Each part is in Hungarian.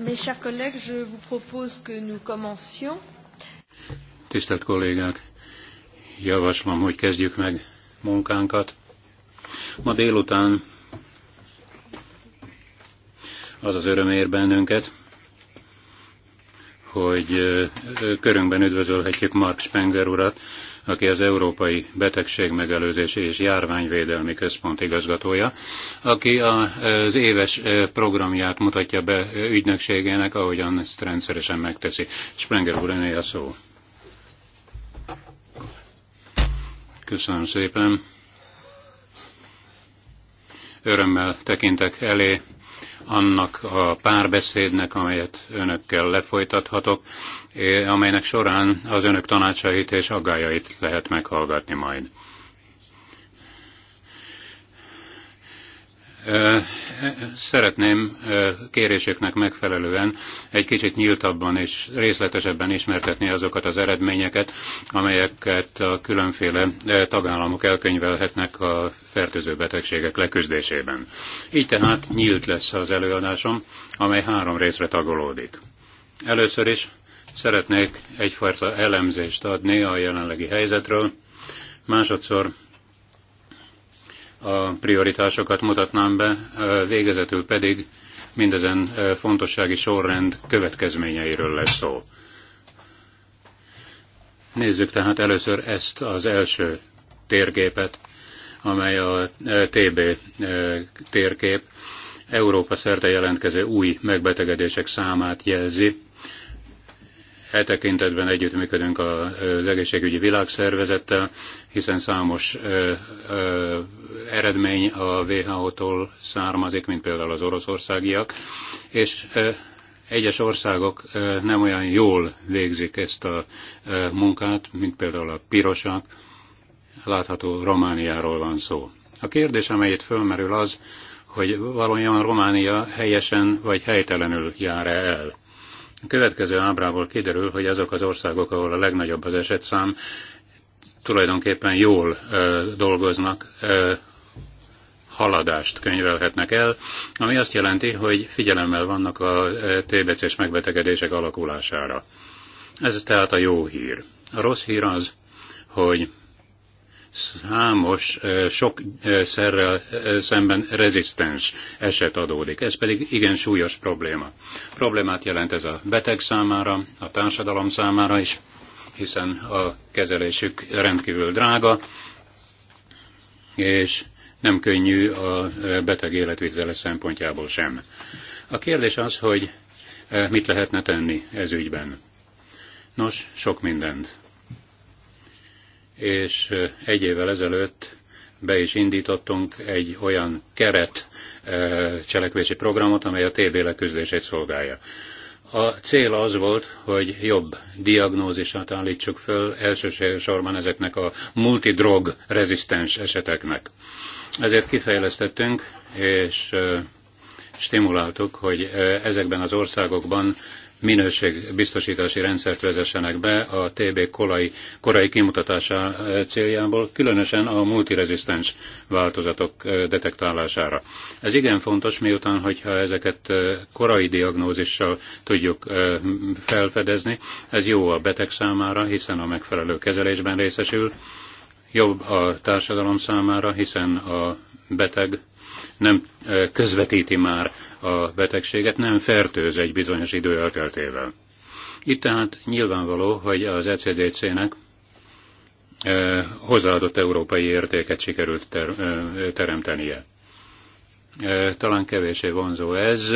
Mes chers collègues, je vous propose que nous commencions. Tisztelt kollégák, javaslom, hogy kezdjük meg munkánkat. Ma délután az az öröm ér bennünket, hogy körünkben üdvözölhetjük Mark Spenger urat, aki az Európai Betegség Megelőzési és Járványvédelmi Központ igazgatója, aki az éves programját mutatja be ügynökségének, ahogyan ezt rendszeresen megteszi. Sprenger úr, ennél a szó. Köszönöm szépen. Örömmel tekintek elé annak a párbeszédnek, amelyet önökkel lefolytathatok, eh, amelynek során az önök tanácsait és aggájait lehet meghallgatni majd. Szeretném kéréseknek megfelelően egy kicsit nyíltabban és részletesebben ismertetni azokat az eredményeket, amelyeket a különféle tagállamok elkönyvelhetnek a fertőző betegségek leküzdésében. Így tehát nyílt lesz az előadásom, amely három részre tagolódik. Először is szeretnék egyfajta elemzést adni a jelenlegi helyzetről, másodszor a prioritásokat mutatnám be, végezetül pedig mindezen fontossági sorrend következményeiről lesz szó. Nézzük tehát először ezt az első térképet, amely a TB térkép Európa szerte jelentkező új megbetegedések számát jelzi, E tekintetben együttműködünk az egészségügyi világszervezettel, hiszen számos ö, ö, eredmény a WHO-tól származik, mint például az oroszországiak, és ö, egyes országok ö, nem olyan jól végzik ezt a ö, munkát, mint például a pirosak, látható Romániáról van szó. A kérdés, amelyet fölmerül az, hogy valójában Románia helyesen vagy helytelenül jár -e el. A következő ábrából kiderül, hogy azok az országok, ahol a legnagyobb az esetszám, tulajdonképpen jól ö, dolgoznak, ö, haladást könyvelhetnek el, ami azt jelenti, hogy figyelemmel vannak a TBC-s megbetegedések alakulására. Ez tehát a jó hír. A rossz hír az, hogy számos sok szerrel szemben rezisztens eset adódik. Ez pedig igen súlyos probléma. Problémát jelent ez a beteg számára, a társadalom számára is, hiszen a kezelésük rendkívül drága, és nem könnyű a beteg életvitele szempontjából sem. A kérdés az, hogy mit lehetne tenni ez ügyben. Nos, sok mindent és egy évvel ezelőtt be is indítottunk egy olyan keret cselekvési programot, amely a TB leküzdését szolgálja. A cél az volt, hogy jobb diagnózisát állítsuk föl elsősorban ezeknek a multidrog rezisztens eseteknek. Ezért kifejlesztettünk és stimuláltuk, hogy ezekben az országokban minőségbiztosítási rendszert vezessenek be a TB korai, korai kimutatása eh, céljából, különösen a multirezisztens változatok eh, detektálására. Ez igen fontos, miután, hogyha ezeket eh, korai diagnózissal tudjuk felfedezni, ez jó a beteg számára, hiszen a megfelelő kezelésben részesül, jobb a társadalom számára, hiszen a beteg nem közvetíti már a betegséget, nem fertőz egy bizonyos idő elteltével. Itt tehát nyilvánvaló, hogy az ECDC-nek hozzáadott európai értéket sikerült ter, teremtenie. Talán kevésé vonzó ez,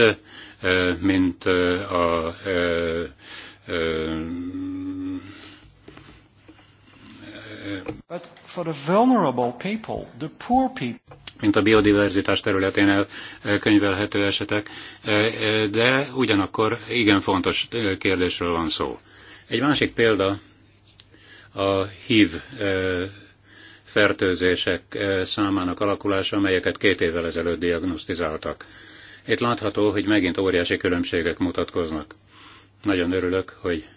mint a But for the vulnerable people, the poor people mint a biodiverzitás területén elkönyvelhető eh, esetek, eh, eh, de ugyanakkor igen fontos kérdésről van szó. Egy másik példa a HIV fertőzések számának alakulása, amelyeket két évvel ezelőtt diagnosztizáltak. Itt látható, hogy megint óriási különbségek mutatkoznak. Nagyon örülök, hogy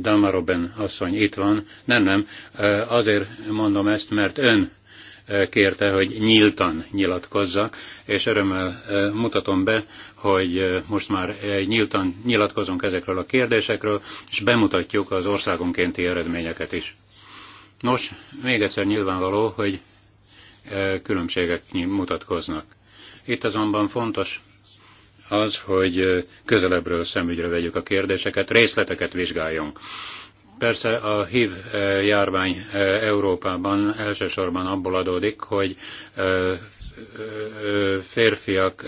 Damaroben asszony itt van. Nem, nem, azért mondom ezt, mert ön kérte, hogy nyíltan nyilatkozzak, és örömmel mutatom be, hogy most már nyíltan nyilatkozunk ezekről a kérdésekről, és bemutatjuk az országonkénti eredményeket is. Nos, még egyszer nyilvánvaló, hogy különbségek mutatkoznak. Itt azonban fontos az, hogy közelebbről szemügyre vegyük a kérdéseket, részleteket vizsgáljunk. Persze a HIV eh, járvány eh, Európában elsősorban abból adódik, hogy eh, férfiak,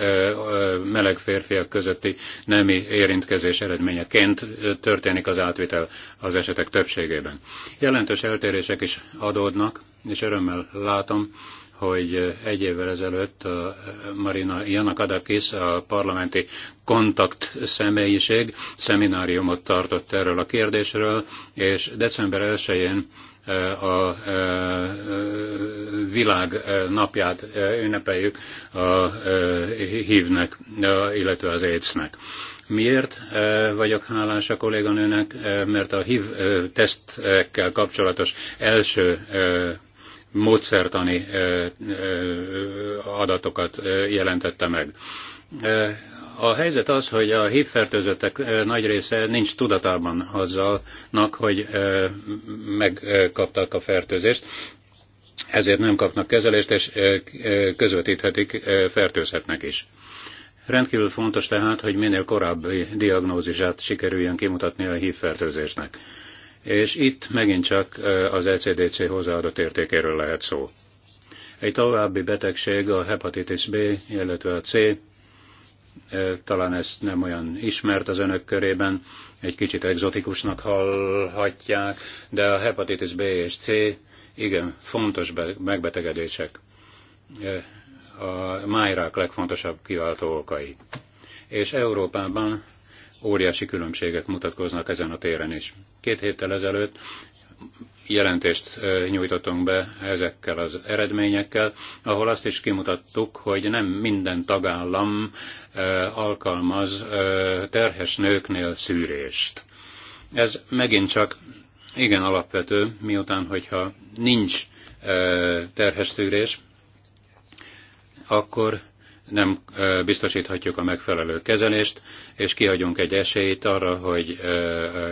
meleg férfiak közötti nemi érintkezés eredményeként történik az átvitel az esetek többségében. Jelentős eltérések is adódnak, és örömmel látom, hogy egy évvel ezelőtt a uh, Marina Janakadakis, a parlamenti kontakt személyiség szemináriumot tartott erről a kérdésről, és december 1-én uh, a uh, világ napját ünnepeljük a hívnek, illetve az AIDS-nek. Miért vagyok hálás a kolléganőnek? Mert a HIV tesztekkel kapcsolatos első módszertani adatokat jelentette meg. A helyzet az, hogy a hívfertőzöttek nagy része nincs tudatában azzalnak, hogy megkapták a fertőzést, ezért nem kapnak kezelést, és közvetíthetik, fertőzhetnek is. Rendkívül fontos tehát, hogy minél korábbi diagnózisát sikerüljön kimutatni a hívfertőzésnek és itt megint csak az ECDC hozzáadott értékéről lehet szó. Egy további betegség a hepatitis B, illetve a C, talán ez nem olyan ismert az önök körében, egy kicsit egzotikusnak hallhatják, de a hepatitis B és C igen fontos megbetegedések. A májrák legfontosabb kiváltó okai. És Európában óriási különbségek mutatkoznak ezen a téren is. Két héttel ezelőtt jelentést nyújtottunk be ezekkel az eredményekkel, ahol azt is kimutattuk, hogy nem minden tagállam alkalmaz terhes nőknél szűrést. Ez megint csak igen alapvető, miután, hogyha nincs terhes szűrés, akkor nem biztosíthatjuk a megfelelő kezelést, és kihagyunk egy esélyt arra, hogy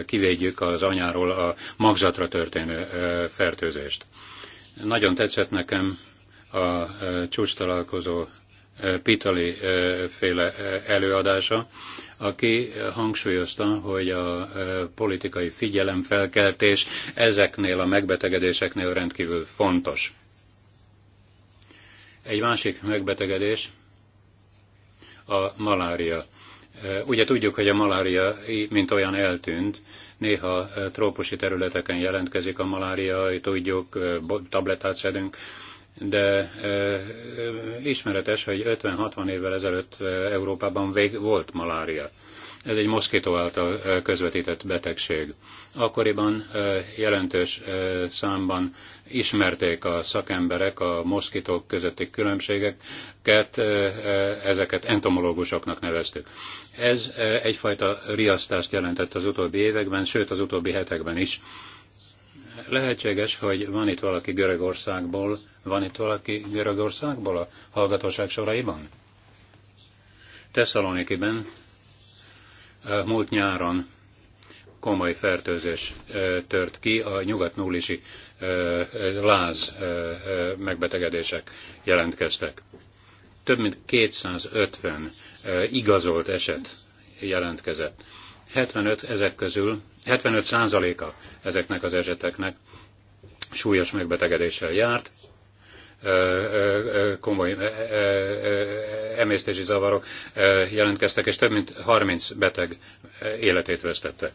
kivédjük az anyáról a magzatra történő fertőzést. Nagyon tetszett nekem a csúcs találkozó Pitali féle előadása, aki hangsúlyozta, hogy a politikai figyelemfelkeltés ezeknél a megbetegedéseknél rendkívül fontos. Egy másik megbetegedés, a malária. Eh, ugye tudjuk, hogy a malária, mint olyan eltűnt, néha eh, trópusi területeken jelentkezik a malária, tudjuk, eh, tablettát szedünk, de ismeretes, hogy 50-60 évvel ezelőtt Európában vég volt malária. Ez egy moszkító által közvetített betegség. Akkoriban jelentős számban ismerték a szakemberek a moszkitók közötti különbségeket, ezeket entomológusoknak neveztük. Ez egyfajta riasztást jelentett az utóbbi években, sőt az utóbbi hetekben is lehetséges, hogy van itt valaki Görögországból, van itt valaki Görögországból a hallgatóság soraiban? Tesszalonikiben múlt nyáron komoly fertőzés tört ki a nólisi láz megbetegedések jelentkeztek. Több mint 250 igazolt eset jelentkezett. 75 ezek közül, 75 százaléka ezeknek az eseteknek súlyos megbetegedéssel járt, komoly emésztési zavarok jelentkeztek, és több mint 30 beteg életét vesztette.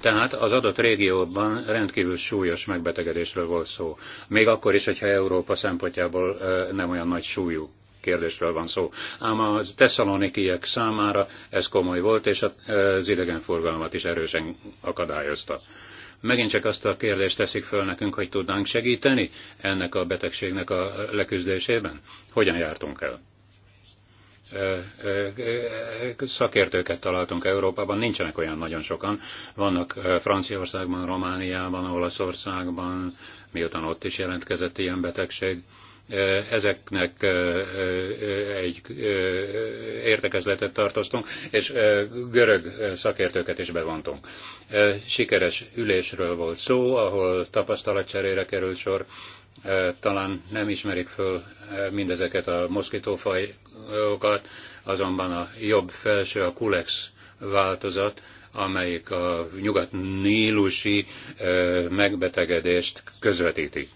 Tehát az adott régióban rendkívül súlyos megbetegedésről volt szó. Még akkor is, hogyha Európa szempontjából nem olyan nagy súlyú kérdésről van szó. Ám a tesszalonikiek számára ez komoly volt, és az idegenforgalmat is erősen akadályozta megint csak azt a kérdést teszik föl nekünk, hogy tudnánk segíteni ennek a betegségnek a leküzdésében? Hogyan jártunk el? szakértőket találtunk Európában, nincsenek olyan nagyon sokan. Vannak Franciaországban, Romániában, Olaszországban, miután ott is jelentkezett ilyen betegség ezeknek egy értekezletet tartoztunk, és görög szakértőket is bevontunk. Sikeres ülésről volt szó, ahol tapasztalatcserére került sor, talán nem ismerik föl mindezeket a moszkitófajokat, azonban a jobb felső, a kulex változat, amelyik a nyugat-nílusi megbetegedést közvetíti.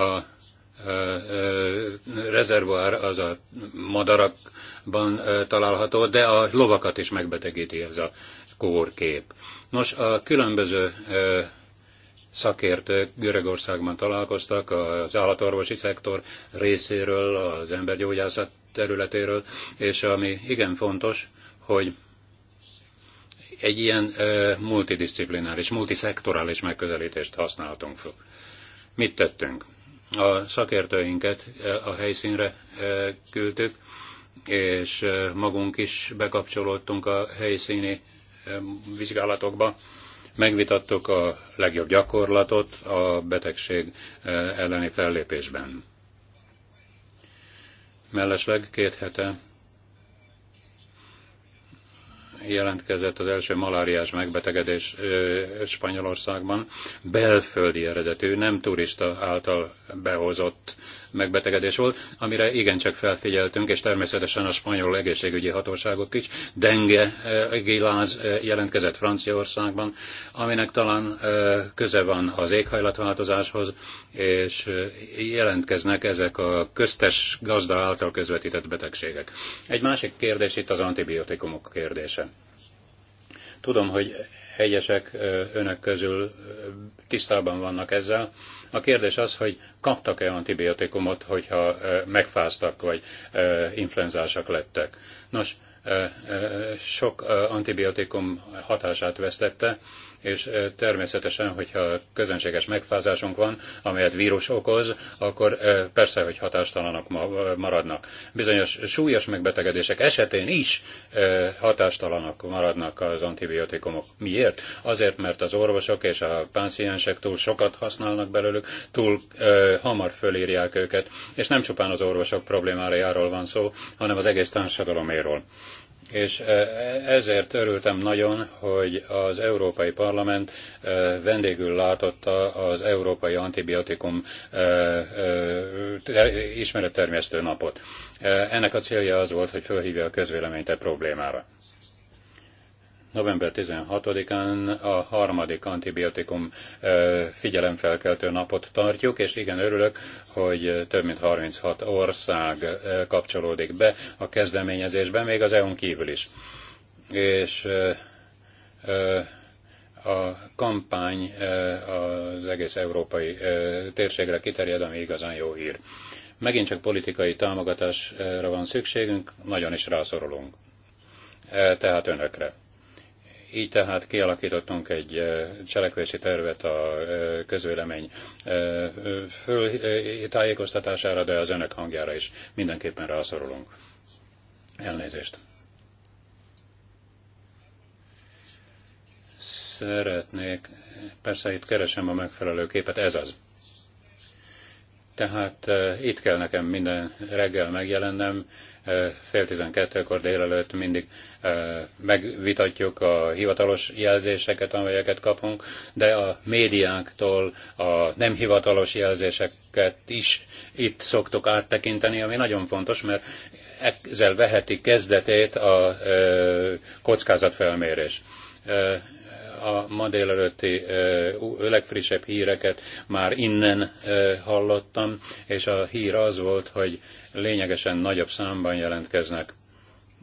a e, rezervoár az a madarakban e, található, de a lovakat is megbetegíti ez a kórkép. Nos, a különböző e, szakértők Görögországban találkoztak, az állatorvosi szektor részéről, az embergyógyászat területéről, és ami igen fontos, hogy egy ilyen multidisziplináris, multiszektorális megközelítést használhatunk. Mit tettünk? a szakértőinket a helyszínre e, küldtük, és e, magunk is bekapcsolódtunk a helyszíni e, vizsgálatokba. Megvitattuk a legjobb gyakorlatot a betegség elleni fellépésben. Mellesleg két hete jelentkezett az első maláriás megbetegedés Spanyolországban, belföldi eredetű, nem turista által behozott megbetegedés volt, amire igencsak felfigyeltünk, és természetesen a spanyol egészségügyi hatóságok is. Denge eh, giláz eh, jelentkezett Franciaországban, aminek talán eh, köze van az éghajlatváltozáshoz, és jelentkeznek ezek a köztes gazda által közvetített betegségek. Egy másik kérdés itt az antibiotikumok kérdése. Tudom, hogy egyesek önök közül tisztában vannak ezzel, a kérdés az, hogy kaptak-e antibiotikumot, hogyha megfáztak, vagy influenzásak lettek. Nos, sok antibiotikum hatását vesztette, és természetesen, hogyha közönséges megfázásunk van, amelyet vírus okoz, akkor persze, hogy hatástalanok maradnak. Bizonyos súlyos megbetegedések esetén is hatástalanok maradnak az antibiotikumok. Miért? Azért, mert az orvosok és a pánciensek túl sokat használnak belőlük, túl hamar fölírják őket, és nem csupán az orvosok problémájáról van szó, hanem az egész társadaloméről és e, ezért örültem nagyon, hogy az Európai Parlament e, vendégül látotta az Európai Antibiotikum e, ismeretterjesztő napot. Ennek a célja az volt, hogy felhívja a közvéleményt e problémára november 16-án a harmadik antibiotikum figyelemfelkeltő napot tartjuk, és igen örülök, hogy több mint 36 ország kapcsolódik be a kezdeményezésben, még az EU-n kívül is. És a kampány az egész európai térségre kiterjed, ami igazán jó hír. Megint csak politikai támogatásra van szükségünk, nagyon is rászorulunk. Tehát önökre. Így tehát kialakítottunk egy cselekvési tervet a közvélemény tájékoztatására, de az önök hangjára is mindenképpen rászorulunk. Elnézést. Szeretnék, persze itt keresem a megfelelő képet, ez az. Tehát eh, itt kell nekem minden reggel megjelennem, eh, fél tizenkettőkor délelőtt mindig eh, megvitatjuk a hivatalos jelzéseket, amelyeket kapunk, de a médiáktól a nem hivatalos jelzéseket is itt szoktuk áttekinteni, ami nagyon fontos, mert ezzel veheti kezdetét a kockázatfelmérés a ma délelőtti legfrissebb híreket már innen hallottam, és a hír az volt, hogy lényegesen nagyobb számban jelentkeznek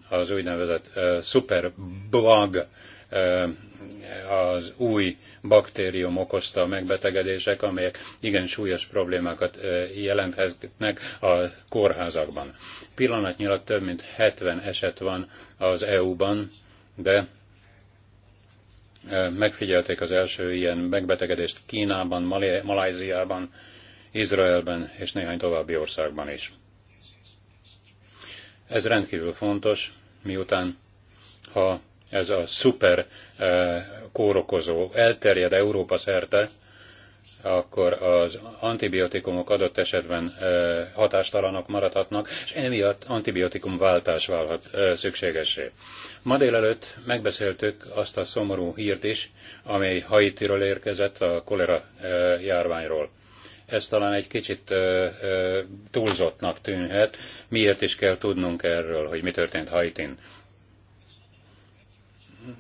az úgynevezett superbug az új baktérium okozta megbetegedések, amelyek igen súlyos problémákat jelenthetnek a kórházakban. Pillanatnyilag több mint 70 eset van az EU-ban, de megfigyelték az első ilyen megbetegedést Kínában, Maláziában, Izraelben és néhány további országban is. Ez rendkívül fontos, miután ha ez a szuper kórokozó elterjed Európa szerte, akkor az antibiotikumok adott esetben hatástalanok maradhatnak, és emiatt antibiotikum váltás válhat szükségesé. Ma délelőtt megbeszéltük azt a szomorú hírt is, amely Haitiról érkezett a kolera járványról. Ez talán egy kicsit túlzottnak tűnhet. Miért is kell tudnunk erről, hogy mi történt Haitin?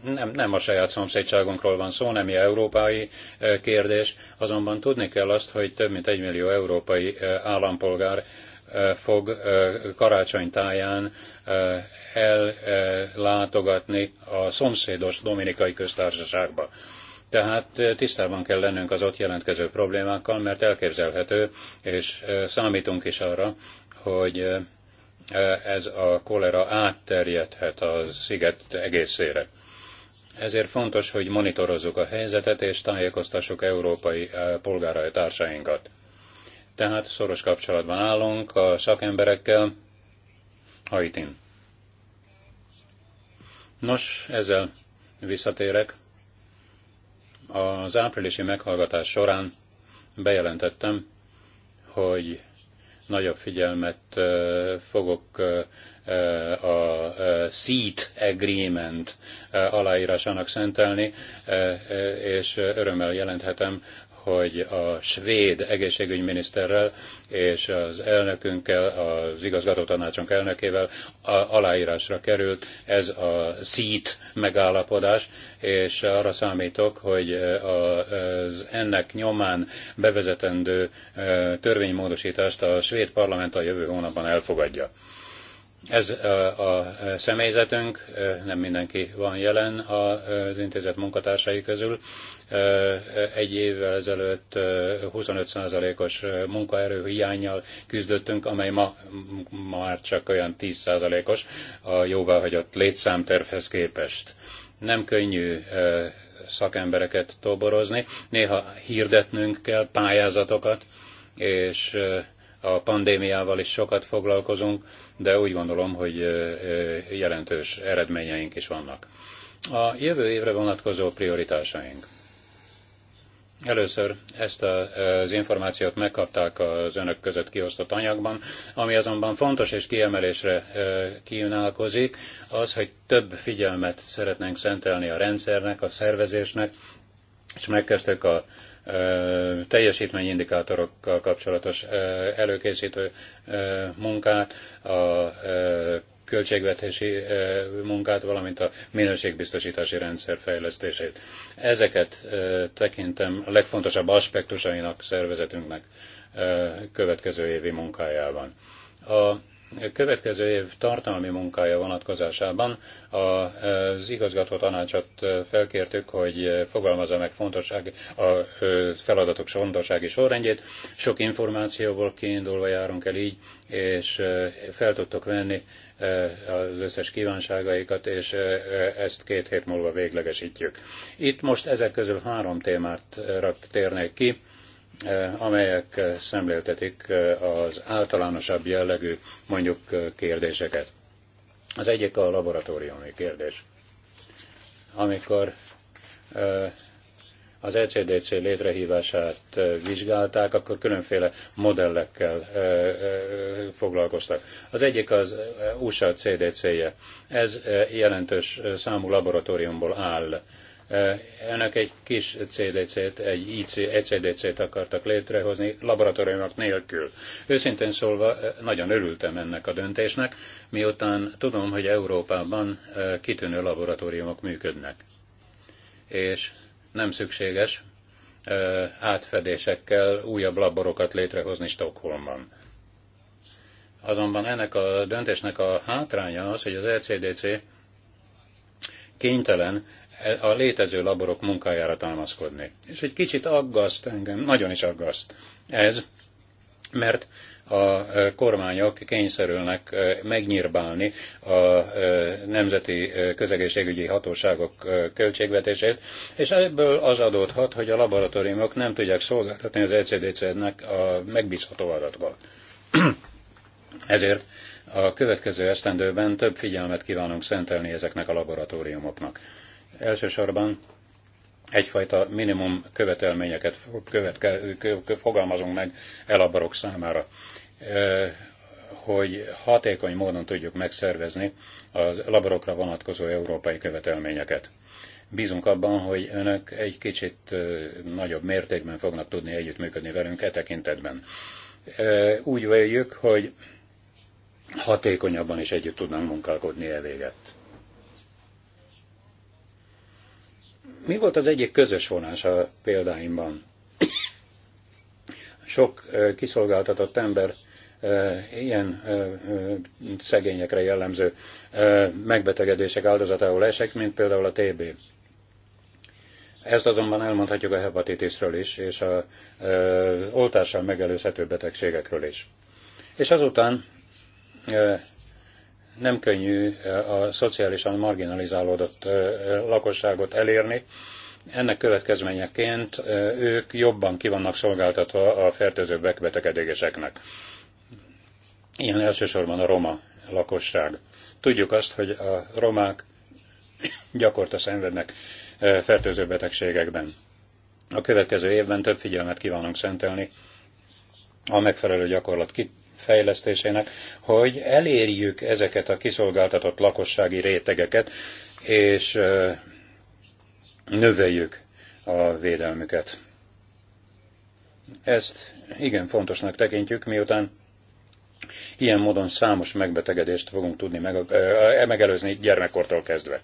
nem, nem a saját szomszédságunkról van szó, nem európai eh, kérdés, azonban tudni kell azt, hogy több mint egy millió európai eh, állampolgár eh, fog karácsony táján ellátogatni a szomszédos Dominikai Köztársaságba. Tehát tisztában kell lennünk az ott jelentkező problémákkal, mert elképzelhető, és számítunk is arra, hogy ez a kolera átterjedhet a sziget egészére. Ezért fontos, hogy monitorozzuk a helyzetet és tájékoztassuk európai eh, polgárai társainkat. Tehát szoros kapcsolatban állunk a szakemberekkel Haitin. Nos, ezzel visszatérek. Az áprilisi meghallgatás során bejelentettem, hogy nagyobb figyelmet eh, fogok eh, a Seat Agreement aláírásának szentelni, és örömmel jelenthetem, hogy a svéd egészségügyminiszterrel és az elnökünkkel, az tanácsunk elnökével aláírásra került ez a szít megállapodás, és arra számítok, hogy az ennek nyomán bevezetendő törvénymódosítást a svéd parlament a jövő hónapban elfogadja. Ez a személyzetünk, nem mindenki van jelen az intézet munkatársai közül. Egy évvel ezelőtt 25%-os munkaerő hiányjal küzdöttünk, amely ma már csak olyan 10%-os a jóváhagyott létszámtervhez képest. Nem könnyű szakembereket toborozni, néha hirdetnünk kell pályázatokat, és a pandémiával is sokat foglalkozunk, de úgy gondolom, hogy jelentős eredményeink is vannak. A jövő évre vonatkozó prioritásaink. Először ezt az információt megkapták az önök között kiosztott anyagban, ami azonban fontos és kiemelésre kínálkozik, az, hogy több figyelmet szeretnénk szentelni a rendszernek, a szervezésnek, és megkezdtük a teljesítményindikátorokkal kapcsolatos előkészítő munkát, a költségvetési munkát, valamint a minőségbiztosítási rendszer fejlesztését. Ezeket tekintem a legfontosabb aspektusainak szervezetünknek következő évi munkájában. A következő év tartalmi munkája vonatkozásában az igazgató tanácsot felkértük, hogy fogalmazza meg fontosság, a feladatok fontossági sorrendjét. Sok információból kiindulva járunk el így, és fel tudtuk venni az összes kívánságaikat, és ezt két hét múlva véglegesítjük. Itt most ezek közül három témát térnék ki amelyek szemléltetik az általánosabb jellegű mondjuk kérdéseket. Az egyik a laboratóriumi kérdés. Amikor az ECDC létrehívását vizsgálták, akkor különféle modellekkel foglalkoztak. Az egyik az USA CDC-je. Ez jelentős számú laboratóriumból áll. Önök egy kis CDC-t, egy IC, ECDC-t akartak létrehozni, laboratóriumok nélkül. Őszintén szólva nagyon örültem ennek a döntésnek, miután tudom, hogy Európában kitűnő laboratóriumok működnek. És nem szükséges átfedésekkel újabb laborokat létrehozni Stockholmban. Azonban ennek a döntésnek a hátránya az, hogy az ECDC kénytelen a létező laborok munkájára támaszkodni. És egy kicsit aggaszt engem, nagyon is aggaszt ez, mert a e, kormányok kényszerülnek e, megnyírbálni a e, nemzeti közegészségügyi hatóságok költségvetését, és ebből az adódhat, hogy a laboratóriumok nem tudják szolgáltatni az ECDC-nek a megbízható adatokat. Ezért a következő esztendőben több figyelmet kívánunk szentelni ezeknek a laboratóriumoknak. Elsősorban egyfajta minimum követelményeket követke, fogalmazunk meg elabarok számára, hogy hatékony módon tudjuk megszervezni az laborokra vonatkozó európai követelményeket. Bízunk abban, hogy önök egy kicsit nagyobb mértékben fognak tudni együttműködni velünk e tekintetben. Úgy véljük, hogy hatékonyabban is együtt tudnánk munkálkodni e véget. Mi volt az egyik közös vonás a példáimban? Sok kiszolgáltatott ember ilyen szegényekre jellemző megbetegedések áldozatául esek, mint például a TB. Ezt azonban elmondhatjuk a hepatitisről is, és a oltással megelőzhető betegségekről is. És azután nem könnyű eh, a szociálisan marginalizálódott eh, eh, lakosságot elérni. Ennek következményeként ők jobban kivannak szolgáltatva a fertőző betegedéseknek. Ilyen elsősorban a roma lakosság. Tudjuk azt, hogy a romák gyakorta szenvednek fertőző betegségekben. A következő évben több figyelmet kívánunk szentelni a megfelelő gyakorlat fejlesztésének, hogy elérjük ezeket a kiszolgáltatott lakossági rétegeket, és növeljük a védelmüket. Ezt igen fontosnak tekintjük, miután ilyen módon számos megbetegedést fogunk tudni megelőzni gyermekkortól kezdve.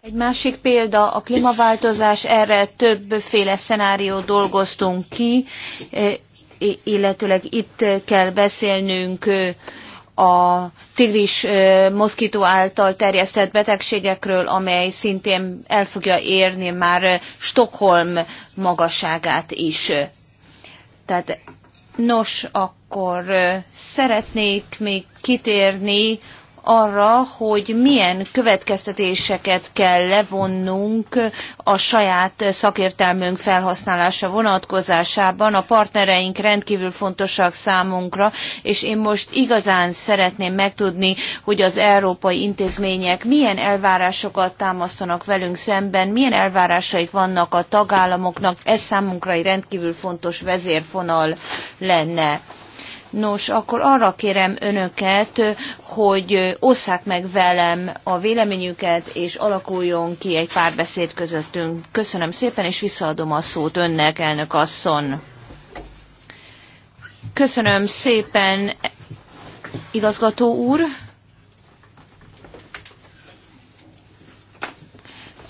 Egy másik példa a klímaváltozás, erre többféle szenáriót dolgoztunk ki, illetőleg itt kell beszélnünk a tigris moszkító által terjesztett betegségekről, amely szintén el fogja érni már Stockholm magasságát is. Tehát nos, akkor szeretnék még kitérni arra, hogy milyen következtetéseket kell levonnunk a saját szakértelmünk felhasználása vonatkozásában. A partnereink rendkívül fontosak számunkra, és én most igazán szeretném megtudni, hogy az európai intézmények milyen elvárásokat támasztanak velünk szemben, milyen elvárásaik vannak a tagállamoknak. Ez számunkra egy rendkívül fontos vezérfonal lenne. Nos, akkor arra kérem önöket, hogy osszák meg velem a véleményüket, és alakuljon ki egy párbeszéd közöttünk. Köszönöm szépen, és visszaadom a szót önnek, elnök asszon. Köszönöm szépen, igazgató úr.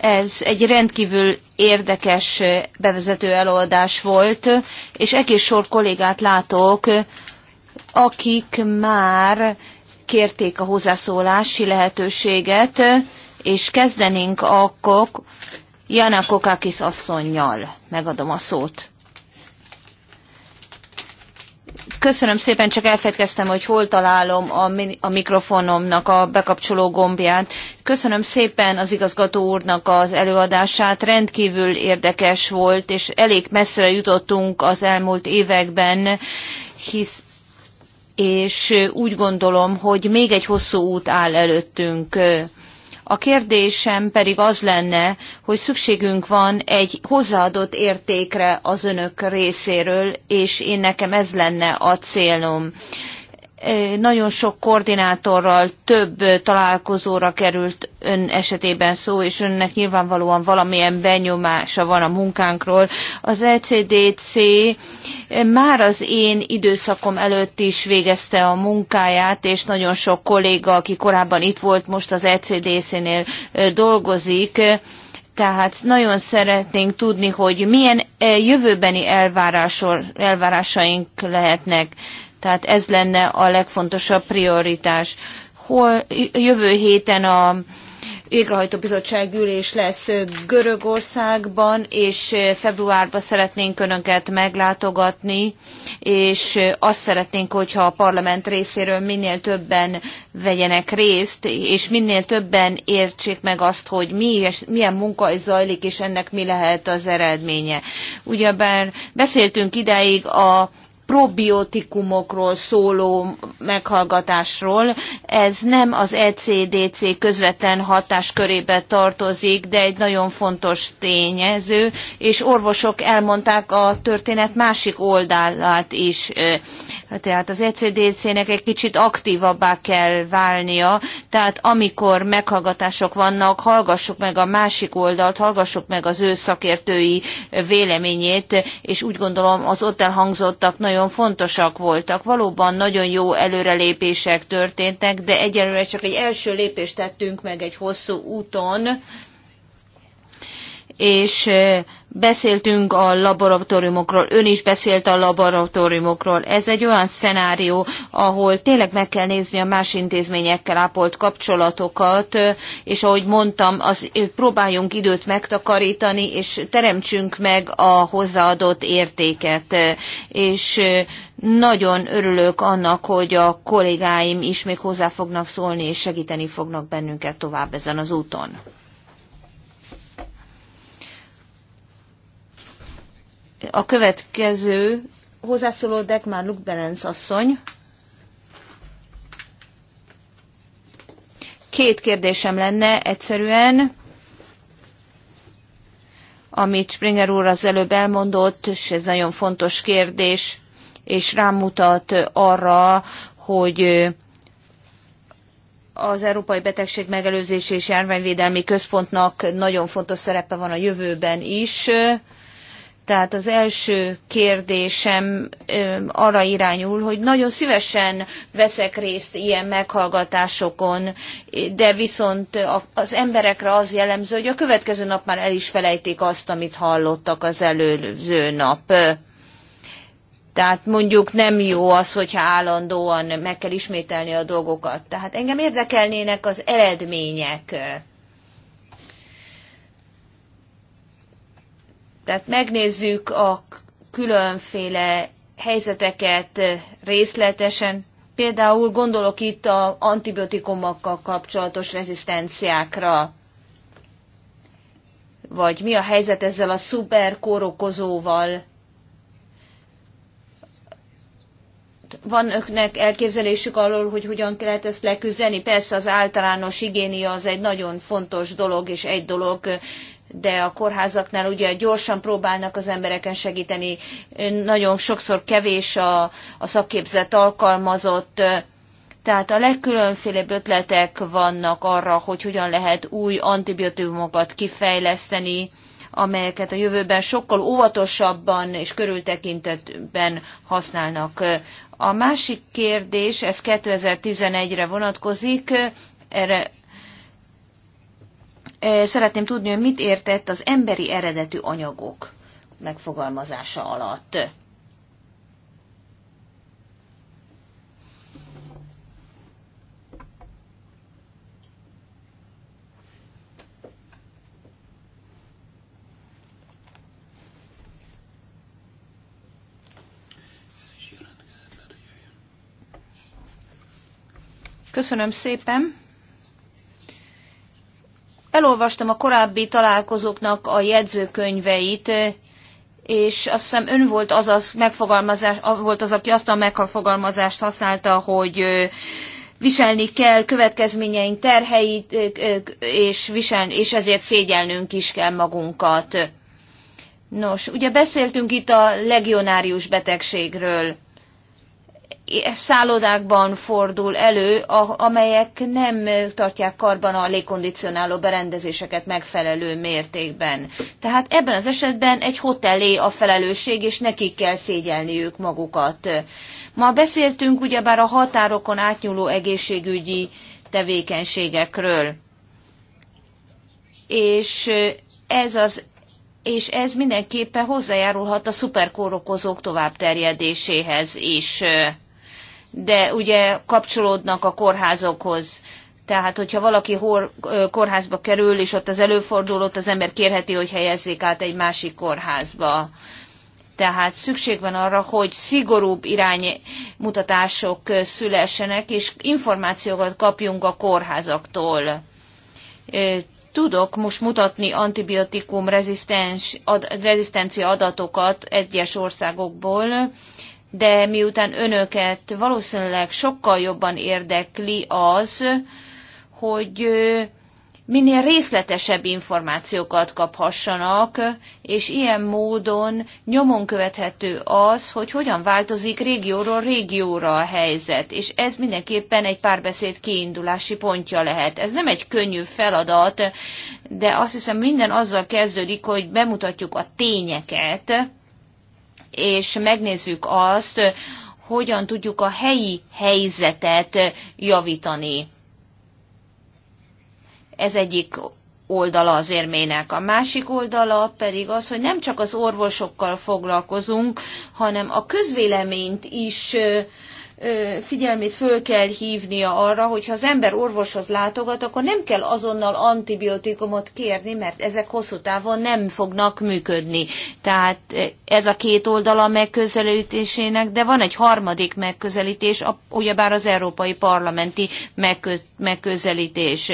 Ez egy rendkívül érdekes bevezető előadás volt, és egész sor kollégát látok, akik már kérték a hozzászólási lehetőséget, és kezdenénk akkor Jana Kokakis asszonynal. Megadom a szót. Köszönöm szépen, csak elfedkeztem, hogy hol találom a, a mikrofonomnak a bekapcsoló gombját. Köszönöm szépen az igazgató úrnak az előadását, rendkívül érdekes volt, és elég messzire jutottunk az elmúlt években, hisz és úgy gondolom, hogy még egy hosszú út áll előttünk. A kérdésem pedig az lenne, hogy szükségünk van egy hozzáadott értékre az önök részéről, és én nekem ez lenne a célom nagyon sok koordinátorral több találkozóra került ön esetében szó, és önnek nyilvánvalóan valamilyen benyomása van a munkánkról. Az ECDC már az én időszakom előtt is végezte a munkáját, és nagyon sok kolléga, aki korábban itt volt, most az ECDC-nél dolgozik. Tehát nagyon szeretnénk tudni, hogy milyen jövőbeni elvárásaink lehetnek tehát ez lenne a legfontosabb prioritás. Hol, jövő héten a végrehajtó bizottság ülés lesz Görögországban, és februárban szeretnénk Önöket meglátogatni, és azt szeretnénk, hogyha a parlament részéről minél többen vegyenek részt, és minél többen értsék meg azt, hogy mi, milyen munka zajlik, és ennek mi lehet az eredménye. Ugyebár beszéltünk ideig a probiotikumokról szóló meghallgatásról. Ez nem az ECDC közvetlen hatáskörébe tartozik, de egy nagyon fontos tényező, és orvosok elmondták a történet másik oldalát is. Tehát az ECDC-nek egy kicsit aktívabbá kell válnia, tehát amikor meghallgatások vannak, hallgassuk meg a másik oldalt, hallgassuk meg az ő szakértői véleményét, és úgy gondolom az ott elhangzottak nagyon nagyon fontosak voltak. Valóban nagyon jó előrelépések történtek, de egyelőre csak egy első lépést tettünk meg egy hosszú úton, és Beszéltünk a laboratóriumokról, ön is beszélt a laboratóriumokról. Ez egy olyan szenárió, ahol tényleg meg kell nézni a más intézményekkel ápolt kapcsolatokat, és ahogy mondtam, az, próbáljunk időt megtakarítani, és teremtsünk meg a hozzáadott értéket. És nagyon örülök annak, hogy a kollégáim is még hozzá fognak szólni, és segíteni fognak bennünket tovább ezen az úton. A következő hozzászóló Degmar Lukberenc asszony. Két kérdésem lenne egyszerűen, amit Springer úr az előbb elmondott, és ez nagyon fontos kérdés, és rámutat arra, hogy az Európai Betegség Megelőzési és Járványvédelmi Központnak nagyon fontos szerepe van a jövőben is tehát az első kérdésem arra irányul, hogy nagyon szívesen veszek részt ilyen meghallgatásokon, de viszont az emberekre az jellemző, hogy a következő nap már el is felejtik azt, amit hallottak az előző nap. Tehát mondjuk nem jó az, hogyha állandóan meg kell ismételni a dolgokat. Tehát engem érdekelnének az eredmények Tehát megnézzük a különféle helyzeteket eh, részletesen. Például gondolok itt a antibiotikumokkal kapcsolatos rezisztenciákra. Vagy mi a helyzet ezzel a szuperkórokozóval? Van önöknek elképzelésük arról, hogy hogyan lehet ezt leküzdeni? Persze az általános igénia az egy nagyon fontos dolog, és egy dolog eh, de a kórházaknál ugye gyorsan próbálnak az embereken segíteni, nagyon sokszor kevés a, a szakképzett alkalmazott, tehát a legkülönfélebb ötletek vannak arra, hogy hogyan lehet új antibiotikumokat kifejleszteni, amelyeket a jövőben sokkal óvatosabban és körültekintetben használnak. A másik kérdés, ez 2011-re vonatkozik, erre Szeretném tudni, hogy mit értett az emberi eredetű anyagok megfogalmazása alatt. Köszönöm szépen! Elolvastam a korábbi találkozóknak a jegyzőkönyveit, és azt hiszem ön volt az, az, megfogalmazás, volt az, aki azt a megfogalmazást használta, hogy viselni kell következményeink terheit, és, visel, és ezért szégyelnünk is kell magunkat. Nos, ugye beszéltünk itt a legionárius betegségről szállodákban fordul elő, amelyek nem tartják karban a légkondicionáló berendezéseket megfelelő mértékben. Tehát ebben az esetben egy hotelé a felelősség, és nekik kell szégyelniük magukat. Ma beszéltünk ugyebár a határokon átnyúló egészségügyi tevékenységekről. És ez az és ez mindenképpen hozzájárulhat a szuperkórokozók továbbterjedéséhez is de ugye kapcsolódnak a kórházokhoz. Tehát, hogyha valaki hor, kórházba kerül, és ott az előforduló, ott az ember kérheti, hogy helyezzék át egy másik kórházba. Tehát szükség van arra, hogy szigorúbb iránymutatások szülessenek, és információkat kapjunk a kórházaktól. Tudok most mutatni antibiotikum rezisztens, ad, rezisztencia adatokat egyes országokból, de miután önöket valószínűleg sokkal jobban érdekli az, hogy minél részletesebb információkat kaphassanak, és ilyen módon nyomon követhető az, hogy hogyan változik régióról régióra a helyzet, és ez mindenképpen egy párbeszéd kiindulási pontja lehet. Ez nem egy könnyű feladat, de azt hiszem minden azzal kezdődik, hogy bemutatjuk a tényeket, és megnézzük azt, hogyan tudjuk a helyi helyzetet javítani. Ez egyik oldala az érmének. A másik oldala pedig az, hogy nem csak az orvosokkal foglalkozunk, hanem a közvéleményt is figyelmét föl kell hívnia arra, hogy ha az ember orvoshoz látogat, akkor nem kell azonnal antibiotikumot kérni, mert ezek hosszú távon nem fognak működni. Tehát ez a két oldala megközelítésének, de van egy harmadik megközelítés, ugyebár az Európai Parlamenti megközelítés.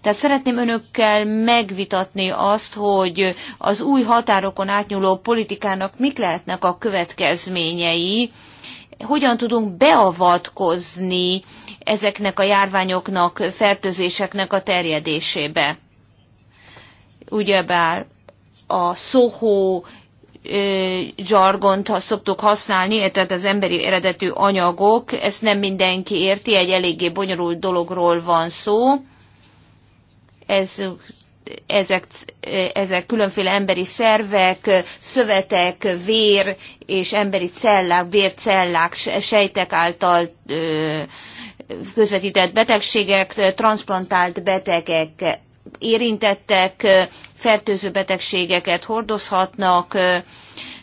Tehát szeretném önökkel megvitatni azt, hogy az új határokon átnyúló politikának mik lehetnek a következményei, hogyan tudunk beavatkozni ezeknek a járványoknak, fertőzéseknek a terjedésébe. Ugyebár a szóhó zsargont szoktuk használni, tehát az emberi eredetű anyagok, ezt nem mindenki érti, egy eléggé bonyolult dologról van szó. Ez ezek, ezek különféle emberi szervek, szövetek, vér és emberi cellák, vércellák, sejtek által közvetített betegségek, transplantált betegek érintettek, fertőző betegségeket hordozhatnak.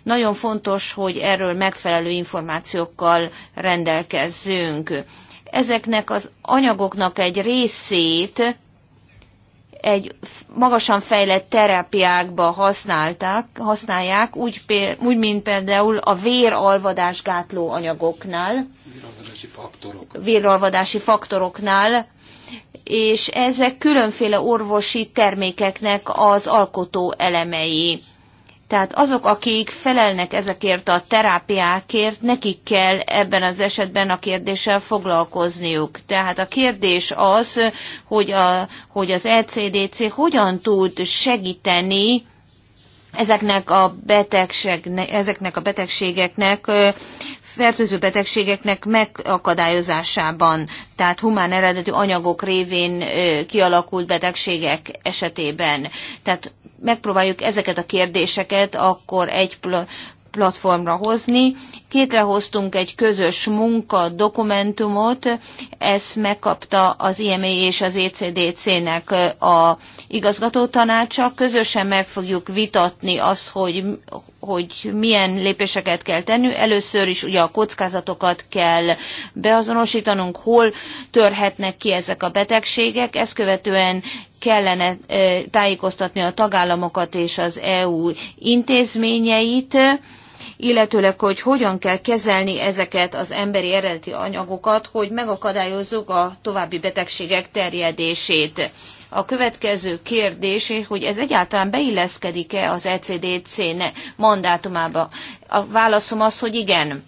Nagyon fontos, hogy erről megfelelő információkkal rendelkezzünk. Ezeknek az anyagoknak egy részét egy magasan fejlett terápiákba használták, használják, úgy, úgy mint például a véralvadás gátló anyagoknál, véralvadási faktorok. véralvadási faktoroknál, és ezek különféle orvosi termékeknek az alkotó elemei. Tehát azok, akik felelnek ezekért a terápiákért, nekik kell ebben az esetben a kérdéssel foglalkozniuk. Tehát a kérdés az, hogy, a, hogy az ECDC hogyan tud segíteni ezeknek a, betegség, ezeknek a betegségeknek fertőző betegségeknek megakadályozásában, tehát humán eredetű anyagok révén kialakult betegségek esetében. Tehát megpróbáljuk ezeket a kérdéseket akkor egy platformra hozni. Kétrehoztunk egy közös munka dokumentumot, ezt megkapta az IMA és az ECDC-nek eh, a igazgató tanácsa. Közösen meg fogjuk vitatni azt, hogy hogy milyen lépéseket kell tenni? Először is ugye a kockázatokat kell beazonosítanunk, hol törhetnek ki ezek a betegségek, ezt követően kellene eh, tájékoztatni a tagállamokat és az EU intézményeit, illetőleg, hogy hogyan kell kezelni ezeket az emberi eredeti anyagokat, hogy megakadályozzuk a további betegségek terjedését. A következő kérdés, hogy ez egyáltalán beilleszkedik-e az ECDC mandátumába? A válaszom az, hogy igen.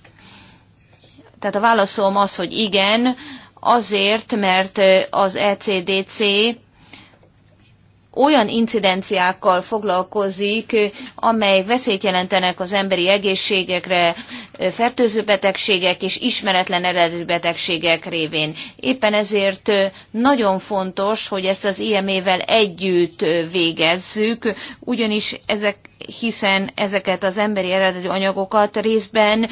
Tehát a válaszom az, hogy igen, azért, mert az ECDC olyan incidenciákkal foglalkozik, amely veszélyt jelentenek az emberi egészségekre, fertőző betegségek és ismeretlen eredetű betegségek révén. Éppen ezért nagyon fontos, hogy ezt az IME-vel együtt végezzük, ugyanis ezek hiszen ezeket az emberi eredetű anyagokat részben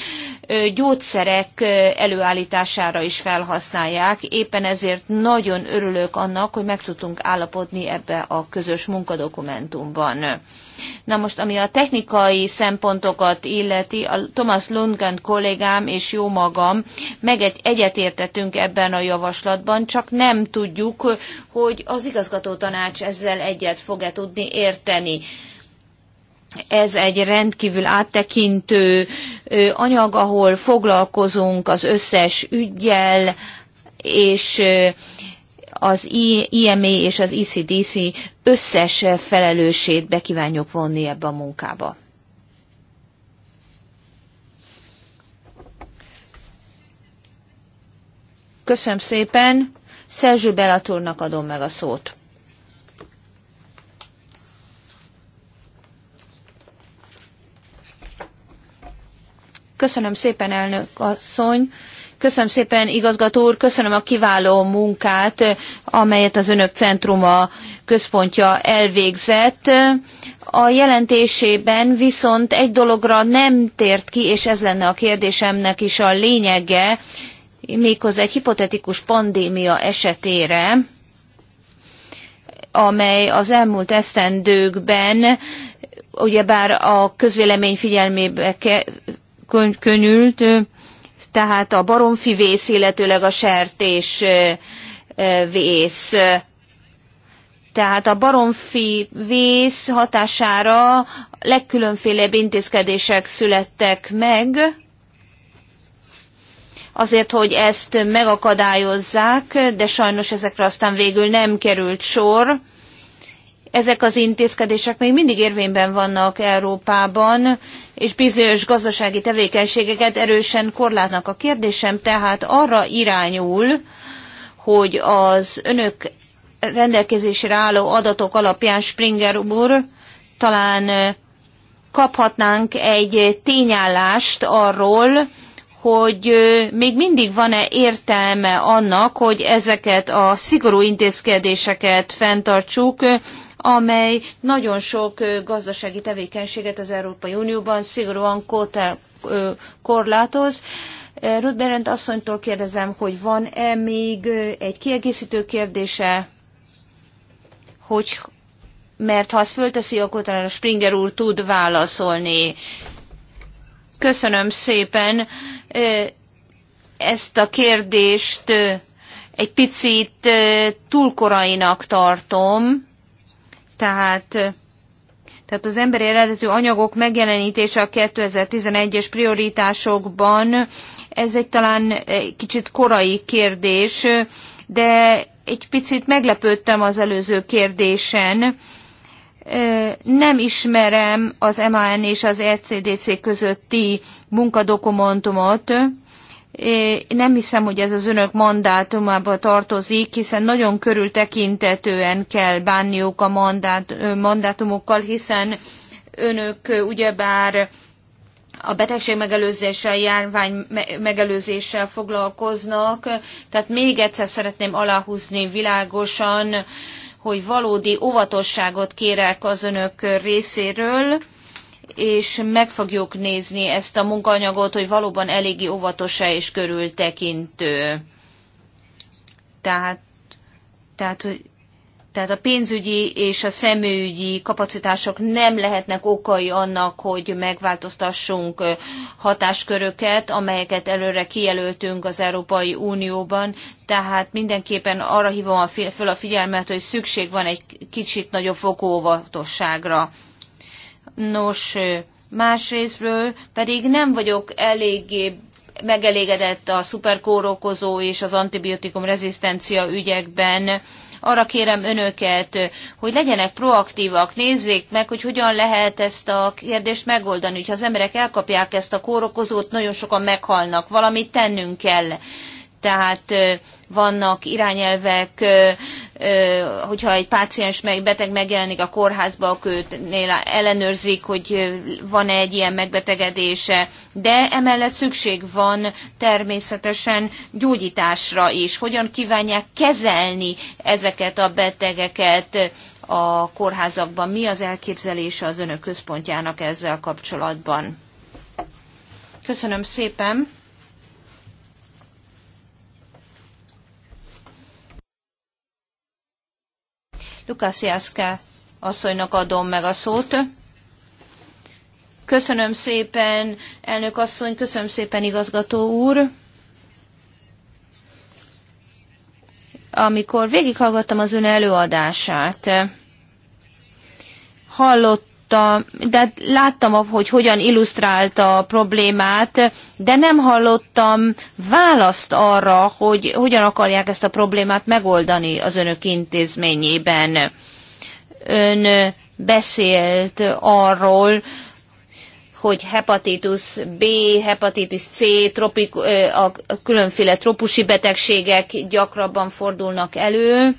gyógyszerek előállítására is felhasználják. Éppen ezért nagyon örülök annak, hogy meg tudtunk állapodni ebbe a közös munkadokumentumban. Na most, ami a technikai szempontokat illeti, a Thomas Lundgren kollégám és jó magam meg egy egyetértetünk ebben a javaslatban, csak nem tudjuk, hogy az igazgató tanács ezzel egyet fog-e tudni érteni ez egy rendkívül áttekintő anyag, ahol foglalkozunk az összes ügyjel, és az IME és az ICDC összes felelősét be kívánjuk vonni ebbe a munkába. Köszönöm szépen. Szerző Belatúrnak adom meg a szót. Köszönöm szépen, elnök asszony. Köszönöm szépen, igazgató úr, köszönöm a kiváló munkát, amelyet az önök centruma központja elvégzett. A jelentésében viszont egy dologra nem tért ki, és ez lenne a kérdésemnek is a lényege, méghozzá egy hipotetikus pandémia esetére, amely az elmúlt esztendőkben ugyebár a közvélemény figyelmébe könyült, tehát a baromfi vész, illetőleg a sertés vész. Tehát a baromfi vész hatására legkülönfélebb intézkedések születtek meg, azért, hogy ezt megakadályozzák, de sajnos ezekre aztán végül nem került sor ezek az intézkedések még mindig érvényben vannak Európában, és bizonyos gazdasági tevékenységeket erősen korlátnak. A kérdésem tehát arra irányul, hogy az önök rendelkezésre álló adatok alapján Springer úr talán kaphatnánk egy tényállást arról, hogy még mindig van-e értelme annak, hogy ezeket a szigorú intézkedéseket fenntartsuk, amely nagyon sok gazdasági tevékenységet az Európai Unióban szigorúan korlátoz. Ruth Berend asszonytól kérdezem, hogy van-e még egy kiegészítő kérdése, hogy mert ha azt fölteszi, akkor talán a Springer úr tud válaszolni. Köszönöm szépen ezt a kérdést egy picit túl korainak tartom, tehát tehát az emberi eredetű anyagok megjelenítése a 2011-es prioritásokban, ez egy talán eh, kicsit korai kérdés, de egy picit meglepődtem az előző kérdésen. Eh, nem ismerem az MAN és az ECDC közötti munkadokumentumot, nem hiszem, hogy ez az önök mandátumába tartozik, hiszen nagyon körültekintetően kell bánniuk a mandát, mandátumokkal, hiszen önök ugyebár a betegség megelőzéssel, járvány megelőzéssel foglalkoznak. Tehát még egyszer szeretném aláhúzni világosan, hogy valódi óvatosságot kérek az önök részéről és meg fogjuk nézni ezt a munkanyagot, hogy valóban eléggé óvatosa és körültekintő. Tehát, tehát, tehát a pénzügyi és a szemügyi kapacitások nem lehetnek okai annak, hogy megváltoztassunk hatásköröket, amelyeket előre kijelöltünk az Európai Unióban. Tehát mindenképpen arra hívom a föl a figyelmet, hogy szükség van egy kicsit nagyobb fokú óvatosságra. Nos, másrésztről pedig nem vagyok eléggé megelégedett a szuperkórokozó és az antibiotikum rezisztencia ügyekben. Arra kérem önöket, hogy legyenek proaktívak, nézzék meg, hogy hogyan lehet ezt a kérdést megoldani. Ha az emberek elkapják ezt a kórokozót, nagyon sokan meghalnak, valamit tennünk kell tehát vannak irányelvek, hogyha egy páciens meg beteg megjelenik a kórházba, akkor őtnél ellenőrzik, hogy van-e egy ilyen megbetegedése, de emellett szükség van természetesen gyógyításra is. Hogyan kívánják kezelni ezeket a betegeket a kórházakban? Mi az elképzelése az önök központjának ezzel kapcsolatban? Köszönöm szépen! Lukasz Jászká asszonynak adom meg a szót. Köszönöm szépen, elnök asszony, köszönöm szépen, igazgató úr. Amikor végighallgattam az ön előadását, hallott hallotta, de láttam, hogy hogyan illusztrálta a problémát, de nem hallottam választ arra, hogy hogyan akarják ezt a problémát megoldani az önök intézményében. Ön beszélt arról, hogy hepatitis B, hepatitis C, tropik, a különféle tropusi betegségek gyakrabban fordulnak elő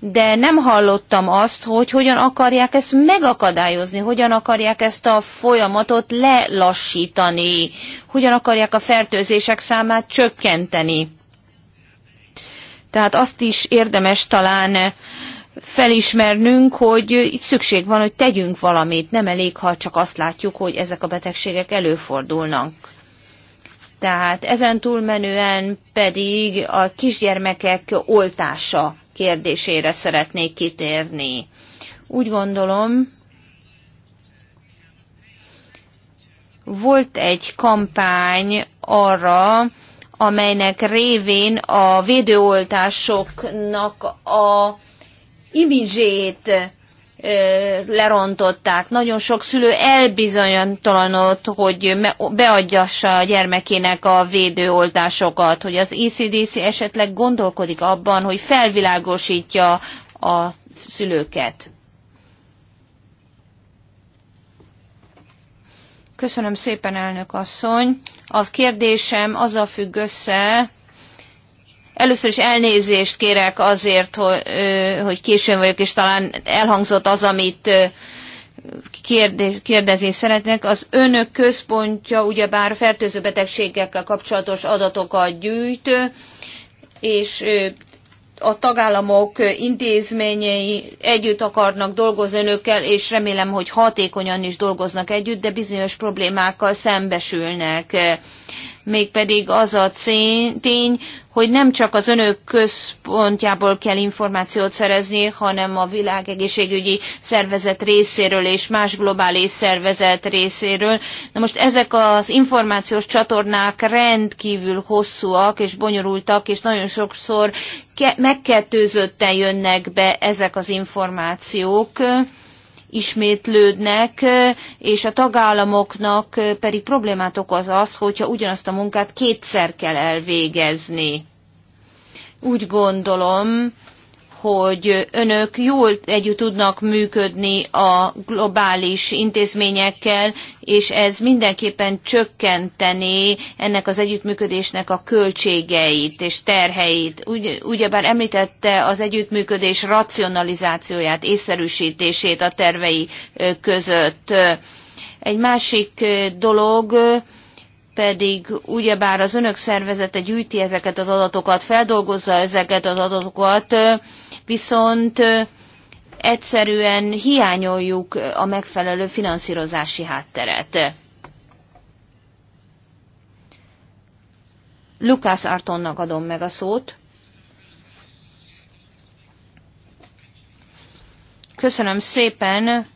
de nem hallottam azt, hogy hogyan akarják ezt megakadályozni, hogyan akarják ezt a folyamatot lelassítani, hogyan akarják a fertőzések számát csökkenteni. Tehát azt is érdemes talán felismernünk, hogy itt szükség van, hogy tegyünk valamit. Nem elég, ha csak azt látjuk, hogy ezek a betegségek előfordulnak. Tehát ezen túlmenően pedig a kisgyermekek oltása kérdésére szeretnék kitérni. Úgy gondolom, volt egy kampány arra, amelynek révén a védőoltásoknak a imidzsét lerontották. Nagyon sok szülő elbizonytalanodott, hogy beadjassa a gyermekének a védőoltásokat, hogy az ECDC esetleg gondolkodik abban, hogy felvilágosítja a szülőket. Köszönöm szépen, elnök asszony. A kérdésem a függ össze, Először is elnézést kérek azért, hogy, hogy későn vagyok, és talán elhangzott az, amit kérdezni szeretnék. Az önök központja ugyebár fertőző betegségekkel kapcsolatos adatokat gyűjt, és a tagállamok intézményei együtt akarnak dolgozni önökkel, és remélem, hogy hatékonyan is dolgoznak együtt, de bizonyos problémákkal szembesülnek mégpedig az a tény, hogy nem csak az önök központjából kell információt szerezni, hanem a világegészségügyi szervezet részéről és más globális szervezet részéről. Na most ezek az információs csatornák rendkívül hosszúak és bonyolultak, és nagyon sokszor ke- megkettőzötten jönnek be ezek az információk ismétlődnek, és a tagállamoknak pedig problémát okoz az, hogyha ugyanazt a munkát kétszer kell elvégezni. Úgy gondolom, hogy önök jól együtt tudnak működni a globális intézményekkel, és ez mindenképpen csökkenteni ennek az együttműködésnek a költségeit és terheit. Ugy, ugyebár említette az együttműködés racionalizációját, észszerűsítését a tervei között. Egy másik dolog, pedig ugyebár az önök szervezete gyűjti ezeket az adatokat, feldolgozza ezeket az adatokat, viszont egyszerűen hiányoljuk a megfelelő finanszírozási hátteret. Lukász Artonnak adom meg a szót. Köszönöm szépen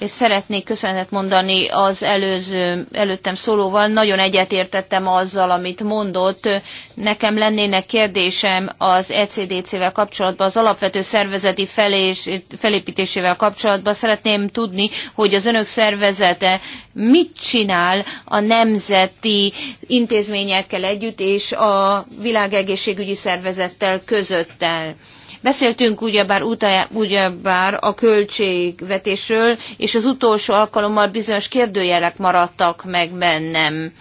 és szeretnék köszönetet mondani az előző, előttem szólóval. Nagyon egyetértettem azzal, amit mondott. Nekem lennének kérdésem az ECDC-vel kapcsolatban, az alapvető szervezeti felés, felépítésével kapcsolatban. Szeretném tudni, hogy az önök szervezete mit csinál a nemzeti intézményekkel együtt és a világegészségügyi szervezettel közöttel. Beszéltünk ugyebár, utá, ugyebár a költségvetésről, és az utolsó alkalommal bizonyos kérdőjelek maradtak meg bennem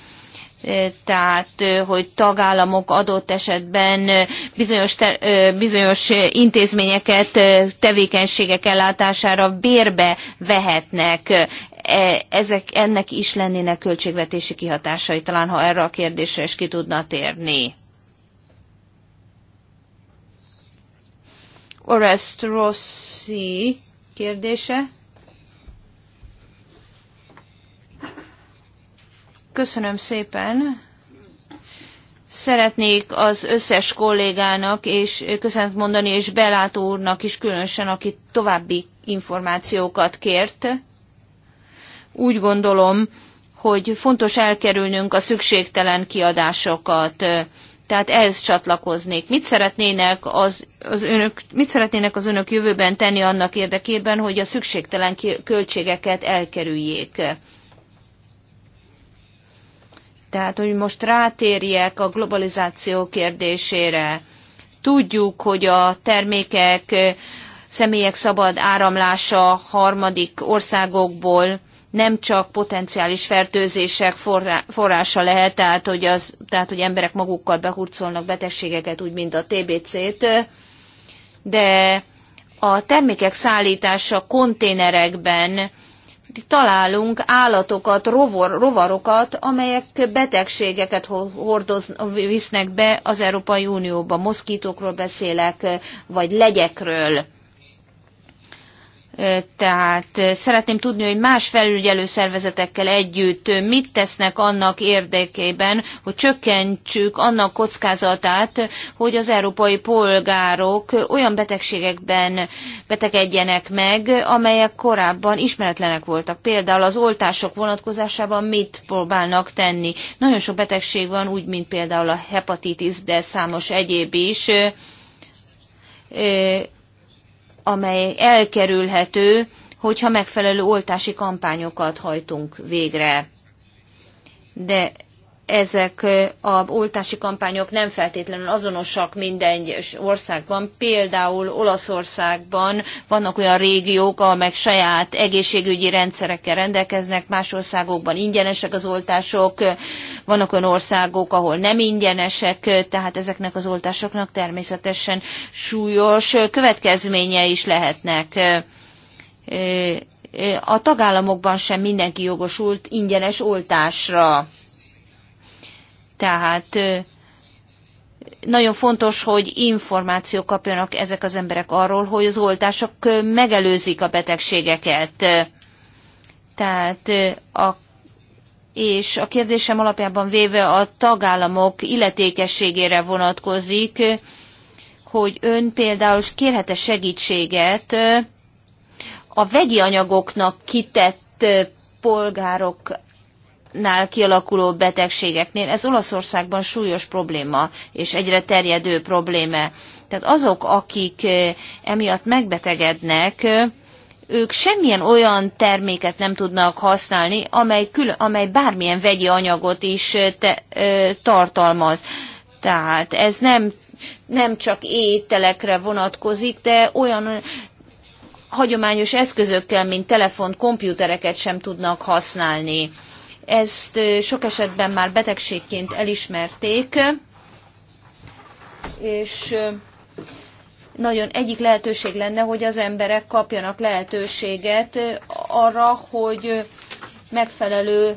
e, tehát e, hogy tagállamok adott esetben e, bizonyos, te, bizonyos intézményeket, tevékenységek ellátására bérbe vehetnek. Ezek, ennek is lennének költségvetési kihatásai, talán ha erre a kérdésre is ki tudna térni. Orest Rossi kérdése. Köszönöm szépen. Szeretnék az összes kollégának és köszönet mondani, és Belátó úrnak is különösen, aki további információkat kért. Úgy gondolom, hogy fontos elkerülnünk a szükségtelen kiadásokat tehát ehhez csatlakoznék. Mit szeretnének az, az önök, mit szeretnének az önök jövőben tenni annak érdekében, hogy a szükségtelen költségeket elkerüljék? Tehát, hogy most rátérjek a globalizáció kérdésére. Tudjuk, hogy a termékek, személyek szabad áramlása harmadik országokból nem csak potenciális fertőzések forrása lehet, tehát hogy, az, tehát, hogy emberek magukkal behurcolnak betegségeket, úgy, mint a TBC-t, de a termékek szállítása konténerekben találunk állatokat, rovor, rovarokat, amelyek betegségeket hordoz, visznek be az Európai Unióba. Moszkítókról beszélek, vagy legyekről. Tehát szeretném tudni, hogy más felügyelő szervezetekkel együtt mit tesznek annak érdekében, hogy csökkentsük annak kockázatát, hogy az európai polgárok olyan betegségekben betegedjenek meg, amelyek korábban ismeretlenek voltak. Például az oltások vonatkozásában mit próbálnak tenni. Nagyon sok betegség van, úgy, mint például a hepatitis, de számos egyéb is amely elkerülhető, hogyha megfelelő oltási kampányokat hajtunk végre. De ezek a oltási kampányok nem feltétlenül azonosak minden egyes országban. Például Olaszországban vannak olyan régiók, amelyek saját egészségügyi rendszerekkel rendelkeznek, más országokban ingyenesek az oltások, vannak olyan országok, ahol nem ingyenesek, tehát ezeknek az oltásoknak természetesen súlyos következménye is lehetnek a tagállamokban sem mindenki jogosult ingyenes oltásra. Tehát nagyon fontos, hogy információ kapjanak ezek az emberek arról, hogy az oltások megelőzik a betegségeket. Tehát a és a kérdésem alapjában véve a tagállamok illetékességére vonatkozik, hogy ön például kérhet-e segítséget a vegyi anyagoknak kitett polgárok nál kialakuló betegségeknél. Ez Olaszországban súlyos probléma, és egyre terjedő probléma. Tehát azok, akik eh, emiatt megbetegednek, eh, ők semmilyen olyan terméket nem tudnak használni, amely, kül, amely bármilyen vegyi anyagot is eh, te, tartalmaz. Tehát ez nem, nem csak ételekre vonatkozik, de olyan hagyományos eszközökkel, mint telefon, komputereket sem tudnak használni. Ezt sok esetben már betegségként elismerték, és nagyon egyik lehetőség lenne, hogy az emberek kapjanak lehetőséget arra, hogy megfelelő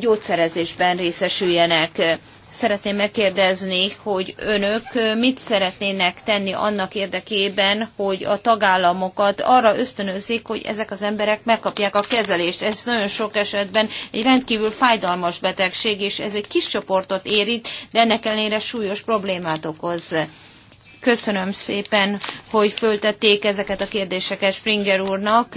gyógyszerezésben részesüljenek. Szeretném megkérdezni, hogy önök mit szeretnének tenni annak érdekében, hogy a tagállamokat arra ösztönözzék, hogy ezek az emberek megkapják a kezelést. Ez nagyon sok esetben egy rendkívül fájdalmas betegség, és ez egy kis csoportot érint, de ennek ellenére súlyos problémát okoz. Köszönöm szépen, hogy föltették ezeket a kérdéseket Springer úrnak,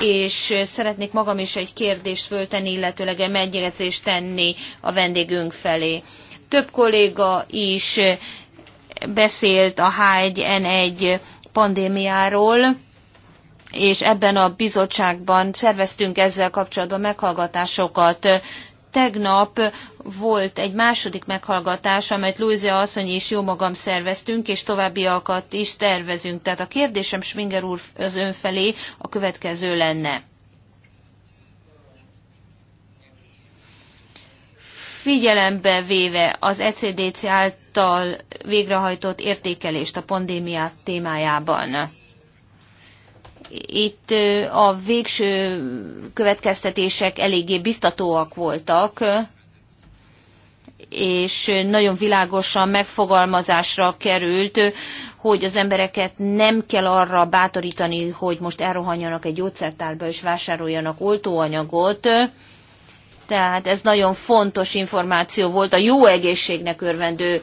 és szeretnék magam is egy kérdést föltenni, illetőleg egy megjegyzést tenni a vendégünk felé. Több kolléga is beszélt a H1N1 pandémiáról, és ebben a bizottságban szerveztünk ezzel kapcsolatban meghallgatásokat. Tegnap volt egy második meghallgatás, amelyet Luizia asszony és jó magam szerveztünk, és továbbiakat is tervezünk. Tehát a kérdésem Schwinger úr az ön felé a következő lenne. Figyelembe véve az ECDC által végrehajtott értékelést a pandémia témájában itt a végső következtetések eléggé biztatóak voltak, és nagyon világosan megfogalmazásra került, hogy az embereket nem kell arra bátorítani, hogy most elrohanjanak egy gyógyszertárba és vásároljanak oltóanyagot. Tehát ez nagyon fontos információ volt a jó egészségnek örvendő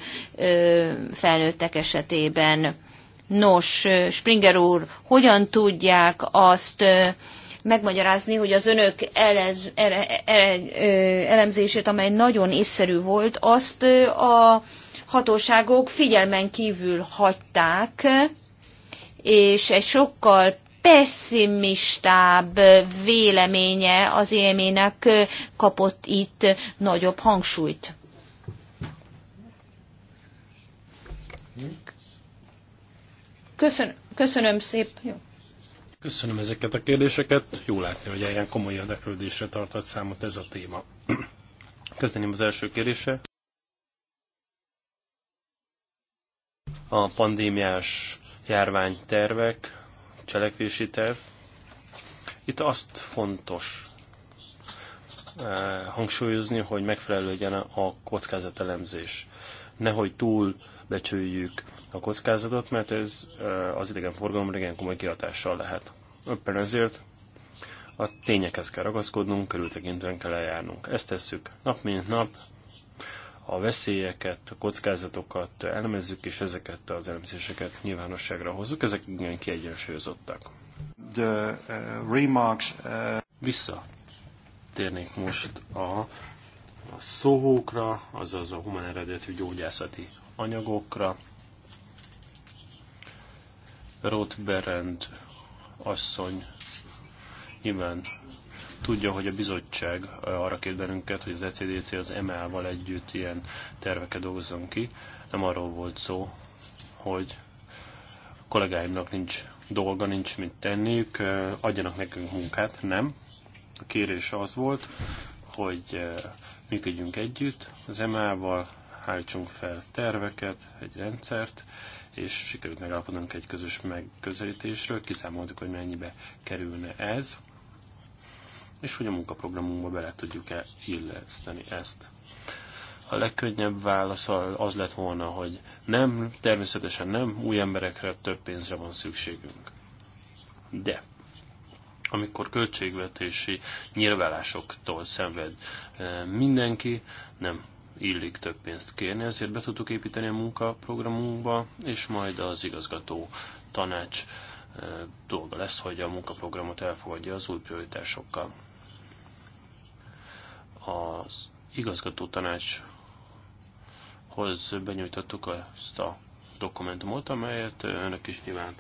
felnőttek esetében Nos, Springer úr, hogyan tudják azt megmagyarázni, hogy az önök elez, ele, ele, elemzését, amely nagyon észszerű volt, azt a hatóságok figyelmen kívül hagyták, és egy sokkal pessimistább véleménye az élmének kapott itt nagyobb hangsúlyt. Köszön, köszönöm szép. Jó. Köszönöm ezeket a kérdéseket. Jó látni, hogy ilyen komoly érdeklődésre tartott számot ez a téma. Kezdeném az első kérdése. A pandémiás járványtervek, cselekvési terv. Itt azt fontos eh, hangsúlyozni, hogy megfelelő legyen a kockázatelemzés. Nehogy túl becsüljük a kockázatot, mert ez az forgalomra igen komoly kihatással lehet. Öppen ezért a tényekhez kell ragaszkodnunk, körültekintően kell eljárnunk. Ezt tesszük nap mint nap, a veszélyeket, a kockázatokat elemezzük, és ezeket az elemzéseket nyilvánosságra hozzuk. Ezek igen kiegyensúlyozottak. The, uh, remarks, uh... Vissza térnék most a, a szóhókra, azaz a humán eredetű gyógyászati anyagokra, Roth Berend asszony nyilván tudja, hogy a bizottság arra kér bennünket, hogy az ECDC az ml val együtt ilyen terveket dolgozzon ki. Nem arról volt szó, hogy a kollégáimnak nincs dolga, nincs mit tenniük, adjanak nekünk munkát, nem. A kérés az volt, hogy működjünk együtt az ml val állítsunk fel terveket, egy rendszert, és sikerült megállapodnunk egy közös megközelítésről, kiszámoltuk, hogy mennyibe kerülne ez, és hogy a munkaprogramunkba bele tudjuk-e illeszteni ezt. A legkönnyebb válasz az lett volna, hogy nem, természetesen nem, új emberekre több pénzre van szükségünk. De amikor költségvetési nyilválásoktól szenved eh, mindenki, nem illik több pénzt kérni, ezért be tudtuk építeni a munkaprogramunkba, és majd az igazgató tanács eh, dolga lesz, hogy a munkaprogramot elfogadja az új prioritásokkal. Az igazgató tanácshoz benyújtottuk azt a dokumentumot, amelyet önök is nyilván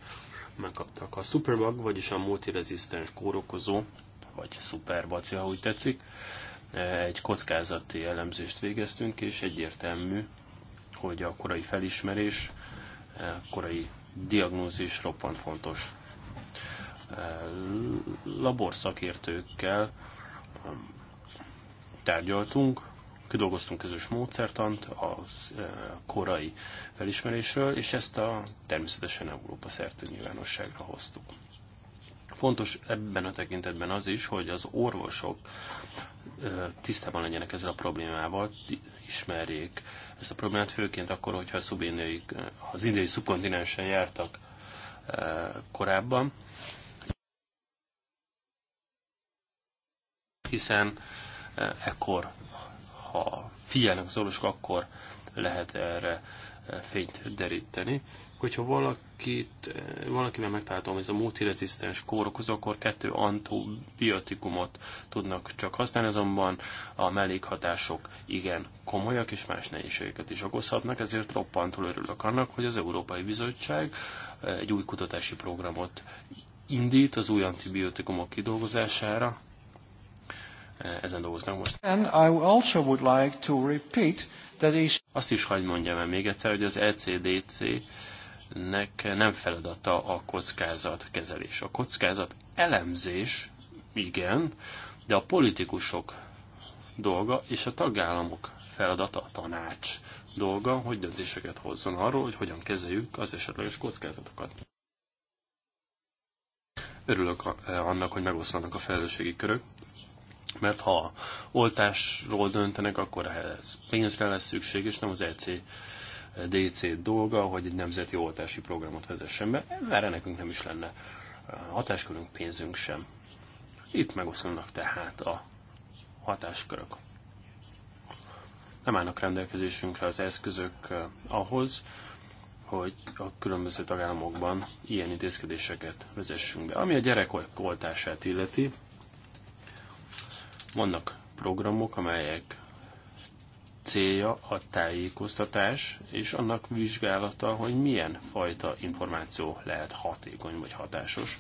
megkaptak. A superbug, vagyis a multirezisztens kórokozó, vagy szuperbaci, ha úgy tetszik, egy kockázati elemzést végeztünk, és egyértelmű, hogy a korai felismerés, korai diagnózis roppant fontos. Laborszakértőkkel um, tárgyaltunk, kidolgoztunk közös módszertant a uh, korai felismerésről, és ezt a természetesen Európa szerte nyilvánosságra hoztuk. Fontos ebben a tekintetben az is, hogy az orvosok tisztában legyenek ezzel a problémával, ismerjék ezt a problémát, főként akkor, hogyha szubéniai, az indiai szubkontinensen jártak korábban, hiszen ekkor, ha figyelnek az orvosok, akkor lehet erre fényt deríteni. Hogyha valakit, valakivel megtaláltam, ez a multirezisztens kórokhoz, akkor kettő antibiotikumot tudnak csak használni, azonban a mellékhatások igen komolyak és más nehézségeket is okozhatnak, ezért roppantul örülök annak, hogy az Európai Bizottság eh, egy új kutatási programot indít az új antibiotikumok kidolgozására, eh, ezen dolgoznak most. And I also would like to repeat követelés. Azt is hagyd mondjam el még egyszer, hogy az ECDC nek nem feladata a kockázat kezelés. A kockázat elemzés, igen, de a politikusok dolga és a tagállamok feladata, a tanács dolga, hogy döntéseket hozzon arról, hogy hogyan kezeljük az esetleges kockázatokat. Örülök annak, hogy megoszlanak a felelősségi körök, mert ha oltásról döntenek, akkor ehhez pénzre lesz szükség, és nem az EC DC dolga, hogy egy nemzeti oltási programot vezessen be. Erre nekünk nem is lenne hatáskörünk, pénzünk sem. Itt megoszlanak tehát a hatáskörök. Nem állnak rendelkezésünkre az eszközök ahhoz, hogy a különböző tagállamokban ilyen intézkedéseket vezessünk be. Ami a gyerekoltását illeti, vannak programok, amelyek célja a tájékoztatás és annak vizsgálata, hogy milyen fajta információ lehet hatékony vagy hatásos.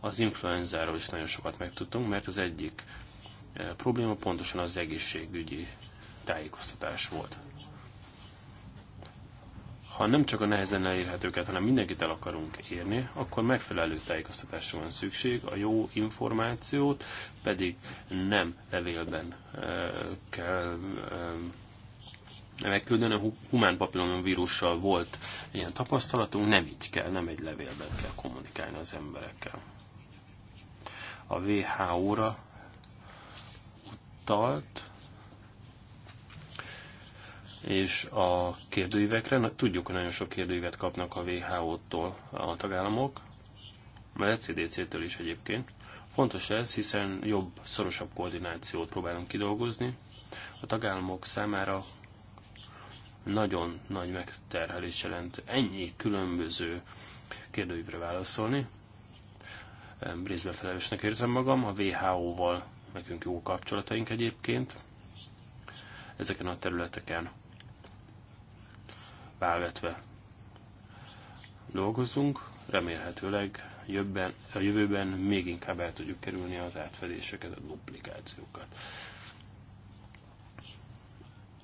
Az influenzáról is nagyon sokat megtudtunk, mert az egyik eh, probléma pontosan az egészségügyi tájékoztatás volt ha nem csak a nehezen elérhetőket, hanem mindenkit el akarunk érni, akkor megfelelő tájékoztatásra van szükség, a jó információt pedig nem levélben e, kell e, megküldeni. A humán papillomavírussal volt ilyen tapasztalatunk, nem így kell, nem egy levélben kell kommunikálni az emberekkel. A WHO-ra utalt, és a kérdőívekre. Na, tudjuk, hogy nagyon sok kérdőívet kapnak a WHO-tól a tagállamok, a CDC-től is egyébként. Fontos ez, hiszen jobb, szorosabb koordinációt próbálunk kidolgozni. A tagállamok számára nagyon nagy megterhelés jelent ennyi különböző kérdőívre válaszolni. Részben felelősnek érzem magam, a WHO-val nekünk jó kapcsolataink egyébként ezeken a területeken válvetve dolgozunk, remélhetőleg jövben, a jövőben még inkább el tudjuk kerülni az átfedéseket, a duplikációkat.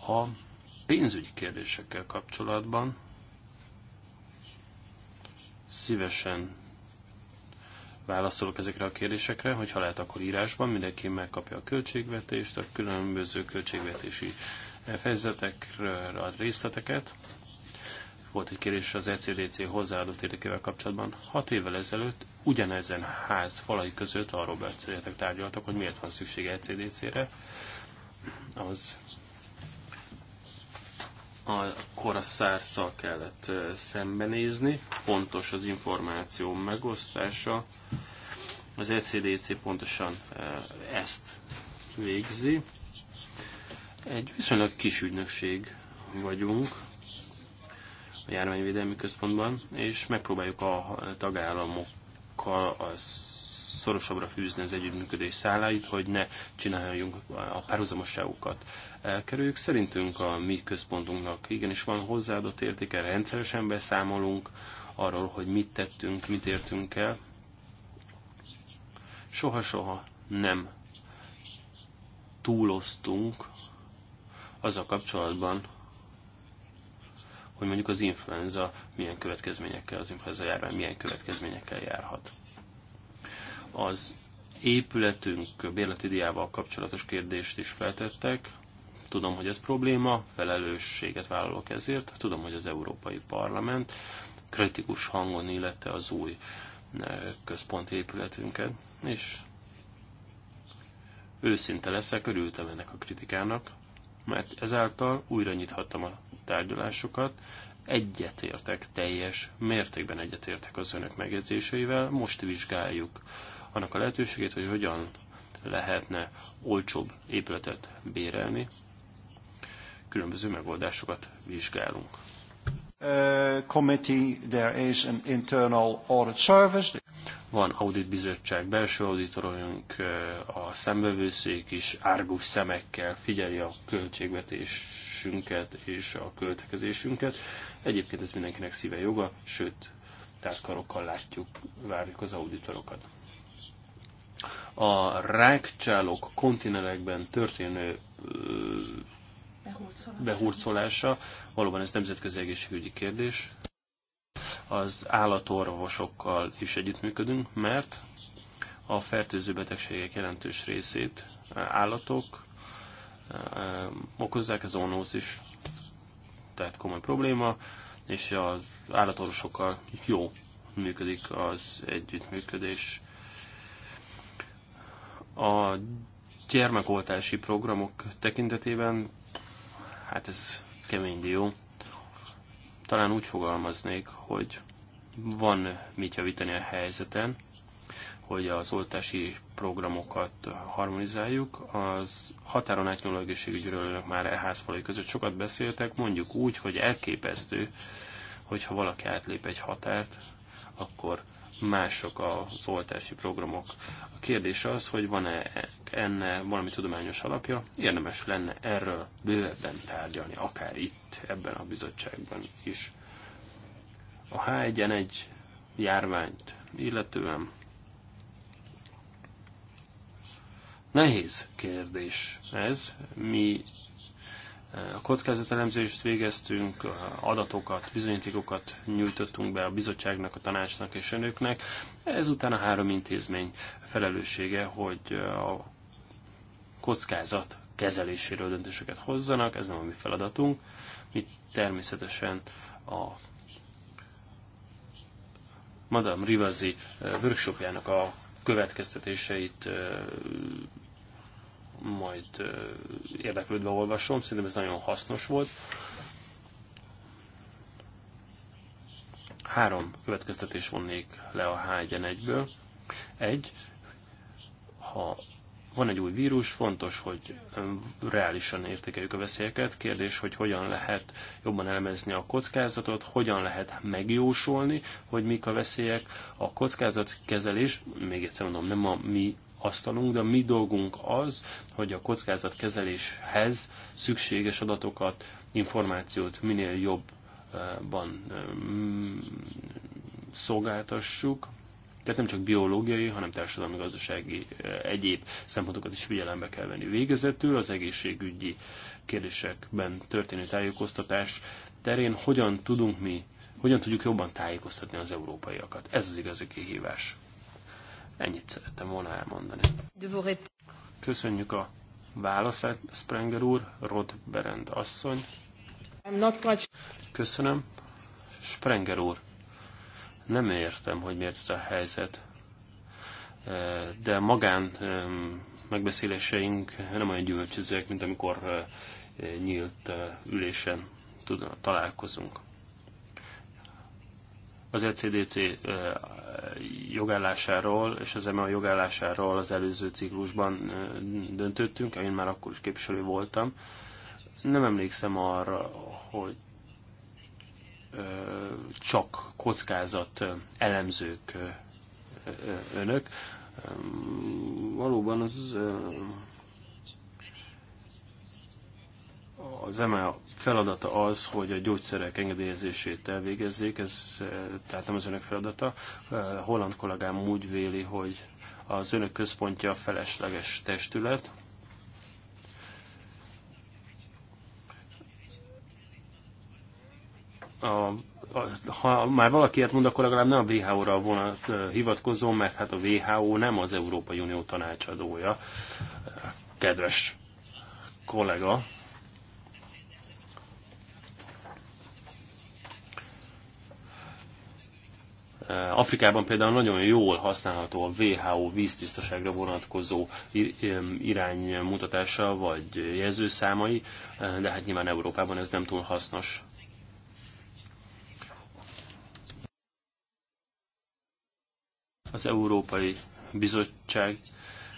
A pénzügyi kérdésekkel kapcsolatban szívesen válaszolok ezekre a kérdésekre, hogy ha lehet, akkor írásban mindenki megkapja a költségvetést, a különböző költségvetési fejezetekről a részleteket. Volt egy kérdés az ECDC hozzáadott érdekével kapcsolatban. Hat évvel ezelőtt ugyanezen ház falai között arról beszéltek, tárgyaltak, hogy miért van szüksége ECDC-re. Az a koraszárszal kellett szembenézni. pontos az információ megosztása. Az ECDC pontosan ezt végzi. Egy viszonylag kis ügynökség vagyunk, a járványvédelmi központban, és megpróbáljuk a tagállamokkal a szorosabbra fűzni az együttműködés szálait, hogy ne csináljunk a párhuzamosságokat. Elkerüljük szerintünk a mi központunknak. Igenis van hozzáadott értéke, rendszeresen beszámolunk arról, hogy mit tettünk, mit értünk el. Soha-soha nem túloztunk az a kapcsolatban, hogy mondjuk az influenza milyen következményekkel, az influenza járvány milyen következményekkel járhat. Az épületünk diával kapcsolatos kérdést is feltettek. Tudom, hogy ez probléma, felelősséget vállalok ezért. Tudom, hogy az Európai Parlament kritikus hangon illette az új eh, központi épületünket, és őszinte leszek, örültem ennek a kritikának, mert ezáltal újra nyithattam a tárgyalásokat. Egyetértek, teljes mértékben egyetértek az önök megjegyzéseivel. Most vizsgáljuk annak a lehetőségét, hogy hogyan lehetne olcsóbb épületet bérelni. Különböző megoldásokat vizsgálunk. Eh, committee, there is an internal audit service. Van auditbizottság, belső auditorunk, eh, a szemvevőszék is árgus szemekkel figyeli a költségvetésünket és a költekezésünket. Egyébként ez mindenkinek szíve joga, sőt, tárkarokkal látjuk, várjuk az auditorokat. A rákcsálók kontinelekben történő eh, behurcolása. behurcolása. Valóban ez nemzetközi egészségügyi kérdés. Az állatorvosokkal is együttműködünk, mert a fertőző betegségek jelentős részét eh, állatok eh, okozzák, ez onózis, tehát komoly probléma, és az állatorvosokkal jó működik az együttműködés. A gyermekoltási programok tekintetében Hát ez kemény dió. Talán úgy fogalmaznék, hogy van mit javítani a helyzeten, hogy az oltási programokat harmonizáljuk. Az határon átnyúló egészségügyről önök már elházfalai között sokat beszéltek, mondjuk úgy, hogy elképesztő, hogyha valaki átlép egy határt, akkor mások az oltási programok kérdés az, hogy van-e enne valami tudományos alapja, érdemes lenne erről bővebben tárgyalni, akár itt, ebben a bizottságban is. A H1N1 járványt illetően nehéz kérdés ez. Mi a kockázatelemzést végeztünk, adatokat, bizonyítékokat nyújtottunk be a bizottságnak, a tanácsnak és önöknek. Ezután a három intézmény felelőssége, hogy a kockázat kezeléséről döntéseket hozzanak, ez nem a mi feladatunk. Mi természetesen a Madame Rivazi eh, workshopjának a következtetéseit eh, majd érdeklődve olvasom, szerintem ez nagyon hasznos volt. Három következtetés vonnék le a H1N1-ből. Egy, ha van egy új vírus, fontos, hogy reálisan értékeljük a veszélyeket. Kérdés, hogy hogyan lehet jobban elemezni a kockázatot, hogyan lehet megjósolni, hogy mik a veszélyek. A kockázatkezelés, még egyszer mondom, nem a mi asztalunk, de a mi dolgunk az, hogy a kockázatkezeléshez szükséges adatokat, információt minél jobban szolgáltassuk, tehát nem csak biológiai, hanem társadalmi, gazdasági, egyéb szempontokat is figyelembe kell venni. Végezetül az egészségügyi kérdésekben történő tájékoztatás terén hogyan tudunk mi, hogyan tudjuk jobban tájékoztatni az európaiakat. Ez az igazi kihívás. Ennyit szerettem volna elmondani. Köszönjük a válaszát, Sprenger úr, Rod Berend asszony. Köszönöm. Sprenger úr, nem értem, hogy miért ez a helyzet, eh, de magán megbeszéléseink nem olyan gyümölcsözőek, mint amikor eh, nyílt eh, ülésen találkozunk. Az LCDC e jogállásáról és az EMA jogállásáról az előző ciklusban döntöttünk, én már akkor is képviselő voltam. Nem emlékszem arra, hogy csak kockázat elemzők önök. Valóban az az EMA feladata az, hogy a gyógyszerek engedélyezését elvégezzék, ez eh, tehát nem az önök feladata. Eh, Holland kollégám úgy véli, hogy az önök központja felesleges testület, a, a, ha már valaki ilyet mond, akkor legalább nem a WHO-ra eh, hivatkozom, mert hát a WHO nem az Európai Unió tanácsadója. Kedves kollega, Eh, Afrikában például nagyon jól használható a WHO víztisztaságra vonatkozó iránymutatása vagy jelzőszámai, eh, de hát nyilván Európában ez nem túl hasznos. Az Európai Bizottság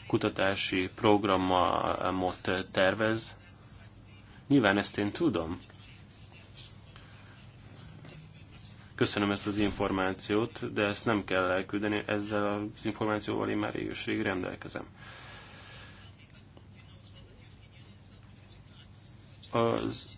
kutatási programot tervez. Nyilván ezt én tudom, Köszönöm ezt az információt, de ezt nem kell elküldeni, ezzel az információval én már régőség rég rendelkezem. Az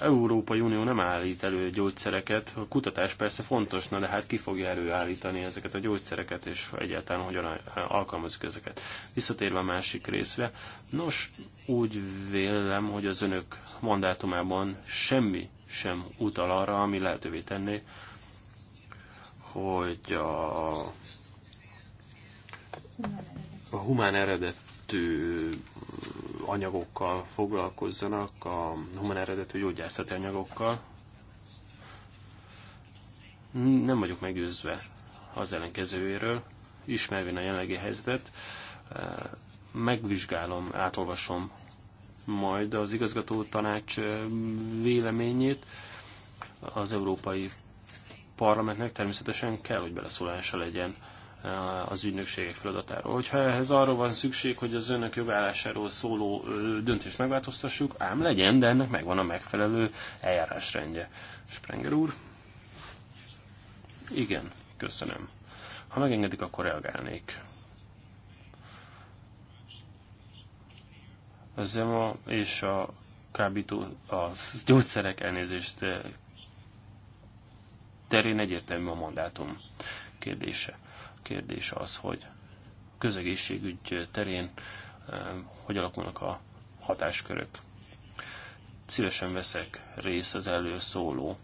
Európai Unió nem állít elő gyógyszereket, a kutatás persze fontos, na de hát ki fogja előállítani ezeket a gyógyszereket, és egyáltalán hogyan alkalmazik ezeket. Visszatérve a másik részre, nos, úgy vélem, hogy az önök mandátumában semmi sem utal arra, ami lehetővé tenné, hogy a, a humán eredet eredetű anyagokkal foglalkozzanak, a humán eredetű gyógyászati anyagokkal. Nem vagyok meggyőzve az ellenkezőjéről, ismervén a jelenlegi helyzetet, megvizsgálom, átolvasom majd az igazgató tanács véleményét az Európai Parlamentnek természetesen kell, hogy beleszólása legyen Eh, az ügynökségek feladatáról. Hogyha ehhez arról van szükség, hogy az önök jogállásáról szóló döntést megváltoztassuk, ám legyen, de ennek megvan a megfelelő eljárásrendje. Sprenger úr? Igen, köszönöm. Ha megengedik, akkor reagálnék. Az EMA és a kábító, a gyógyszerek elnézést eh, terén egyértelmű a mandátum kérdése kérdés az, hogy közegészségügy terén hogy alakulnak a hatáskörök. Szívesen veszek részt az előszóló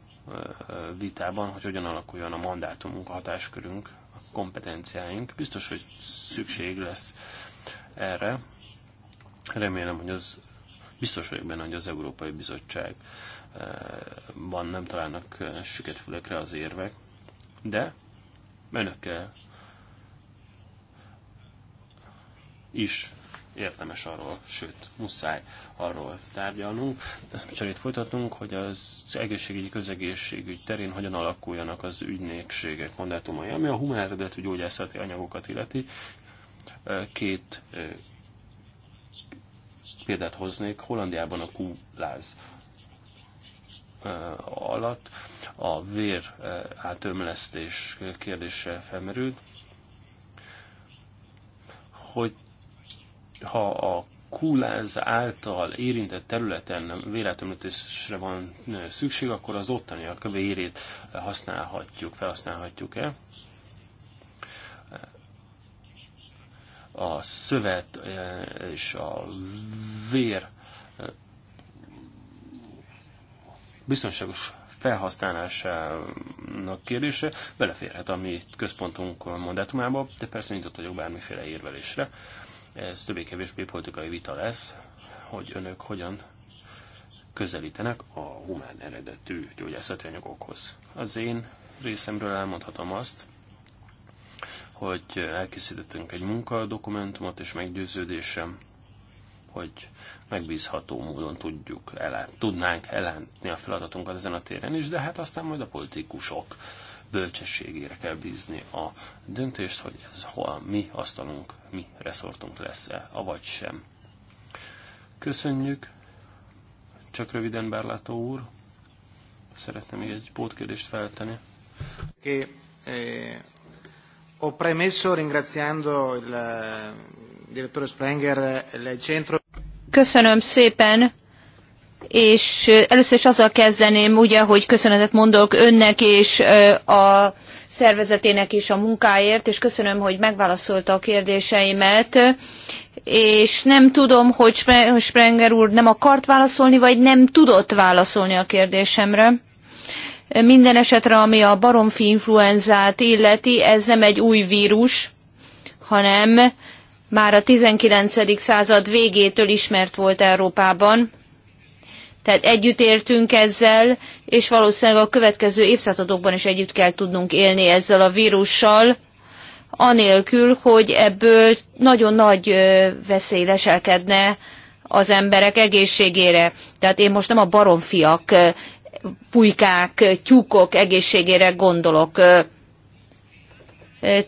vitában, hogy hogyan alakuljon a mandátumunk, a hatáskörünk, a kompetenciáink. Biztos, hogy szükség lesz erre. Remélem, hogy az biztos vagyok benne, hogy az Európai Bizottságban nem találnak süketfülekre az érvek, de önökkel is érdemes arról, sőt, muszáj arról tárgyalnunk. Ezt a cserét folytatunk, hogy az egészségügyi közegészségügy terén hogyan alakuljanak az ügynökségek mandátumai, ami a humán eredetű gyógyászati anyagokat illeti. Két példát hoznék, Hollandiában a kuláz alatt a vér átömlesztés kérdése felmerült, hogy ha a kuláz által érintett területen véletlenültésre van szükség, akkor az ottaniak vérét használhatjuk, felhasználhatjuk-e. A szövet és a vér biztonságos felhasználásának kérdése beleférhet a mi központunk mandátumába, de persze nyitott vagyok bármiféle érvelésre ez többé-kevésbé politikai vita lesz, hogy önök hogyan közelítenek a humán eredetű gyógyászati anyagokhoz. Az én részemről elmondhatom azt, hogy elkészítettünk egy munkadokumentumot, és meggyőződésem, hogy megbízható módon tudjuk elát, tudnánk ellátni a feladatunkat ezen a téren is, de hát aztán majd a politikusok bölcsességére kell bízni a döntést, hogy ez hol mi asztalunk, mi reszortunk lesz-e, avagy sem. Köszönjük, csak röviden Berlátó úr, szeretném még egy pótkérdést feltenni. Okay. eh, ho premesso ringraziando il eh, direttore Sprenger eh, il centro Köszönöm szépen és először is azzal kezdeném, ugye, hogy köszönetet mondok önnek és a szervezetének is a munkáért, és köszönöm, hogy megválaszolta a kérdéseimet és nem tudom, hogy Sprenger úr nem akart válaszolni, vagy nem tudott válaszolni a kérdésemre. Minden esetre, ami a baromfi influenzát illeti, ez nem egy új vírus, hanem már a 19. század végétől ismert volt Európában tehát együtt értünk ezzel, és valószínűleg a következő évszázadokban is együtt kell tudnunk élni ezzel a vírussal, anélkül, hogy ebből nagyon nagy veszély leselkedne az emberek egészségére. Tehát én most nem a baromfiak, pulykák, tyúkok egészségére gondolok.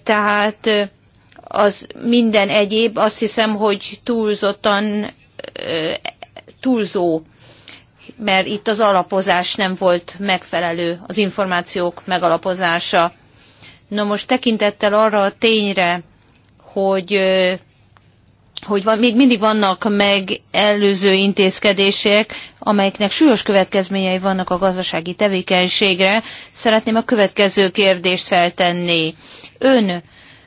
Tehát az minden egyéb azt hiszem, hogy túlzottan túlzó mert itt az alapozás nem volt megfelelő, az információk megalapozása. Na most tekintettel arra a tényre, hogy hogy van, még mindig vannak meg előző intézkedések, amelyeknek súlyos következményei vannak a gazdasági tevékenységre. Szeretném a következő kérdést feltenni. Ön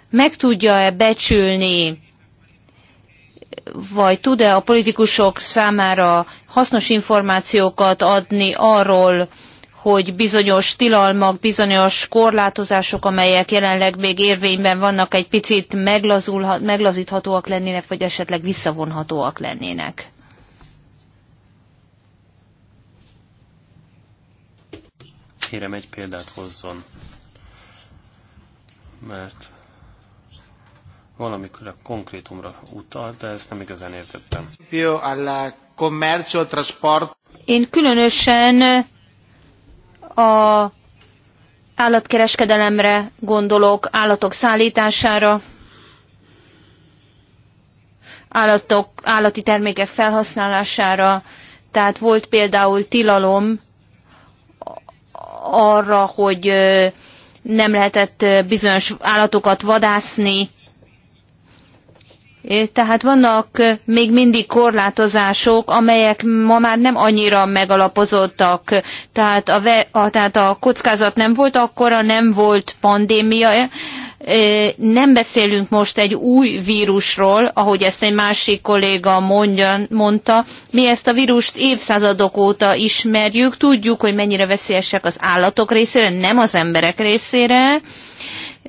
meg tudja-e becsülni vagy tud-e a politikusok számára hasznos információkat adni arról, hogy bizonyos tilalmak, bizonyos korlátozások, amelyek jelenleg még érvényben vannak, egy picit meglazíthatóak lennének, vagy esetleg visszavonhatóak lennének? Kérem, egy példát hozzon, mert valamikor a konkrétumra utal, de ezt nem igazán értettem. Én különösen a állatkereskedelemre gondolok, állatok szállítására, állatok, állati termékek felhasználására, tehát volt például tilalom arra, hogy nem lehetett bizonyos állatokat vadászni, tehát vannak még mindig korlátozások, amelyek ma már nem annyira megalapozottak. Tehát a, a, tehát a kockázat nem volt akkora, nem volt pandémia. Nem beszélünk most egy új vírusról, ahogy ezt egy másik kolléga mondja, mondta. Mi ezt a vírust évszázadok óta ismerjük, tudjuk, hogy mennyire veszélyesek az állatok részére, nem az emberek részére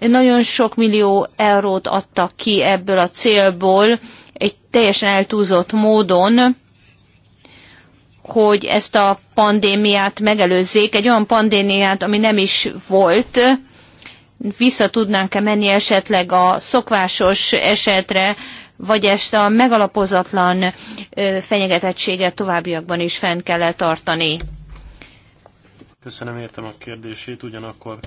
nagyon sok millió eurót adtak ki ebből a célból, egy teljesen eltúzott módon, hogy ezt a pandémiát megelőzzék, egy olyan pandémiát, ami nem is volt, vissza tudnánk-e menni esetleg a szokásos esetre, vagy ezt a megalapozatlan fenyegetettséget továbbiakban is fenn kell -e tartani? Köszönöm, értem a kérdését, ugyanakkor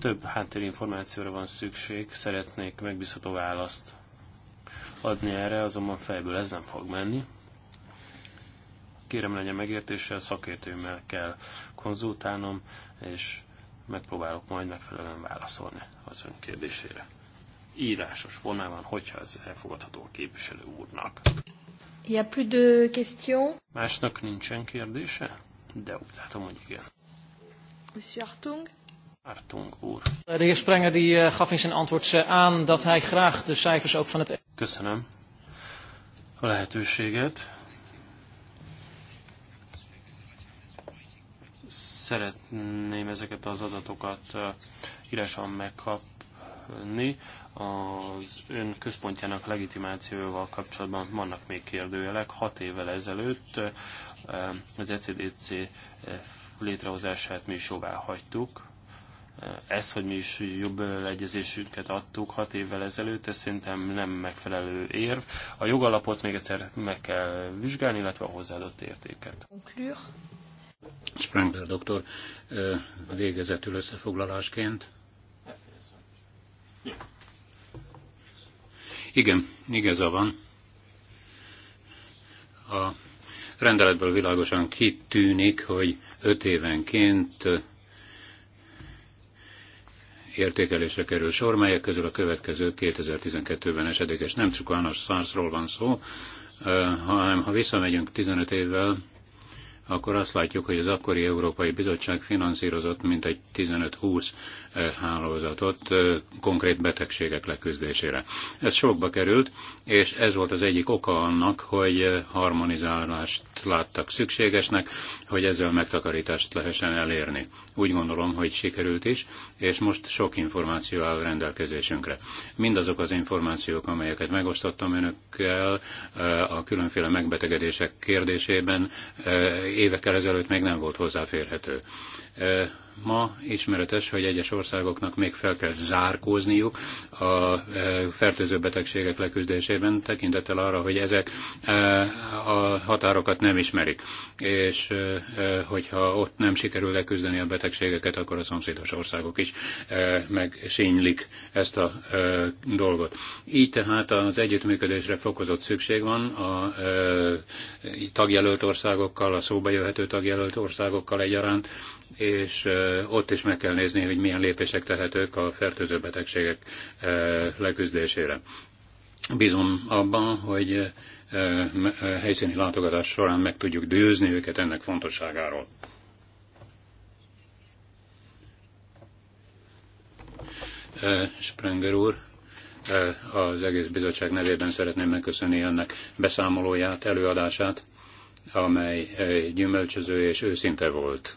több háttérinformációra van szükség, szeretnék megbízható választ adni erre, azonban fejből ez nem fog menni. Kérem legyen megértéssel, szakértőmmel kell konzultálnom, és megpróbálok majd megfelelően válaszolni az ön kérdésére. Írásos formában, hogyha ez elfogadható a képviselő úrnak. Il y a plus de questions. Másnak nincsen kérdése? De úgy látom, hogy igen. Monsieur Artung? Artung De heer Sprenger die eh, gaf in zijn antwoord eh, aan dat hij graag de cijfers ook van het... E Köszönöm a lehetőséget. Szeretném ezeket az adatokat eh, írásan megkapni. Az ön központjának legitimációval kapcsolatban vannak még kérdőjelek. Hat évvel ezelőtt az ECDC létrehozását mi is jóvá hagytuk ez, hogy mi is jobb egyezésünket adtuk hat évvel ezelőtt, ez szerintem nem megfelelő érv. A jogalapot még egyszer meg kell vizsgálni, illetve a hozzáadott értéket. Sprengler doktor, végezetül összefoglalásként. Igen, igaza van. A rendeletből világosan kitűnik, hogy öt évenként értékelésre kerül sor, melyek közül a következő 2012-ben esedékes. Nem csupán a van szó, hanem ha visszamegyünk 15 évvel, akkor azt látjuk, hogy az akkori Európai Bizottság finanszírozott mintegy 15-20 eh, hálózatot eh, konkrét betegségek leküzdésére. Ez sokba került, és ez volt az egyik oka annak, hogy eh, harmonizálást láttak szükségesnek, hogy ezzel megtakarítást lehessen elérni. Úgy gondolom, hogy sikerült is, és most sok információ áll rendelkezésünkre. Mindazok az információk, amelyeket megosztottam önökkel a különféle megbetegedések kérdésében, évekkel ezelőtt még nem volt hozzáférhető. Ma ismeretes, hogy egyes országoknak még fel kell zárkózniuk a fertőző betegségek leküzdésében, tekintettel arra, hogy ezek a határokat nem ismerik, és hogyha ott nem sikerül leküzdeni a betegségeket, akkor a szomszédos országok is megsínylik ezt a dolgot. Így tehát az együttműködésre fokozott szükség van a tagjelölt országokkal, a szóba jöhető tagjelölt országokkal egyaránt, és ott is meg kell nézni, hogy milyen lépések tehetők a fertőző betegségek leküzdésére. Bízom abban, hogy helyszíni látogatás során meg tudjuk dőzni őket ennek fontosságáról. Sprenger úr, az egész bizottság nevében szeretném megköszönni ennek beszámolóját, előadását, amely gyümölcsöző és őszinte volt.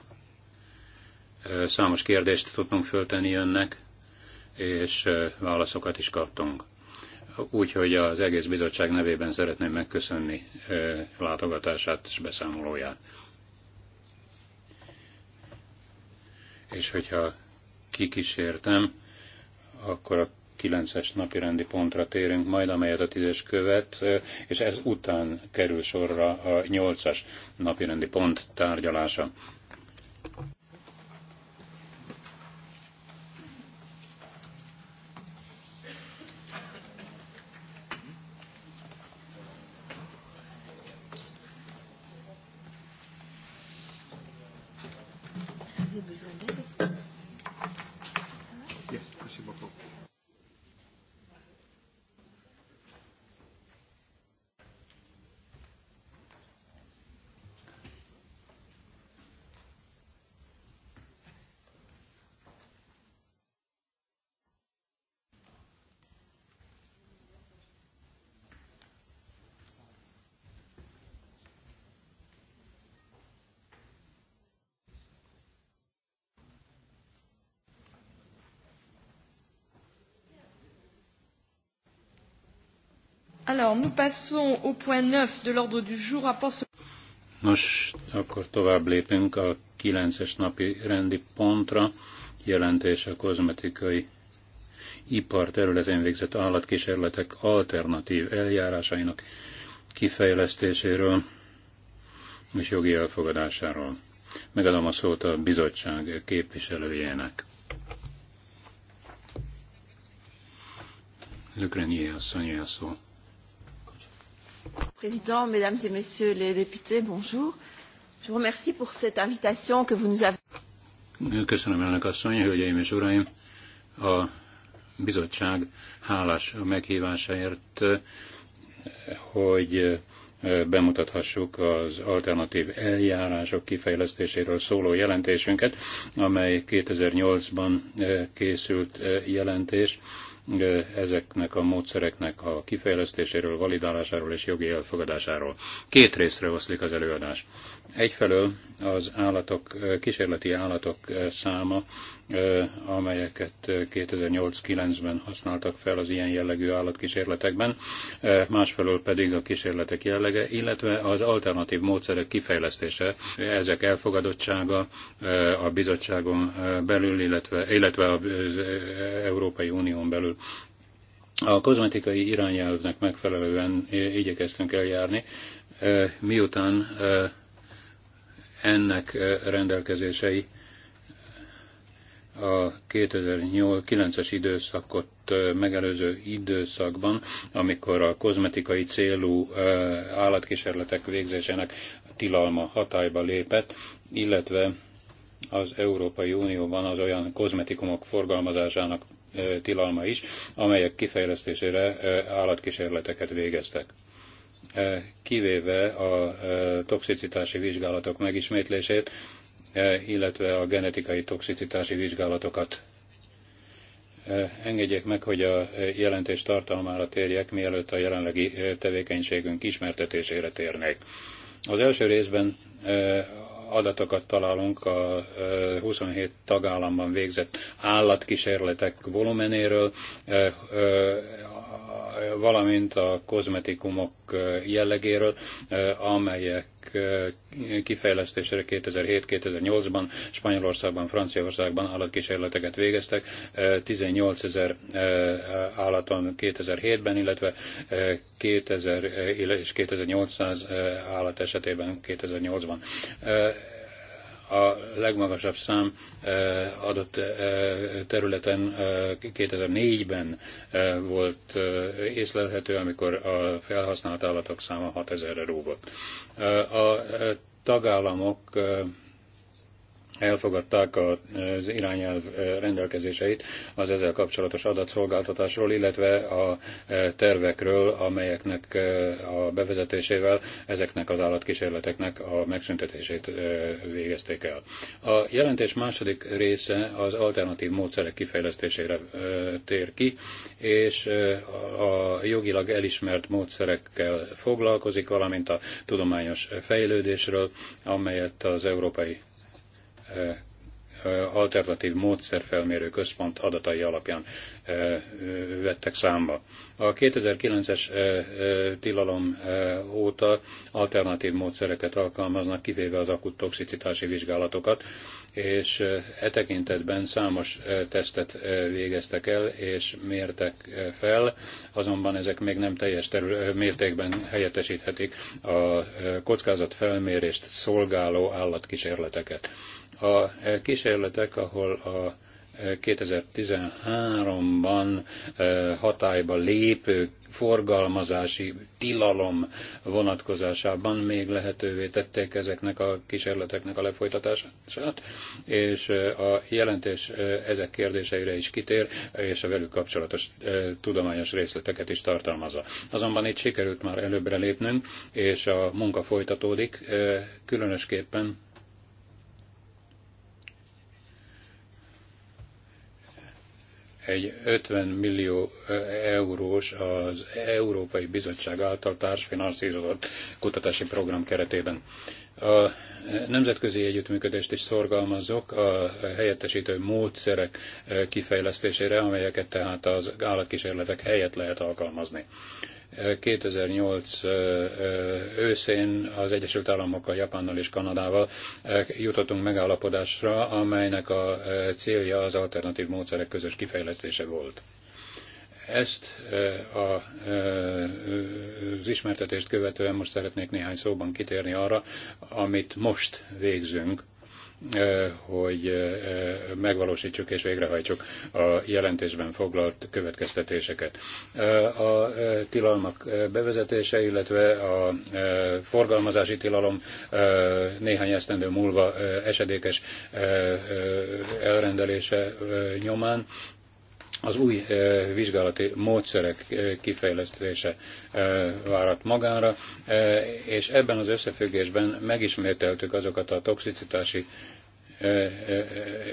Számos kérdést tudtunk föltenni önnek, és válaszokat is kaptunk. Úgyhogy az egész bizottság nevében szeretném megköszönni látogatását és beszámolóját. És hogyha kikísértem, akkor a 9-es napi rendi pontra térünk majd, amelyet a 10-es követ, és ez után kerül sorra a 8-as napi rendi pont tárgyalása. Alors, nous passons au point 9 de l'ordre du jour, rapport... Nos, akkor tovább lépünk a 9-es napi rendi pontra, jelentés a kozmetikai ipar területén végzett állatkísérletek alternatív eljárásainak kifejlesztéséről és jogi elfogadásáról. Megadom a szót a bizottság képviselőjének. Lükrenyi asszony a szó. Président, mesdames et messieurs les députés, bonjour. Je vous remercie pour cette invitation que vous nous avez. Köszönöm, elnök asszony, hölgyeim és uraim. A bizottság hálás a meghívásáért, hogy bemutathassuk az alternatív eljárások kifejlesztéséről szóló jelentésünket, amely 2008-ban készült jelentés ezeknek a módszereknek a kifejlesztéséről, validálásáról és jogi elfogadásáról. Két részre oszlik az előadás. Egyfelől az állatok, kísérleti állatok száma, amelyeket 2008-9-ben használtak fel az ilyen jellegű állatkísérletekben, másfelől pedig a kísérletek jellege, illetve az alternatív módszerek kifejlesztése, ezek elfogadottsága a bizottságon belül, illetve, illetve az Európai Unión belül. A kozmetikai irányelvnek megfelelően igyekeztünk eljárni, miután ennek rendelkezései a 2009-es időszakot megelőző időszakban, amikor a kozmetikai célú állatkísérletek végzésének tilalma hatályba lépett, illetve az Európai Unióban az olyan kozmetikumok forgalmazásának tilalma is, amelyek kifejlesztésére állatkísérleteket végeztek. Eh, kivéve a eh, toxicitási vizsgálatok megismétlését, eh, illetve a genetikai toxicitási vizsgálatokat. Engedjék meg, hogy a jelentés tartalmára térjek, mielőtt a jelenlegi tevékenységünk ismertetésére térnék. Az első részben adatokat találunk a 27 tagállamban végzett állatkísérletek volumenéről, valamint a kozmetikumok jellegéről, amelyek kifejlesztésére 2007-2008-ban Spanyolországban, Franciaországban állatkísérleteket végeztek, 18 ezer állaton 2007-ben, illetve 2000 és 2800 állat esetében 2008-ban a legmagasabb szám eh, adott eh, területen 2004-ben eh, volt észlelhető, amikor a felhasznált állatok száma 6000-re rúgott. A tagállamok elfogadták az irányelv rendelkezéseit az ezzel kapcsolatos adatszolgáltatásról, illetve a tervekről, amelyeknek a bevezetésével ezeknek az állatkísérleteknek a megszüntetését végezték el. A jelentés második része az alternatív módszerek kifejlesztésére tér ki, és a jogilag elismert módszerekkel foglalkozik, valamint a tudományos fejlődésről, amelyet az európai Eh, alternatív módszerfelmérő központ adatai alapján eh, eh, vettek számba. A 2009-es tilalom óta alternatív módszereket alkalmaznak, kivéve az akut toxicitási vizsgálatokat, és e tekintetben számos tesztet végeztek el és mértek fel, azonban ezek még nem teljes terül, mértékben helyettesíthetik a kockázatfelmérést szolgáló állatkísérleteket a e, kísérletek, ahol a 2013-ban e, e, hatályba lépő forgalmazási tilalom vonatkozásában még lehetővé tették ezeknek a kísérleteknek a lefolytatását, és a jelentés ezek kérdéseire is kitér, és a velük kapcsolatos tudományos részleteket is tartalmazza. Azonban itt sikerült már előbbre lépnünk, és a munka folytatódik, különösképpen egy 50 millió eurós az Európai Bizottság által társfinanszírozott kutatási program keretében. A nemzetközi együttműködést is szorgalmazok a helyettesítő módszerek kifejlesztésére, amelyeket tehát az állatkísérletek helyett lehet alkalmazni. 2008 őszén az Egyesült Államokkal, Japánnal és Kanadával jutottunk megállapodásra, amelynek a célja az alternatív módszerek közös kifejlesztése volt. Ezt a, az ismertetést követően most szeretnék néhány szóban kitérni arra, amit most végzünk hogy megvalósítsuk és végrehajtsuk a jelentésben foglalt következtetéseket. A tilalmak bevezetése, illetve a forgalmazási tilalom néhány esztendő múlva esedékes elrendelése nyomán az új vizsgálati módszerek kifejlesztése várat magára, és ebben az összefüggésben megismételtük azokat a toxicitási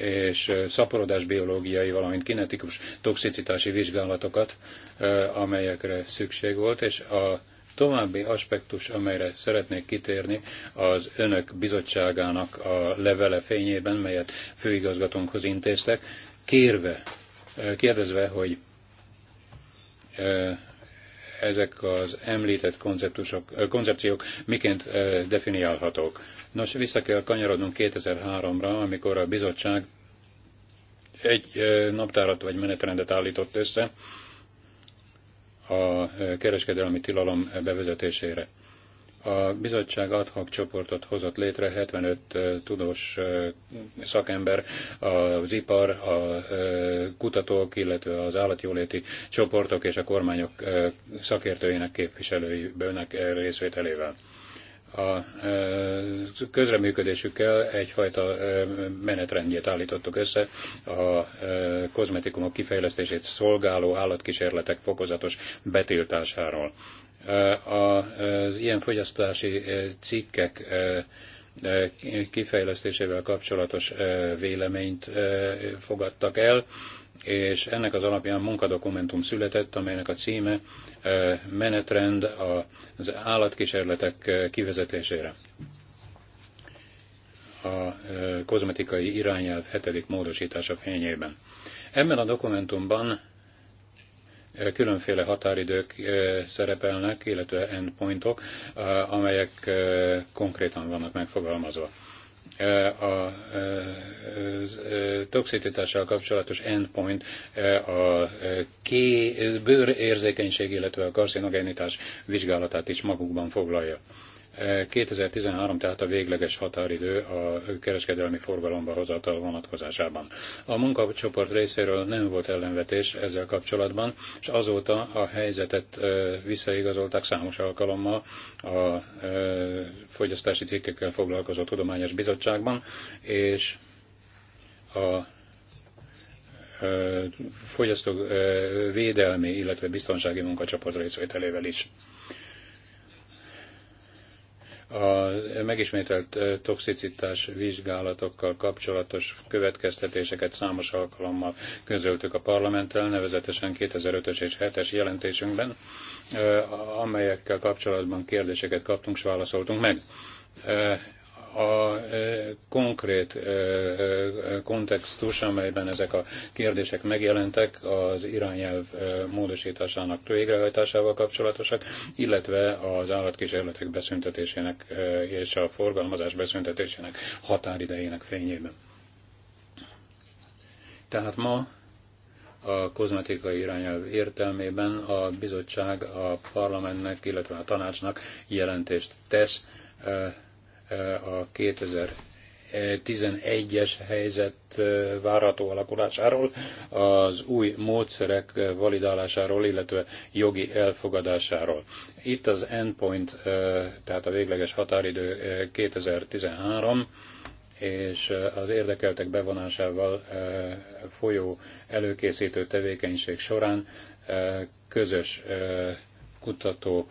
és szaporodás biológiai, valamint kinetikus toxicitási vizsgálatokat, amelyekre szükség volt, és a további aspektus, amelyre szeretnék kitérni, az önök bizottságának a levele fényében, melyet főigazgatónkhoz intéztek, kérve, kérdezve, hogy ezek az említett konceptusok, koncepciók miként definiálhatók. Nos, vissza kell kanyarodnunk 2003-ra, amikor a bizottság egy naptárat vagy menetrendet állított össze a kereskedelmi tilalom bevezetésére. A bizottság adhak csoportot hozott létre, 75 tudós szakember, az ipar, a kutatók, illetve az állatjóléti csoportok és a kormányok szakértőinek képviselőinek részvételével a közreműködésükkel egyfajta menetrendjét állítottuk össze, a kozmetikumok kifejlesztését szolgáló állatkísérletek fokozatos betiltásáról az ilyen fogyasztási cikkek kifejlesztésével kapcsolatos véleményt fogadtak el, és ennek az alapján munkadokumentum született, amelynek a címe menetrend az állatkísérletek kivezetésére. A kozmetikai irányelv hetedik módosítása fényében. Ebben a dokumentumban különféle határidők szerepelnek, illetve endpointok, -ok, amelyek konkrétan vannak megfogalmazva a toxicitással kapcsolatos endpoint a ké, bőrérzékenység, illetve a karcinogenitás vizsgálatát is magukban foglalja. 2013 tehát a végleges határidő a kereskedelmi forgalomba hozatal vonatkozásában. A munkacsoport részéről nem volt ellenvetés ezzel kapcsolatban, és azóta a helyzetet visszaigazolták számos alkalommal a fogyasztási cikkekkel foglalkozó tudományos bizottságban, és a fogyasztók védelmi, illetve biztonsági munkacsoport részvételével is. A megismételt toxicitás vizsgálatokkal kapcsolatos következtetéseket számos alkalommal közöltük a parlamenttel, nevezetesen 2005-ös és 2007-es jelentésünkben, amelyekkel kapcsolatban kérdéseket kaptunk, és válaszoltunk meg a e, konkrét e, e, kontextus, amelyben ezek a kérdések megjelentek, az irányelv módosításának végrehajtásával kapcsolatosak, illetve az állatkísérletek beszüntetésének és a forgalmazás beszüntetésének határidejének fényében. Tehát ma a kozmetikai irányelv értelmében a bizottság a parlamentnek, illetve a tanácsnak jelentést tesz a 2011-es helyzet várható alakulásáról, az új módszerek validálásáról, illetve jogi elfogadásáról. Itt az endpoint, tehát a végleges határidő 2013, és az érdekeltek bevonásával folyó előkészítő tevékenység során közös kutató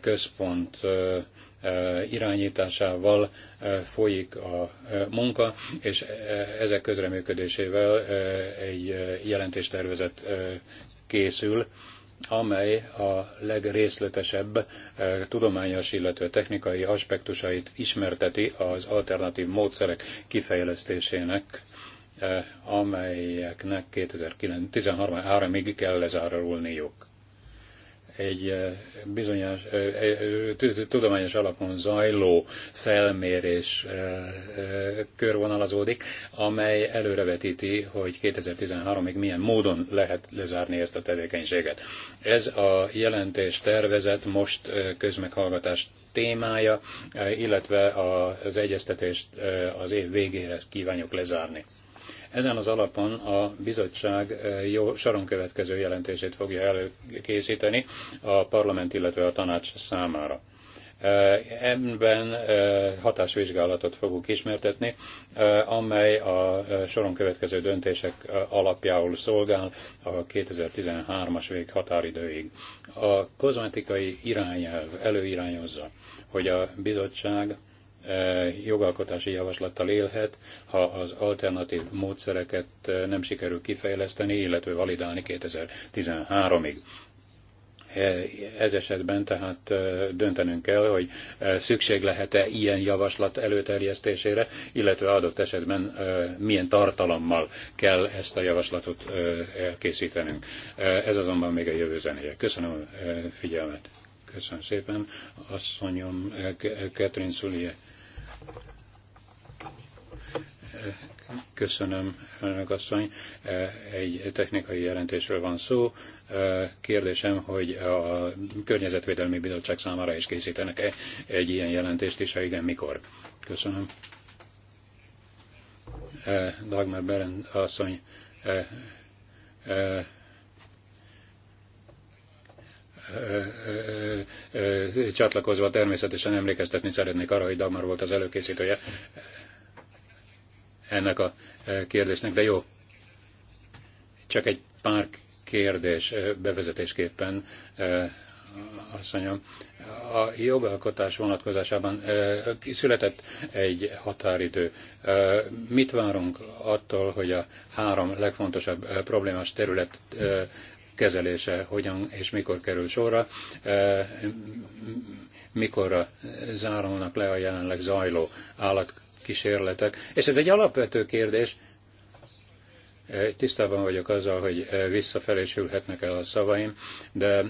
központ irányításával folyik a munka, és ezek közreműködésével egy jelentéstervezet készül, amely a legrészletesebb tudományos, illetve technikai aspektusait ismerteti az alternatív módszerek kifejlesztésének, amelyeknek 2013-ig kell lezárulniuk egy bizonyos tudományos alapon zajló felmérés körvonalazódik, amely előrevetíti, hogy 2013-ig milyen módon lehet lezárni ezt a tevékenységet. Ez a jelentés tervezet most közmeghallgatást témája, illetve az egyeztetést az év végére kívánjuk lezárni. Ezen az alapon a bizottság eh, jó soron következő jelentését fogja előkészíteni a parlament, illetve a tanács számára. Eh, ebben eh, hatásvizsgálatot fogunk ismertetni, amely a soron következő döntések alapjául szolgál a 2013-as vég határidőig. A kozmetikai irányelv előirányozza, hogy a bizottság jogalkotási javaslattal élhet, ha az alternatív módszereket nem sikerül kifejleszteni, illetve validálni 2013-ig. E, ez esetben tehát döntenünk kell, hogy szükség lehet-e ilyen javaslat előterjesztésére, illetve adott esetben milyen tartalommal kell ezt a javaslatot elkészítenünk. E, ez azonban még a jövő zenéje. Köszönöm a figyelmet. Köszönöm szépen. Asszonyom Catherine Sullier. Köszönöm, elnök asszony. E, egy technikai jelentésről van szó. E, kérdésem, hogy a Környezetvédelmi Bizottság számára is készítenek-e egy ilyen jelentést is, ha igen, mikor? Köszönöm. E, Dagmar Berend asszony csatlakozva természetesen emlékeztetni szeretnék arra, hogy Dagmar volt az előkészítője ennek a e, kérdésnek, de jó. Csak egy pár kérdés e, bevezetésképpen, e, asszonyom. A jogalkotás vonatkozásában született egy határidő. Mit várunk attól, hogy a három legfontosabb problémás terület kezelése hogyan és mikor kerül sorra, mikorra zárulnak le a jelenleg zajló állat kísérletek. És ez egy alapvető kérdés. Tisztában vagyok azzal, hogy visszafelé sülhetnek el a szavaim, de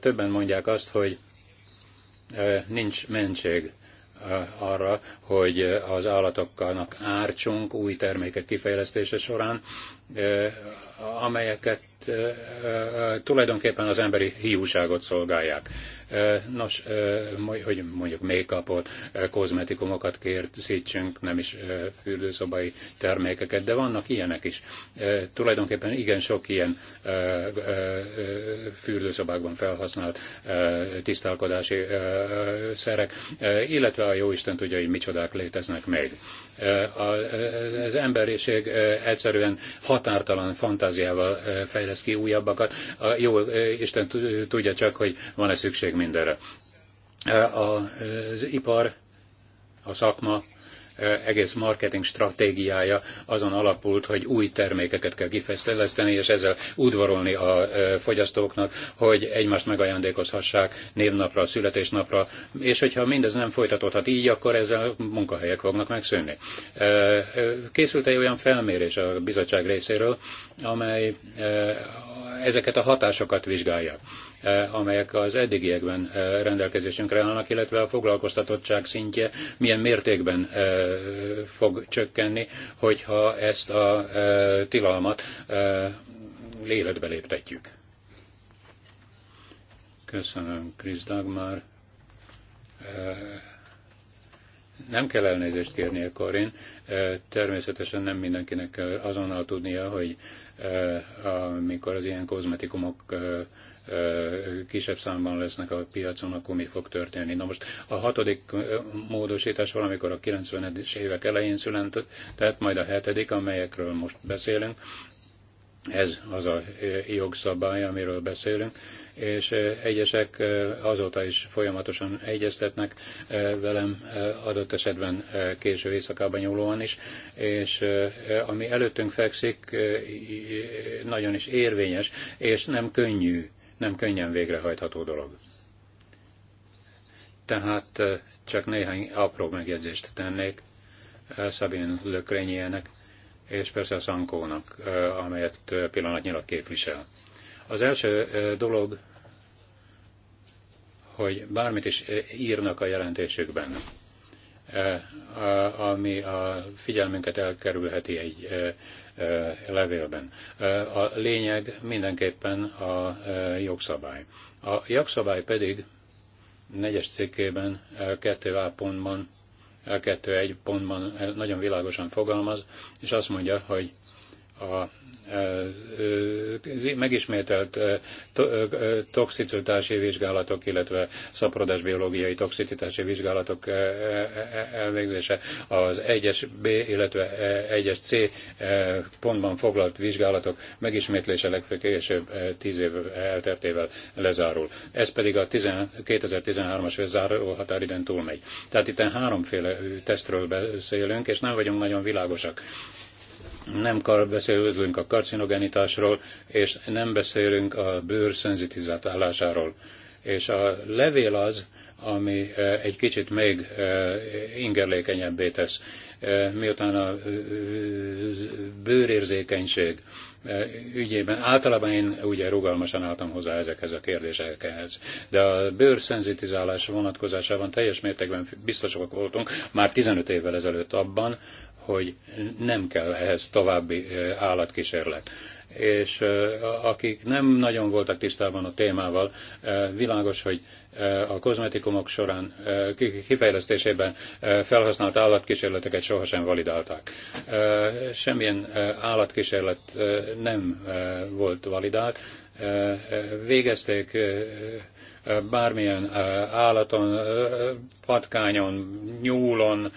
többen mondják azt, hogy nincs mentség arra, hogy az állatoknak ártsunk új termékek kifejlesztése során, amelyeket tulajdonképpen az emberi hiúságot szolgálják. Nos, hogy mondjuk make-upot, kozmetikumokat készítsünk, nem is fürdőszobai termékeket, de vannak ilyenek is. Tulajdonképpen igen sok ilyen fürdőszobákban felhasznált tisztálkodási szerek, illetve a Isten tudja, hogy micsodák léteznek még. Az emberiség egyszerűen határtalan fantáziával fejlesz ki újabbakat. Jó Isten tudja csak, hogy van-e szükség mindenre. Az ipar, a szakma egész marketing stratégiája azon alapult, hogy új termékeket kell kifejleszteni, és ezzel udvarolni a fogyasztóknak, hogy egymást megajándékozhassák névnapra, születésnapra, és hogyha mindez nem folytatódhat így, akkor ezzel munkahelyek fognak megszűnni. Készült egy olyan felmérés a bizottság részéről, amely ezeket a hatásokat vizsgálja. Eh, amelyek az eddigiekben eh, rendelkezésünkre állnak, illetve a foglalkoztatottság szintje milyen mértékben eh, fog csökkenni, hogyha ezt a tilalmat életbe léptetjük. Köszönöm, Krisz Dagmar. Nem kell elnézést kérnie, Korin. Természetesen nem mindenkinek kell azonnal tudnia, hogy amikor az ilyen kozmetikumok kisebb számban lesznek a piacon, akkor mi fog történni. Na most a hatodik módosítás valamikor a 90-es évek elején született, tehát majd a hetedik, amelyekről most beszélünk, ez az a jogszabály, amiről beszélünk, és egyesek azóta is folyamatosan egyeztetnek velem, adott esetben késő éjszakában nyúlóan is, és ami előttünk fekszik, nagyon is érvényes, és nem könnyű nem könnyen végrehajtható dolog. Tehát csak néhány apró megjegyzést tennék Szabin Lökrényének, és persze a Szankónak, amelyet pillanatnyilag képvisel. Az első dolog, hogy bármit is írnak a jelentésükben, ami a figyelmünket elkerülheti egy levélben. A lényeg mindenképpen a jogszabály. A jogszabály pedig negyes cikkében, 2A pontban, 2.1 pontban nagyon világosan fogalmaz, és azt mondja, hogy a megismételt toxicitási vizsgálatok, illetve biológiai toxicitási vizsgálatok elvégzése az 1-es B, illetve 1-es C pontban foglalt vizsgálatok megismétlése legfőkésőbb 10 év eltertével lezárul. Ez pedig a 2013-as záró határidőn túlmegy. Tehát itt háromféle tesztről beszélünk, és nem vagyunk nagyon világosak nem beszélünk a karcinogenitásról, és nem beszélünk a bőr szenzitizálásáról. És a levél az, ami egy kicsit még ingerlékenyebbé tesz. Miután a bőrérzékenység ügyében általában én ugye rugalmasan álltam hozzá ezekhez a kérdésekhez, de a szenzitizálás vonatkozásában teljes mértékben biztosak voltunk már 15 évvel ezelőtt abban, hogy nem kell ehhez további állatkísérlet. És akik nem nagyon voltak tisztában a témával, világos, hogy a kozmetikumok során kifejlesztésében felhasznált állatkísérleteket sohasem validálták. Semmilyen állatkísérlet nem volt validált. Végezték bármilyen állaton, patkányon, nyúlon,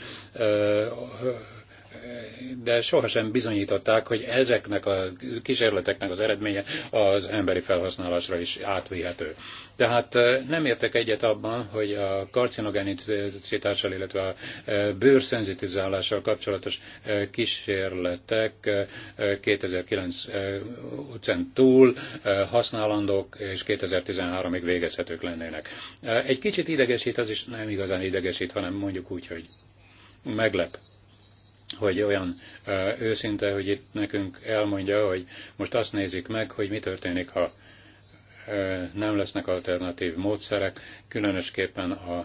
de sohasem bizonyították, hogy ezeknek a kísérleteknek az eredménye az emberi felhasználásra is átvihető. Tehát nem értek egyet abban, hogy a karcinogenitással, illetve a bőrszenzitizálással kapcsolatos kísérletek 2009 utcán túl használandók és 2013-ig végezhetők lennének. Egy kicsit idegesít, az is nem igazán idegesít, hanem mondjuk úgy, hogy meglep hogy olyan őszinte, hogy itt nekünk elmondja, hogy most azt nézik meg, hogy mi történik, ha nem lesznek alternatív módszerek, különösképpen a,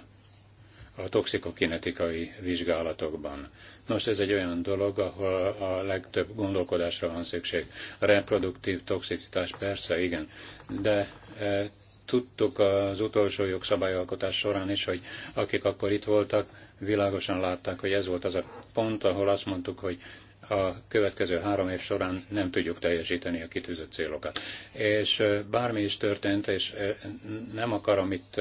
a toxikokinetikai vizsgálatokban. Nos, ez egy olyan dolog, ahol a legtöbb gondolkodásra van szükség. A reproduktív toxicitás persze, igen, de e, tudtuk az utolsó jogszabályalkotás során is, hogy akik akkor itt voltak, világosan látták, hogy ez volt az a pont, ahol azt mondtuk, hogy a következő három év során nem tudjuk teljesíteni a kitűzött célokat. És bármi is történt, és nem akarom itt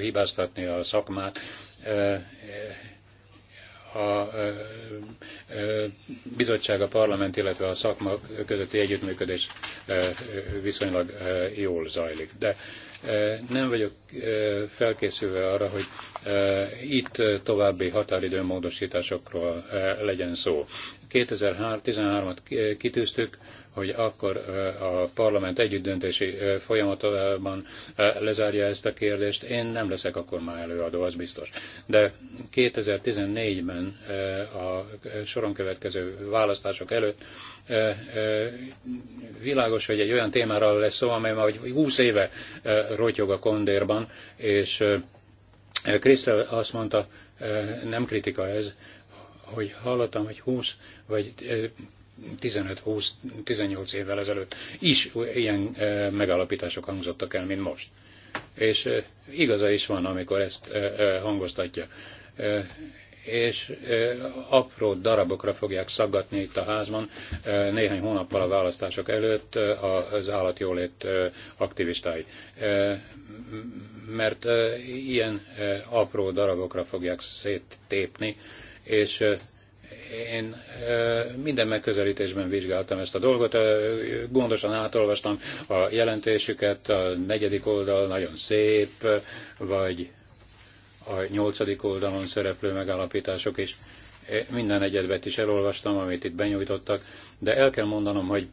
hibáztatni a szakmát, a bizottság, a parlament, illetve a szakma közötti együttműködés viszonylag jól zajlik. De nem vagyok felkészülve arra, hogy itt további határidő módosításokról legyen szó. 2013-at kitűztük, hogy akkor a parlament együttdöntési folyamatában lezárja ezt a kérdést. Én nem leszek akkor már előadó, az biztos. De 2014-ben a soron következő választások előtt világos, hogy egy olyan témáról lesz szó, amely már 20 éve rotyog a kondérban, és Krisztel azt mondta, nem kritika ez, hogy hallottam, hogy 20 vagy 15-20-18 évvel ezelőtt is ilyen megalapítások hangzottak el, mint most. És igaza is van, amikor ezt hangoztatja és apró darabokra fogják szaggatni itt a házban néhány hónappal a választások előtt az állatjólét aktivistái. Mert ilyen apró darabokra fogják széttépni, és én minden megközelítésben vizsgáltam ezt a dolgot, gondosan átolvastam a jelentésüket, a negyedik oldal nagyon szép, vagy a nyolcadik oldalon szereplő megállapítások is. E, minden egyetbet is elolvastam, amit itt benyújtottak, de el kell mondanom, hogy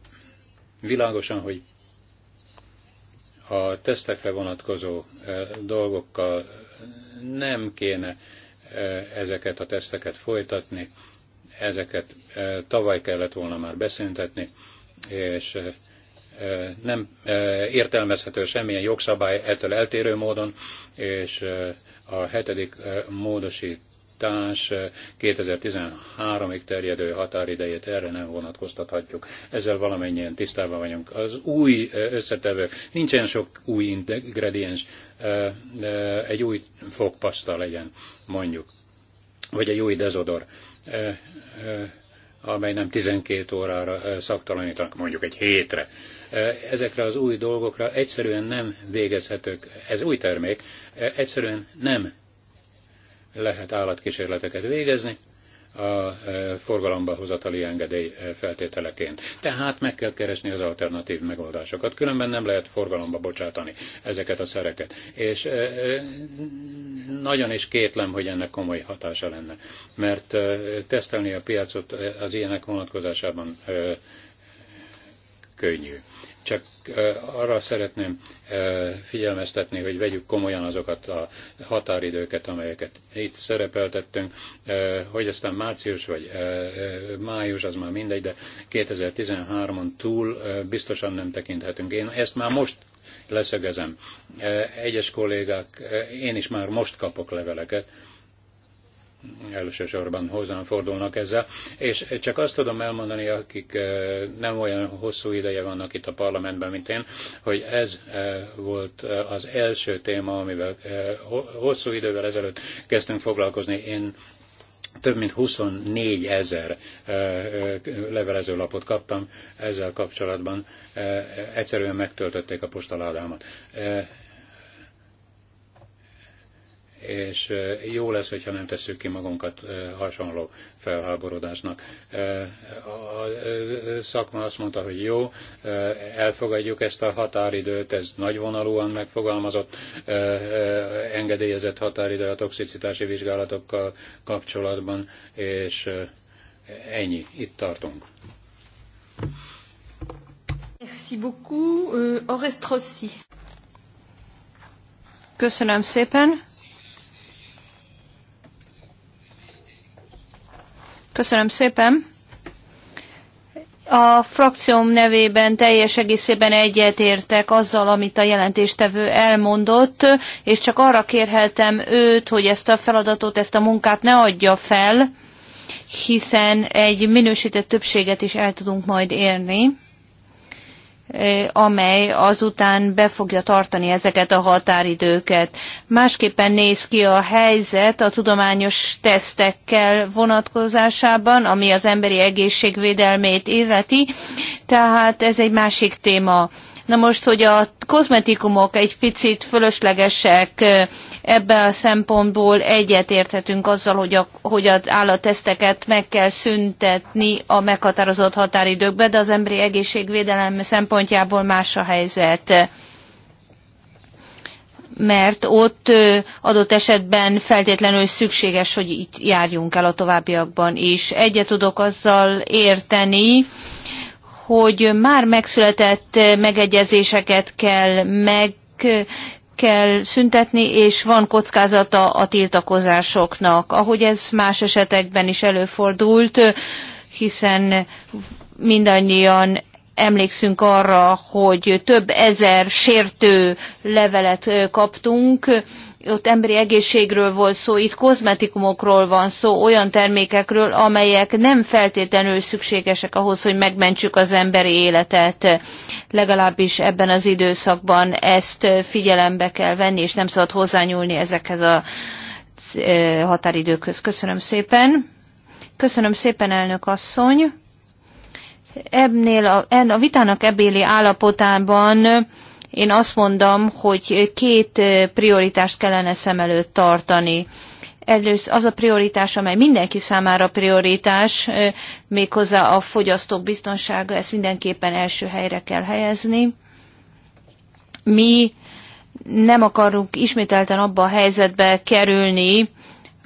világosan, hogy a tesztekre vonatkozó e, dolgokkal nem kéne e, ezeket a teszteket folytatni, ezeket tavaly kellett volna már beszüntetni, és nem értelmezhető semmilyen jogszabály ettől eltérő módon, és a hetedik eh, módosítás 2013-ig eh, terjedő határidejét erre nem vonatkoztathatjuk. Ezzel valamennyien tisztában vagyunk. Az új eh, összetevők, nincsen sok új ingrediens, egy új fogpasta legyen, mondjuk, vagy egy új dezodor amely nem 12 órára szaktalanítanak, mondjuk egy hétre. Eh, ezekre az új dolgokra egyszerűen nem végezhetők. Ez új termék, eh, egyszerűen nem lehet állatkísérleteket végezni a eh, forgalomba hozatali engedély feltételeként. Tehát meg kell keresni az alternatív megoldásokat, különben nem lehet forgalomba bocsátani ezeket a szereket. És nagyon is kétlem, hogy ennek komoly hatása lenne, mert tesztelni a piacot az ilyenek vonatkozásában könnyű. Csak arra szeretném figyelmeztetni, hogy vegyük komolyan azokat a határidőket, amelyeket itt szerepeltettünk, hogy aztán március vagy május, az már mindegy, de 2013-on túl biztosan nem tekinthetünk. Én ezt már most leszögezem. Egyes kollégák, én is már most kapok leveleket, elsősorban hozzám fordulnak ezzel, és csak azt tudom elmondani, akik eh, nem olyan hosszú ideje vannak itt a parlamentben, mint én, hogy ez eh, volt eh, az első téma, amivel hosszú idővel ezelőtt kezdtünk foglalkozni. Én több mint 24 ezer levelező lapot kaptam ezzel kapcsolatban. Egyszerűen megtöltötték a postaládámat és jó lesz, hogyha nem tesszük ki magunkat hasonló felháborodásnak. A szakma azt mondta, hogy jó, elfogadjuk ezt a határidőt, ez nagyvonalúan megfogalmazott, engedélyezett határidő a toxicitási vizsgálatokkal kapcsolatban, és ennyi, itt tartunk. Merci beaucoup. Euh, Orest Rossi. Köszönöm szépen. Köszönöm szépen. A frakcióm nevében teljes egészében egyetértek azzal, amit a jelentéstevő elmondott, és csak arra kérhetem őt, hogy ezt a feladatot, ezt a munkát ne adja fel, hiszen egy minősített többséget is el tudunk majd érni amely azután be fogja tartani ezeket a határidőket. Másképpen néz ki a helyzet a tudományos tesztekkel vonatkozásában, ami az emberi egészségvédelmét illeti, tehát ez egy másik téma. Na most, hogy a kozmetikumok egy picit fölöslegesek ebben a szempontból egyetérthetünk azzal, hogy, a, hogy az állatteszteket meg kell szüntetni a meghatározott határidőkbe, de az emberi egészségvédelem szempontjából más a helyzet mert ott adott esetben feltétlenül szükséges, hogy itt járjunk el a továbbiakban is. Egyet tudok azzal érteni, hogy már megszületett megegyezéseket kell meg kell szüntetni, és van kockázata a tiltakozásoknak, ahogy ez más esetekben is előfordult, hiszen mindannyian emlékszünk arra, hogy több ezer sértő levelet kaptunk, ott emberi egészségről volt szó, itt kozmetikumokról van szó, olyan termékekről, amelyek nem feltétlenül szükségesek ahhoz, hogy megmentsük az emberi életet. Legalábbis ebben az időszakban ezt figyelembe kell venni, és nem szabad hozzányúlni ezekhez a eh, határidőkhöz. Köszönöm szépen. Köszönöm szépen, elnök asszony. Ebnél a, a vitának ebéli állapotában én azt mondom, hogy két prioritást kellene szem előtt tartani először az a prioritás, amely mindenki számára prioritás, méghozzá a fogyasztók biztonsága, ezt mindenképpen első helyre kell helyezni. Mi nem akarunk ismételten abba a helyzetbe kerülni,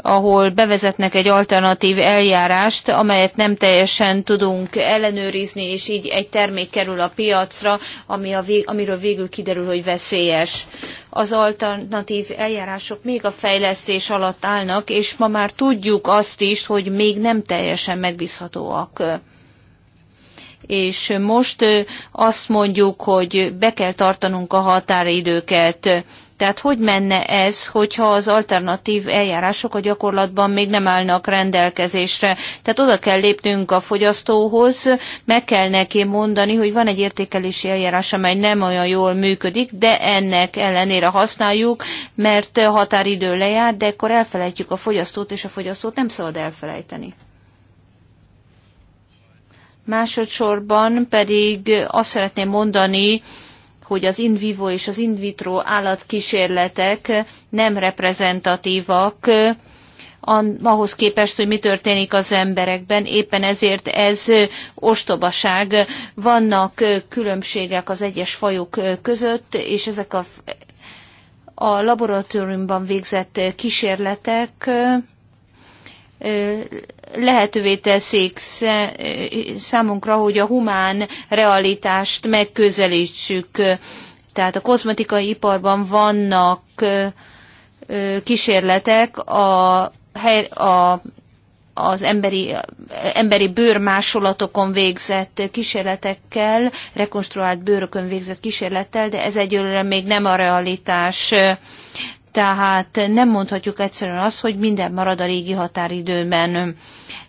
ahol bevezetnek egy alternatív eljárást, amelyet nem teljesen tudunk ellenőrizni, és így egy termék kerül a piacra, ami a vég, amiről végül kiderül, hogy veszélyes. Az alternatív eljárások még a fejlesztés alatt állnak, és ma már tudjuk azt is, hogy még nem teljesen megbízhatóak és most azt mondjuk, hogy be kell tartanunk a határidőket. Tehát hogy menne ez, hogyha az alternatív eljárások a gyakorlatban még nem állnak rendelkezésre? Tehát oda kell lépnünk a fogyasztóhoz, meg kell neki mondani, hogy van egy értékelési eljárás, amely nem olyan jól működik, de ennek ellenére használjuk, mert határidő lejár, de akkor elfelejtjük a fogyasztót, és a fogyasztót nem szabad elfelejteni. Másodszorban pedig azt szeretném mondani, hogy az in vivo és az in vitro állatkísérletek nem reprezentatívak ahhoz képest, hogy mi történik az emberekben. Éppen ezért ez ostobaság. Vannak különbségek az egyes fajok között, és ezek a, a laboratóriumban végzett kísérletek lehetővé teszik számunkra, hogy a humán realitást megközelítsük. Tehát a kozmetikai iparban vannak kísérletek a, a az emberi, emberi bőrmásolatokon végzett kísérletekkel, rekonstruált bőrökön végzett kísérlettel, de ez egyelőre még nem a realitás. Tehát nem mondhatjuk egyszerűen azt, hogy minden marad a régi határidőben,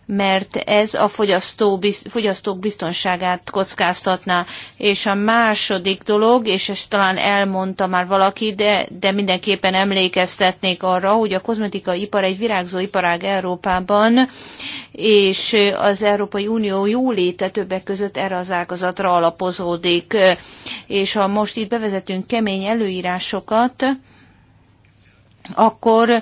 mert ez a fogyasztó, fogyasztók biztonságát kockáztatná. És a második dolog, és ezt talán elmondta már valaki, de, de mindenképpen emlékeztetnék arra, hogy a kozmetikai ipar egy virágzó iparág Európában, és az Európai Unió jóléte többek között erre az ágazatra alapozódik. És ha most itt bevezetünk kemény előírásokat, akkor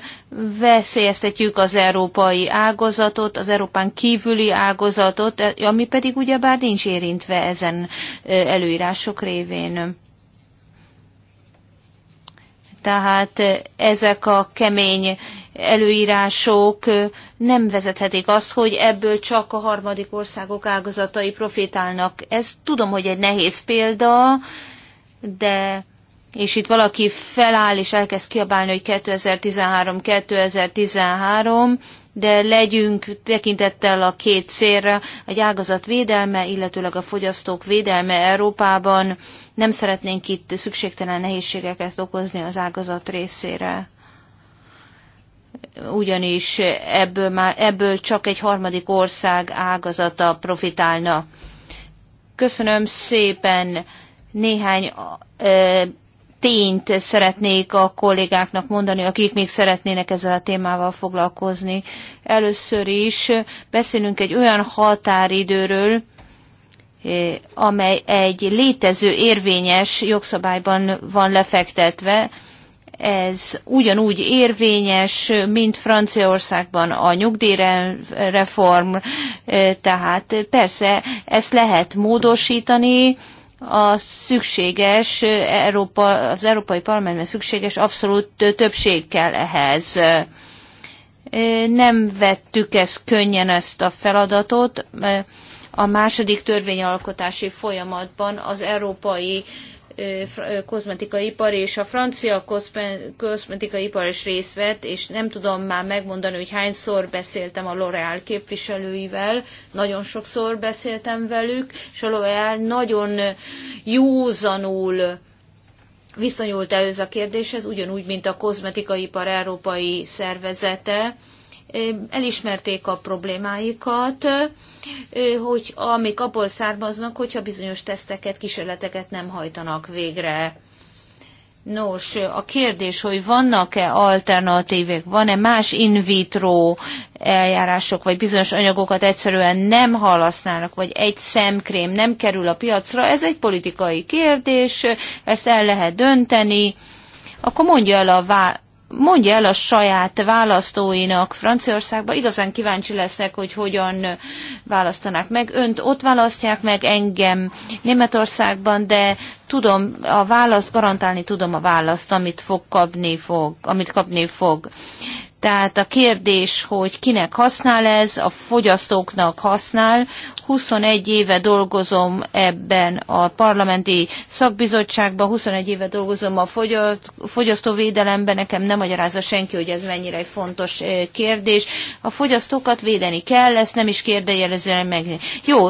veszélyeztetjük az európai ágazatot, az Európán kívüli ágazatot, ami pedig ugyebár nincs érintve ezen előírások révén. Tehát ezek a kemény előírások nem vezethetik azt, hogy ebből csak a harmadik országok ágazatai profitálnak. Ez tudom, hogy egy nehéz példa, de és itt valaki feláll és elkezd kiabálni, hogy 2013, 2013, de legyünk tekintettel a két célra, a ágazat védelme, illetőleg a fogyasztók védelme Európában. Nem szeretnénk itt szükségtelen nehézségeket okozni az ágazat részére ugyanis ebből, már, ebből csak egy harmadik ország ágazata profitálna. Köszönöm szépen néhány tényt szeretnék a kollégáknak mondani, akik még szeretnének ezzel a témával foglalkozni. Először is beszélünk egy olyan határidőről, eh, amely egy létező érvényes jogszabályban van lefektetve. Ez ugyanúgy érvényes, mint Franciaországban a nyugdíjreform, eh, tehát persze ezt lehet módosítani, a szükséges, Európa, az Európai Parlamentben szükséges abszolút többség kell ehhez. Nem vettük ezt könnyen ezt a feladatot. A második törvényalkotási folyamatban az Európai ipar, és a francia ipar is részt vett, és nem tudom már megmondani, hogy hányszor beszéltem a L'Oréal képviselőivel, nagyon sokszor beszéltem velük, és a L'Oréal nagyon józanul viszonyult ehhez a kérdéshez, ugyanúgy, mint a kozmetikai ipar európai szervezete, elismerték a problémáikat, hogy amik abból származnak, hogyha bizonyos teszteket, kísérleteket nem hajtanak végre. Nos, a kérdés, hogy vannak-e alternatívek, van-e más in vitro eljárások, vagy bizonyos anyagokat egyszerűen nem halasználnak, vagy egy szemkrém nem kerül a piacra, ez egy politikai kérdés, ezt el lehet dönteni. Akkor mondja el a mondja el a saját választóinak Franciaországban igazán kíváncsi leszek, hogy hogyan választanák meg. Önt ott választják meg, engem Németországban, de tudom a választ, garantálni tudom a választ, amit fog kapni fog, amit kapni fog. Tehát a kérdés, hogy kinek használ ez, a fogyasztóknak használ. 21 éve dolgozom ebben a parlamenti szakbizottságban, 21 éve dolgozom a fogyasztóvédelemben, nekem nem magyarázza senki, hogy ez mennyire egy fontos eh, kérdés. A fogyasztókat védeni kell, ezt nem is kérdejelezően meg. Jó,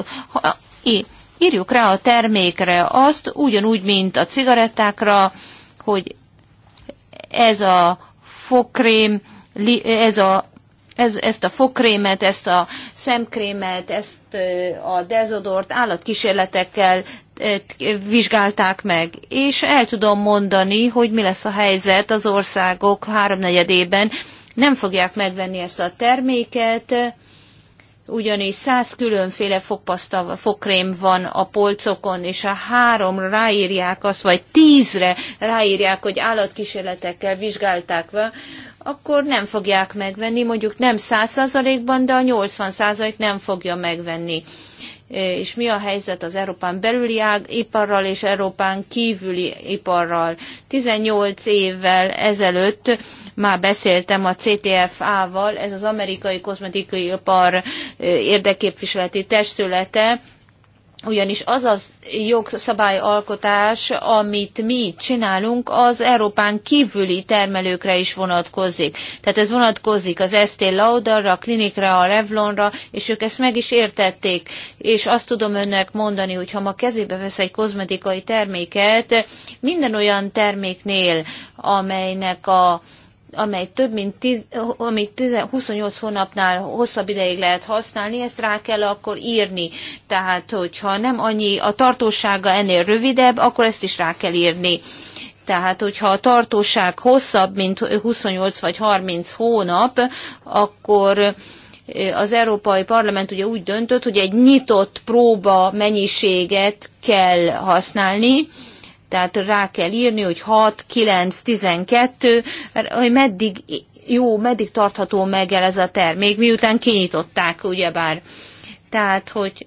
írjuk rá a termékre azt, ugyanúgy, mint a cigarettákra, hogy ez a fogkrém ez a ez, ezt a fogkrémet, ezt a szemkrémet, ezt a dezodort állatkísérletekkel vizsgálták meg. És el tudom mondani, hogy mi lesz a helyzet az országok háromnegyedében. Nem fogják megvenni ezt a terméket, ugyanis száz különféle fogpaszta, fogkrém van a polcokon, és a három ráírják azt, vagy tízre ráírják, hogy állatkísérletekkel vizsgálták, akkor nem fogják megvenni, mondjuk nem 100%-ban, de a 80% nem fogja megvenni. E, és mi a helyzet az Európán belüli ág, iparral és Európán kívüli iparral? 18 évvel ezelőtt már beszéltem a CTFA-val, ez az amerikai kozmetikai ipar e, érdekképviseleti testülete, ugyanis az az jogszabályalkotás, amit mi csinálunk, az Európán kívüli termelőkre is vonatkozik. Tehát ez vonatkozik az Estée Lauderra, a klinikra, a Revlonra, és ők ezt meg is értették. És azt tudom önnek mondani, hogy ha ma kezébe vesz egy kozmetikai terméket, minden olyan terméknél, amelynek a amely több mint 10, amit 28 hónapnál hosszabb ideig lehet használni, ezt rá kell akkor írni. Tehát, hogyha nem annyi a tartósága ennél rövidebb, akkor ezt is rá kell írni. Tehát, hogyha a tartóság hosszabb, mint 28 vagy 30 hónap, akkor eh, az Európai Parlament ugye úgy döntött, hogy egy nyitott próba mennyiséget kell használni, tehát rá kell írni, hogy 6, 9, 12, hogy meddig jó, meddig tartható meg el ez a termék, miután kinyitották, ugyebár. Tehát, hogy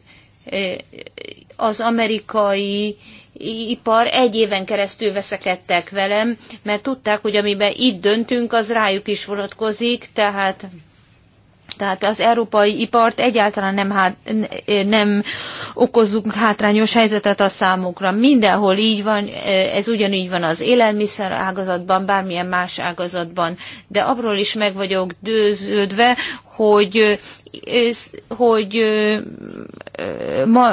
az amerikai ipar egy éven keresztül veszekedtek velem, mert tudták, hogy amiben itt döntünk, az rájuk is vonatkozik, tehát tehát az európai ipart egyáltalán nem, hát, nem okozunk hátrányos helyzetet a számukra. Mindenhol így van, ez ugyanígy van az élelmiszer ágazatban, bármilyen más ágazatban. De abról is meg vagyok dőződve, hogy hogy,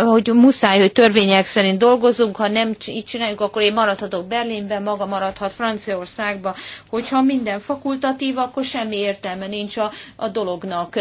hogy muszáj, hogy törvények szerint dolgozunk, ha nem így csináljuk, akkor én maradhatok Berlinben, maga maradhat Franciaországba. Hogyha minden fakultatív, akkor semmi értelme nincs a, a dolognak.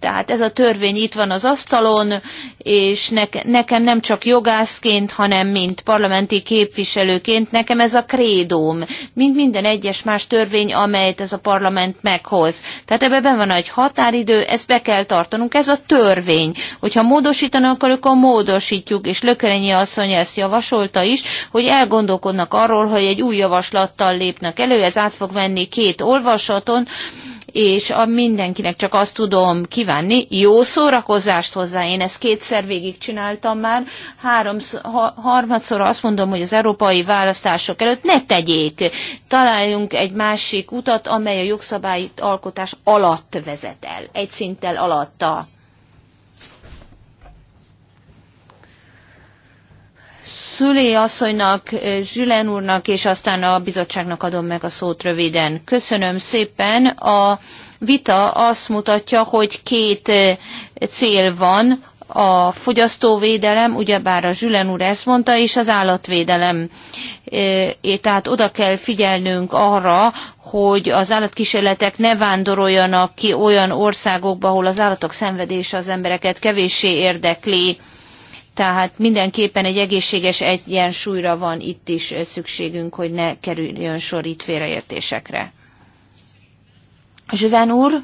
Tehát ez a törvény itt van az asztalon, és ne, nekem nem csak jogászként, hanem mint parlamenti képviselőként, nekem ez a krédóm, mint minden egyes más törvény, amelyet ez a parlament meghoz. Tehát ebben van egy határidő, ezt be kell tartanunk, ez a törvény. Hogyha módosítanak, akkor, akkor módosítjuk, és Lökerenyi asszony ezt javasolta is, hogy elgondolkodnak arról, hogy egy új javaslattal lépnek elő, ez át fog menni két olvasaton, és a mindenkinek csak azt tudom kívánni, jó szórakozást hozzá. Én ezt kétszer végig csináltam már, háromszor, ha, harmadszor azt mondom, hogy az európai választások előtt ne tegyék. Találjunk egy másik utat, amely a jogszabályi alkotás alatt vezet el, egy szinttel alatta. Szülé asszonynak, eh, Zsülen úrnak, és aztán a bizottságnak adom meg a szót röviden. Köszönöm szépen. A vita azt mutatja, hogy két eh, cél van, a fogyasztóvédelem, ugyebár a Zsülen úr ezt mondta, és az állatvédelem. Eh, é, tehát oda kell figyelnünk arra, hogy az állatkísérletek ne vándoroljanak ki olyan országokba, ahol az állatok szenvedése az embereket kevéssé érdekli tehát mindenképpen egy egészséges egyensúlyra van itt is szükségünk, hogy ne kerüljön sor itt félreértésekre. Zsüven úr?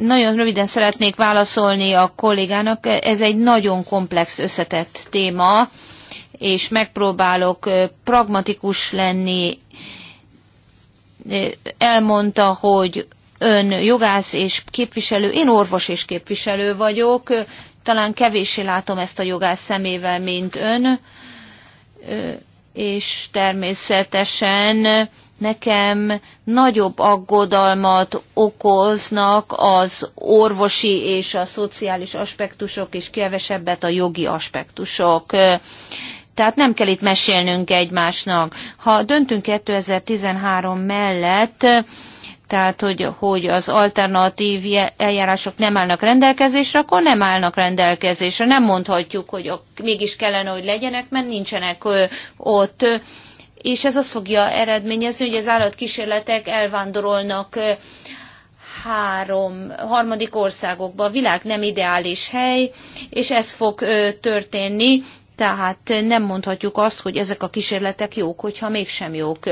Nagyon röviden szeretnék válaszolni a kollégának. Ez egy nagyon komplex, összetett téma, és megpróbálok pragmatikus lenni. Elmondta, hogy ön jogász és képviselő, én orvos és képviselő vagyok, talán kevéssé látom ezt a jogász szemével, mint ön, és természetesen nekem nagyobb aggodalmat okoznak az orvosi és a szociális aspektusok, és kevesebbet a jogi aspektusok. Tehát nem kell itt mesélnünk egymásnak. Ha döntünk 2013 mellett, tehát hogy, hogy az alternatív eljárások nem állnak rendelkezésre, akkor nem állnak rendelkezésre. Nem mondhatjuk, hogy mégis kellene, hogy legyenek, mert nincsenek ott. És ez azt fogja eredményezni, hogy az állatkísérletek elvándorolnak három harmadik országokba. A világ nem ideális hely, és ez fog történni. Tehát nem mondhatjuk azt, hogy ezek a kísérletek jók, hogyha mégsem jók.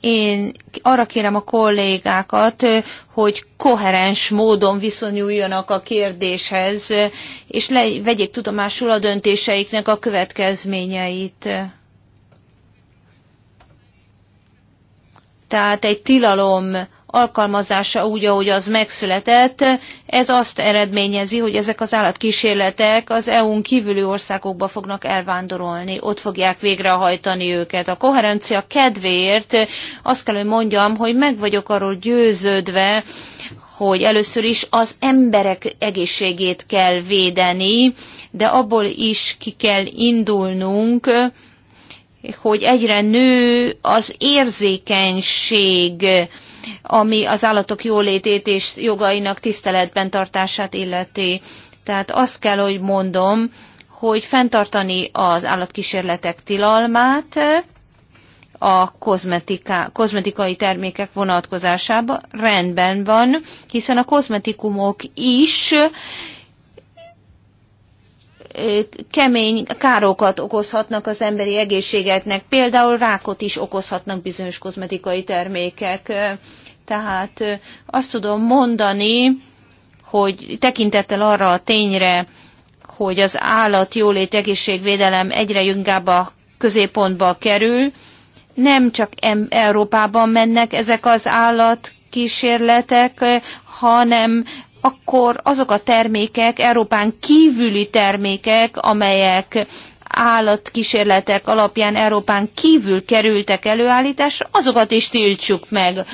én arra kérem a kollégákat, hogy koherens módon viszonyuljanak a kérdéshez, és le, vegyék tudomásul a döntéseiknek a következményeit. Tehát egy tilalom alkalmazása úgy, ahogy az megszületett, ez azt eredményezi, hogy ezek az állatkísérletek az EU-n kívüli országokba fognak elvándorolni, ott fogják végrehajtani őket. A koherencia kedvéért azt kell, hogy mondjam, hogy meg vagyok arról győződve, hogy először is az emberek egészségét kell védeni, de abból is ki kell indulnunk, hogy egyre nő az érzékenység, ami az állatok jólétét és jogainak tiszteletben tartását illeti. Tehát azt kell, hogy mondom, hogy fenntartani az állatkísérletek tilalmát a kozmetika, kozmetikai termékek vonatkozásában rendben van, hiszen a kozmetikumok is kemény károkat okozhatnak az emberi egészségetnek, például rákot is okozhatnak bizonyos kozmetikai termékek. Tehát azt tudom mondani, hogy tekintettel arra a tényre, hogy az állat jólét egészségvédelem egyre inkább a középpontba kerül, nem csak Európában mennek ezek az állatkísérletek, hanem akkor azok a termékek, Európán kívüli termékek, amelyek állatkísérletek alapján Európán kívül kerültek előállításra, azokat is tiltsuk meg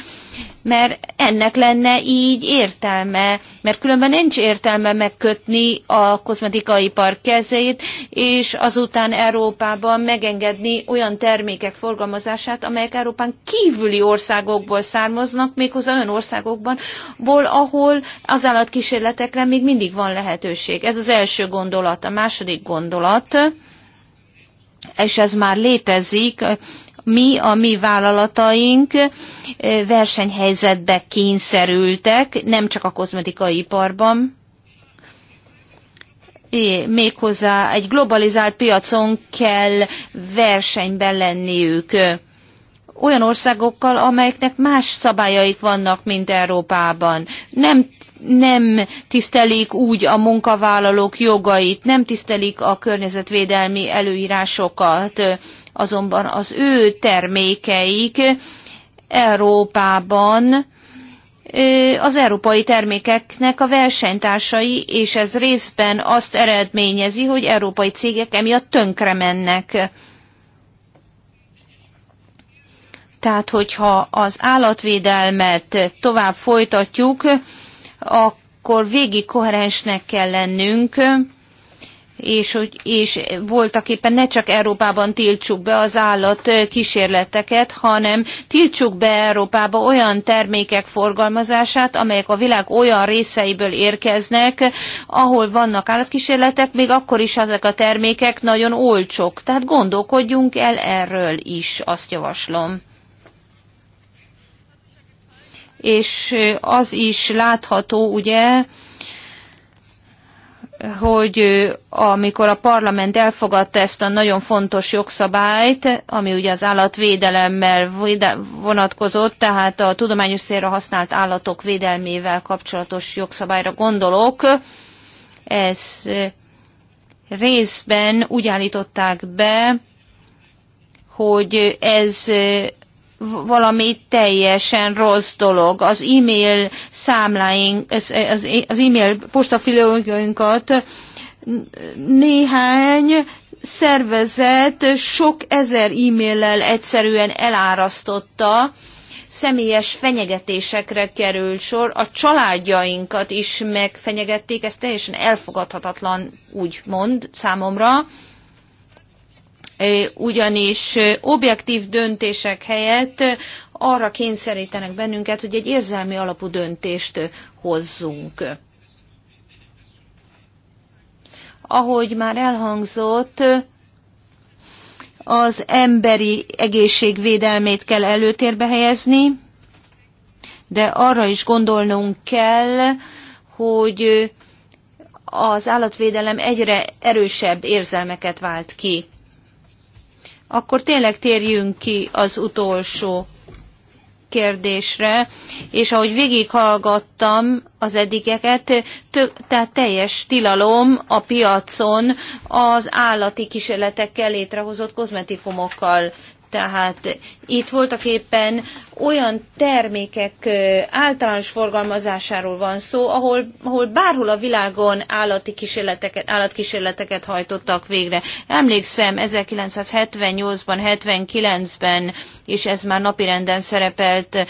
mert ennek lenne így értelme, mert különben nincs értelme megkötni a kozmetikai kezét, és azután Európában megengedni olyan termékek forgalmazását, amelyek Európán kívüli országokból származnak, méghozzá olyan országokban, ból, ahol az állatkísérletekre még mindig van lehetőség. Ez az első gondolat. A második gondolat, és ez már létezik, mi, a mi vállalataink eh, versenyhelyzetbe kényszerültek, nem csak a kozmetikai iparban, méghozzá egy globalizált piacon kell versenyben lenniük olyan országokkal, amelyeknek más szabályaik vannak, mint Európában. Nem, nem tisztelik úgy a munkavállalók jogait, nem tisztelik a környezetvédelmi előírásokat, azonban az ő termékeik Európában az európai termékeknek a versenytársai, és ez részben azt eredményezi, hogy európai cégek emiatt tönkre mennek. Tehát, hogyha az állatvédelmet tovább folytatjuk, akkor végig koherensnek kell lennünk, és, és voltak éppen ne csak Európában tiltsuk be az állat kísérleteket, hanem tiltsuk be Európába olyan termékek forgalmazását, amelyek a világ olyan részeiből érkeznek, ahol vannak állatkísérletek, még akkor is ezek a termékek nagyon olcsók. Tehát gondolkodjunk el erről is, azt javaslom és az is látható, ugye, hogy amikor a parlament elfogadta ezt a nagyon fontos jogszabályt, ami ugye az állatvédelemmel vonatkozott, tehát a tudományos célra használt állatok védelmével kapcsolatos jogszabályra gondolok, ez részben úgy állították be, hogy ez valami teljesen rossz dolog. Az e-mail számláink, az, e-mail postafilóinkat néhány szervezet sok ezer e-maillel egyszerűen elárasztotta, személyes fenyegetésekre került sor, a családjainkat is megfenyegették, ez teljesen elfogadhatatlan, úgy mond számomra ugyanis objektív döntések helyett arra kényszerítenek bennünket, hogy egy érzelmi alapú döntést hozzunk. Ahogy már elhangzott, az emberi egészségvédelmét kell előtérbe helyezni, de arra is gondolnunk kell, hogy az állatvédelem egyre erősebb érzelmeket vált ki akkor tényleg térjünk ki az utolsó kérdésre, és ahogy végighallgattam az eddigeket, tök, tehát teljes tilalom a piacon az állati kísérletekkel létrehozott kozmetikumokkal tehát itt voltak éppen olyan termékek általános forgalmazásáról van szó, ahol, ahol bárhol a világon állati kísérleteket, állatkísérleteket hajtottak végre. Emlékszem, 1978-ban, 79-ben, és ez már napirenden szerepelt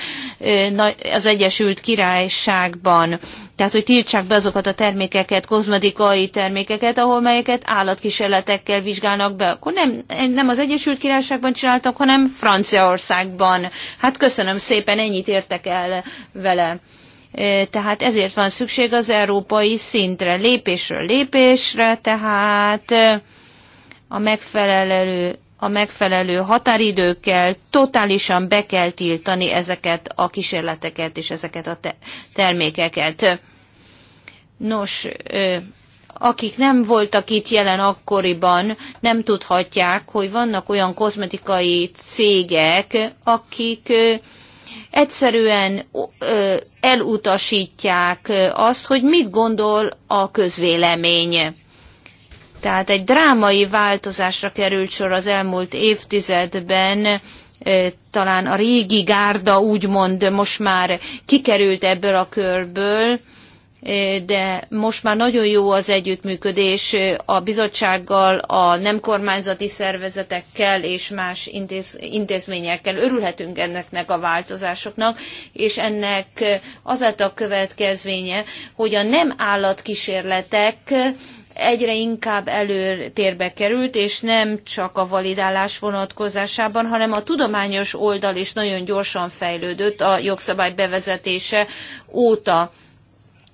az Egyesült Királyságban tehát hogy tiltsák be azokat a termékeket, kozmetikai termékeket, ahol melyeket állatkísérletekkel vizsgálnak be. Akkor nem, nem az Egyesült Királyságban csináltak, hanem Franciaországban. Hát köszönöm szépen, ennyit értek el vele. E, tehát ezért van szükség az európai szintre, lépésről lépésre, tehát e, a megfelelő a megfelelő határidőkkel totálisan be kell tiltani ezeket a kísérleteket és ezeket a te- termékeket. Nos, akik nem voltak itt jelen akkoriban, nem tudhatják, hogy vannak olyan kozmetikai cégek, akik egyszerűen elutasítják azt, hogy mit gondol a közvélemény tehát egy drámai változásra került sor az elmúlt évtizedben, talán a régi gárda úgymond most már kikerült ebből a körből, de most már nagyon jó az együttműködés a bizottsággal, a nem kormányzati szervezetekkel és más intéz, intézményekkel. Örülhetünk ennek a változásoknak, és ennek az lett a következménye, hogy a nem állatkísérletek egyre inkább előtérbe került, és nem csak a validálás vonatkozásában, hanem a tudományos oldal is nagyon gyorsan fejlődött a jogszabály bevezetése óta.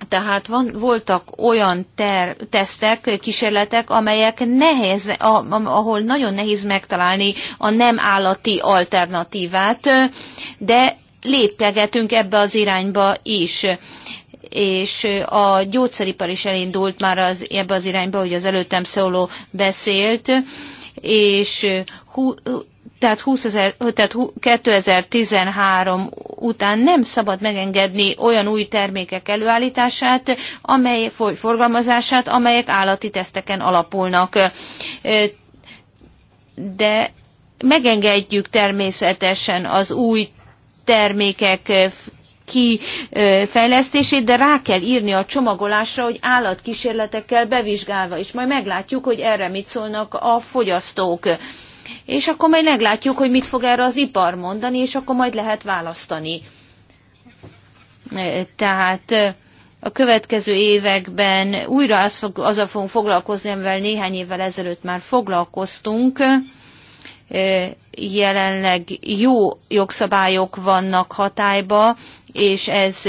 Tehát van, voltak olyan ter, tesztek, kísérletek, amelyek nehéz, ahol nagyon nehéz megtalálni a nem állati alternatívát, de lépegetünk ebbe az irányba is és a gyógyszeripar is elindult már az, ebbe az irányba, hogy az előttem szóló beszélt, és hú, tehát, 20 000, tehát 2013 után nem szabad megengedni olyan új termékek előállítását, amely forgalmazását, amelyek állati teszteken alapulnak. De megengedjük természetesen az új termékek kifejlesztését, de rá kell írni a csomagolásra, hogy állatkísérletekkel bevizsgálva, és majd meglátjuk, hogy erre mit szólnak a fogyasztók. És akkor majd meglátjuk, hogy mit fog erre az ipar mondani, és akkor majd lehet választani. Tehát a következő években újra az fog, azzal fogunk foglalkozni, amivel néhány évvel ezelőtt már foglalkoztunk, jelenleg jó jogszabályok vannak hatályba, és ez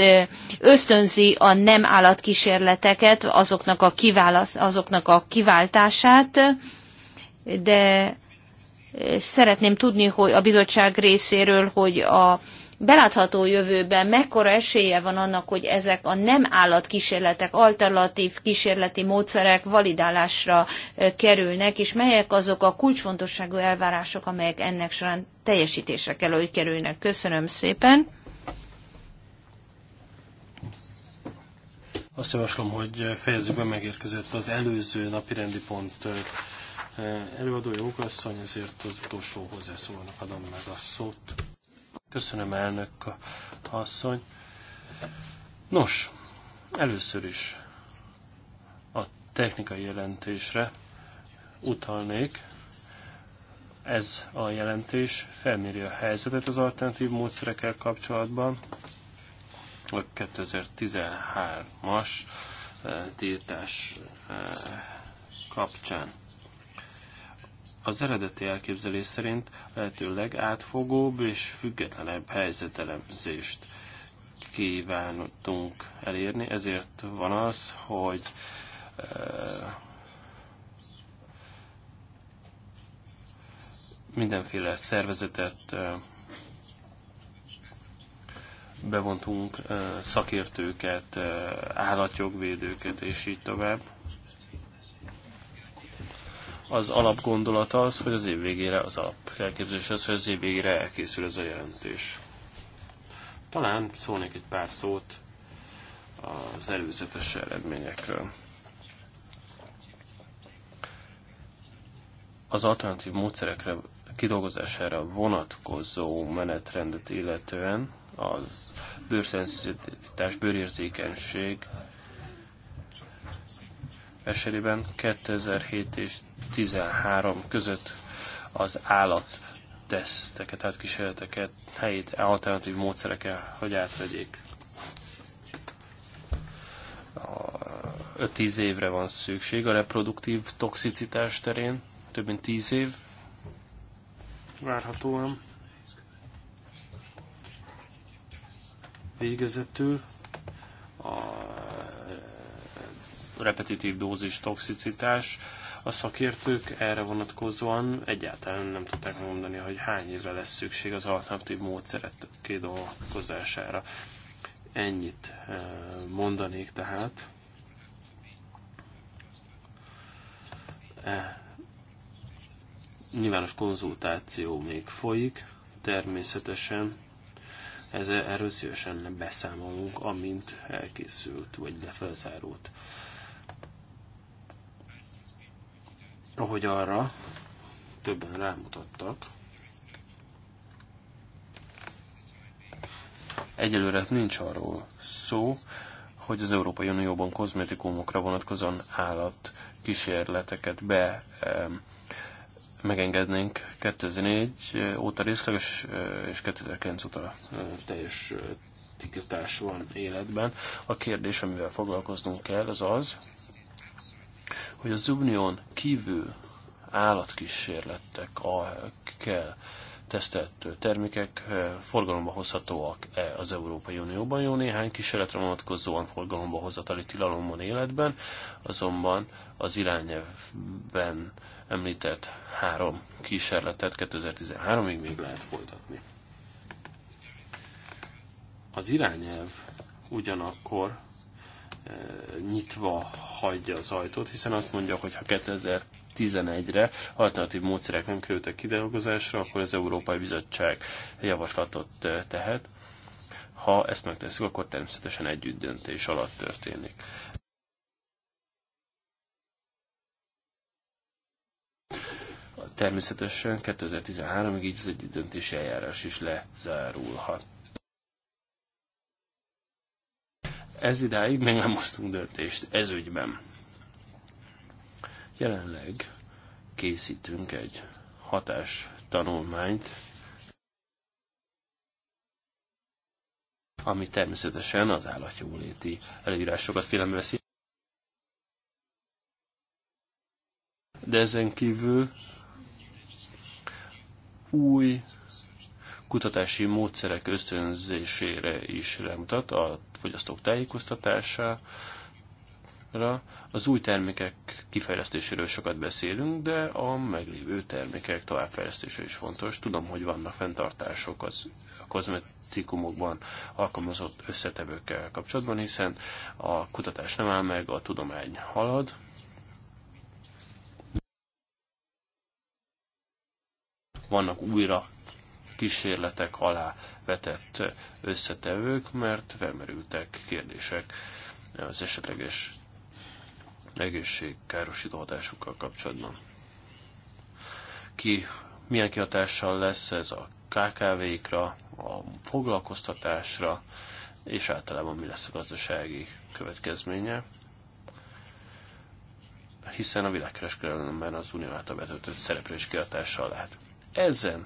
ösztönzi a nem állatkísérleteket, azoknak a, kiválasz, azoknak a kiváltását, de szeretném tudni hogy a bizottság részéről, hogy a belátható jövőben mekkora esélye van annak, hogy ezek a nem állatkísérletek, alternatív kísérleti módszerek validálásra kerülnek, és melyek azok a kulcsfontosságú elvárások, amelyek ennek során teljesítésre kell, hogy kerülnek. Köszönöm szépen! Azt javaslom, hogy fejezzük be, megérkezett az előző napi rendi pont előadója, Ugasszony, ezért az utolsó hozzászólónak adom meg a szót. Köszönöm, elnök asszony. Nos, először is a technikai jelentésre utalnék. Ez a jelentés felméri a helyzetet az alternatív módszerekkel kapcsolatban, a 2013-as eh, tiltás eh, kapcsán az eredeti elképzelés szerint lehetőleg átfogóbb és függetlenebb helyzetelemzést kívántunk elérni, ezért van az, hogy eh, mindenféle szervezetet eh, bevontunk, eh, szakértőket, állatjogvédőket és így tovább az alapgondolat az, hogy az év végére az alap elképzelés az, hogy az év végére elkészül ez a jelentés. Talán szólnék egy pár szót az előzetes eredményekről. Az alternatív módszerekre kidolgozására vonatkozó menetrendet illetően az bőrszenzitás, bőrérzékenység esetében 2007 és 2013 között az állat teszteket, tehát kísérleteket helyét alternatív módszerekkel, hogy átvegyék. 5-10 évre van szükség a reproduktív toxicitás terén, több mint 10 év várhatóan. Végezetül a repetitív dózis toxicitás. A szakértők erre vonatkozóan egyáltalán nem tudták mondani, hogy hány évre lesz szükség az alternatív módszerek kidolgozására. Ennyit eh, mondanék tehát. Eh, nyilvános konzultáció még folyik, természetesen ez erről szívesen beszámolunk, amint elkészült, vagy lefelzárult Ahogy arra többen rámutattak, egyelőre nincs arról szó, hogy az Európai Unióban kozmetikumokra vonatkozóan állat kísérleteket be megengednénk 2004 óta részleges, és 2009 óta teljes tiltás van életben. A kérdés, amivel foglalkoznunk kell, az az, hogy az unión kívül kell tesztelt termékek eh, forgalomba hozhatóak-e az Európai Unióban. Jó néhány kísérletre vonatkozóan forgalomba hozatali tilalom van életben, azonban az irányelvben említett három kísérletet 2013-ig még lehet folytatni. Az irányelv ugyanakkor nyitva hagyja az ajtót, hiszen azt mondja, hogy ha 2011-re alternatív módszerek nem kerültek kidolgozásra, akkor az Európai Bizottság javaslatot tehet. Ha ezt megteszünk, akkor természetesen együtt döntés alatt történik. Természetesen 2013-ig így az döntési eljárás is lezárulhat. Ez idáig még nem hoztunk döntést ez ügyben. Jelenleg készítünk egy hatás tanulmányt, ami természetesen az állatjóléti előírásokat figyelembe veszi. De ezen kívül új kutatási módszerek ösztönzésére is rámutat, a fogyasztók tájékoztatására. Az új termékek kifejlesztéséről sokat beszélünk, de a meglévő termékek továbbfejlesztése is fontos. Tudom, hogy vannak fenntartások az, a kozmetikumokban alkalmazott összetevőkkel kapcsolatban, hiszen a kutatás nem áll meg, a tudomány halad, vannak újra kísérletek alá vetett összetevők, mert felmerültek kérdések az esetleges egészségkárosító hatásukkal kapcsolatban. Ki, milyen kihatással lesz ez a KKV-kra, a foglalkoztatásra, és általában mi lesz a gazdasági következménye, hiszen a világkereskedelemben az unió által vezetett szereplés kihatással lehet. Ezen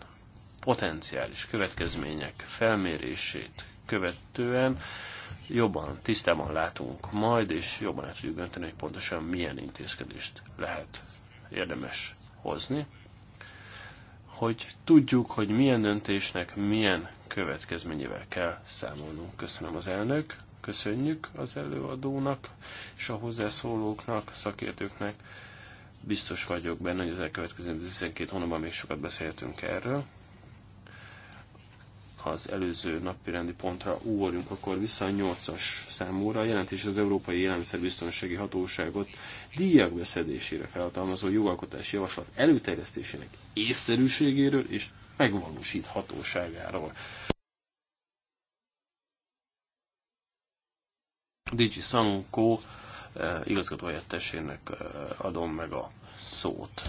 potenciális következmények felmérését követően jobban tisztában látunk majd, és jobban el tudjuk dönteni, hogy pontosan milyen intézkedést lehet érdemes hozni, hogy tudjuk, hogy milyen döntésnek milyen következményével kell számolnunk. Köszönöm az elnök, köszönjük az előadónak és a hozzászólóknak, szakértőknek. Biztos vagyok benne, hogy az elkövetkező 12 hónapban még sokat beszéltünk erről ha az előző rendi pontra ugorjunk, akkor vissza a 8-as számúra jelentés az Európai Élelmiszerbiztonsági Hatóságot díjak beszedésére felhatalmazó jogalkotási javaslat előterjesztésének észszerűségéről és megvalósíthatóságáról. Digi Sanunkó eh, igazgatóhelyettesének eh, adom meg a szót.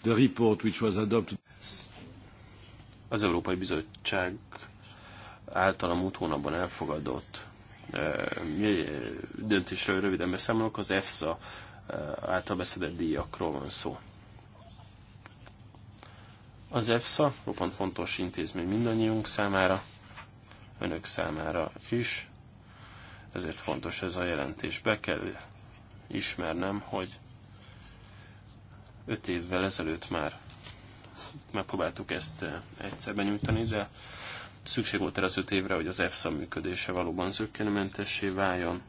The report which was adopted az Európai Bizottság által a múlt hónapban elfogadott eh, eh, döntésről röviden beszámolok, az EFSA eh, által beszedett díjakról van szó. Az EFSA roppan fontos intézmény mindannyiunk számára, önök számára is, ezért fontos ez a jelentés. Be kell ismernem, hogy öt évvel ezelőtt már megpróbáltuk ezt eh, egyszer nyújtani, de szükség volt erre az öt évre, hogy az EFSA működése valóban zöggenőmentessé váljon.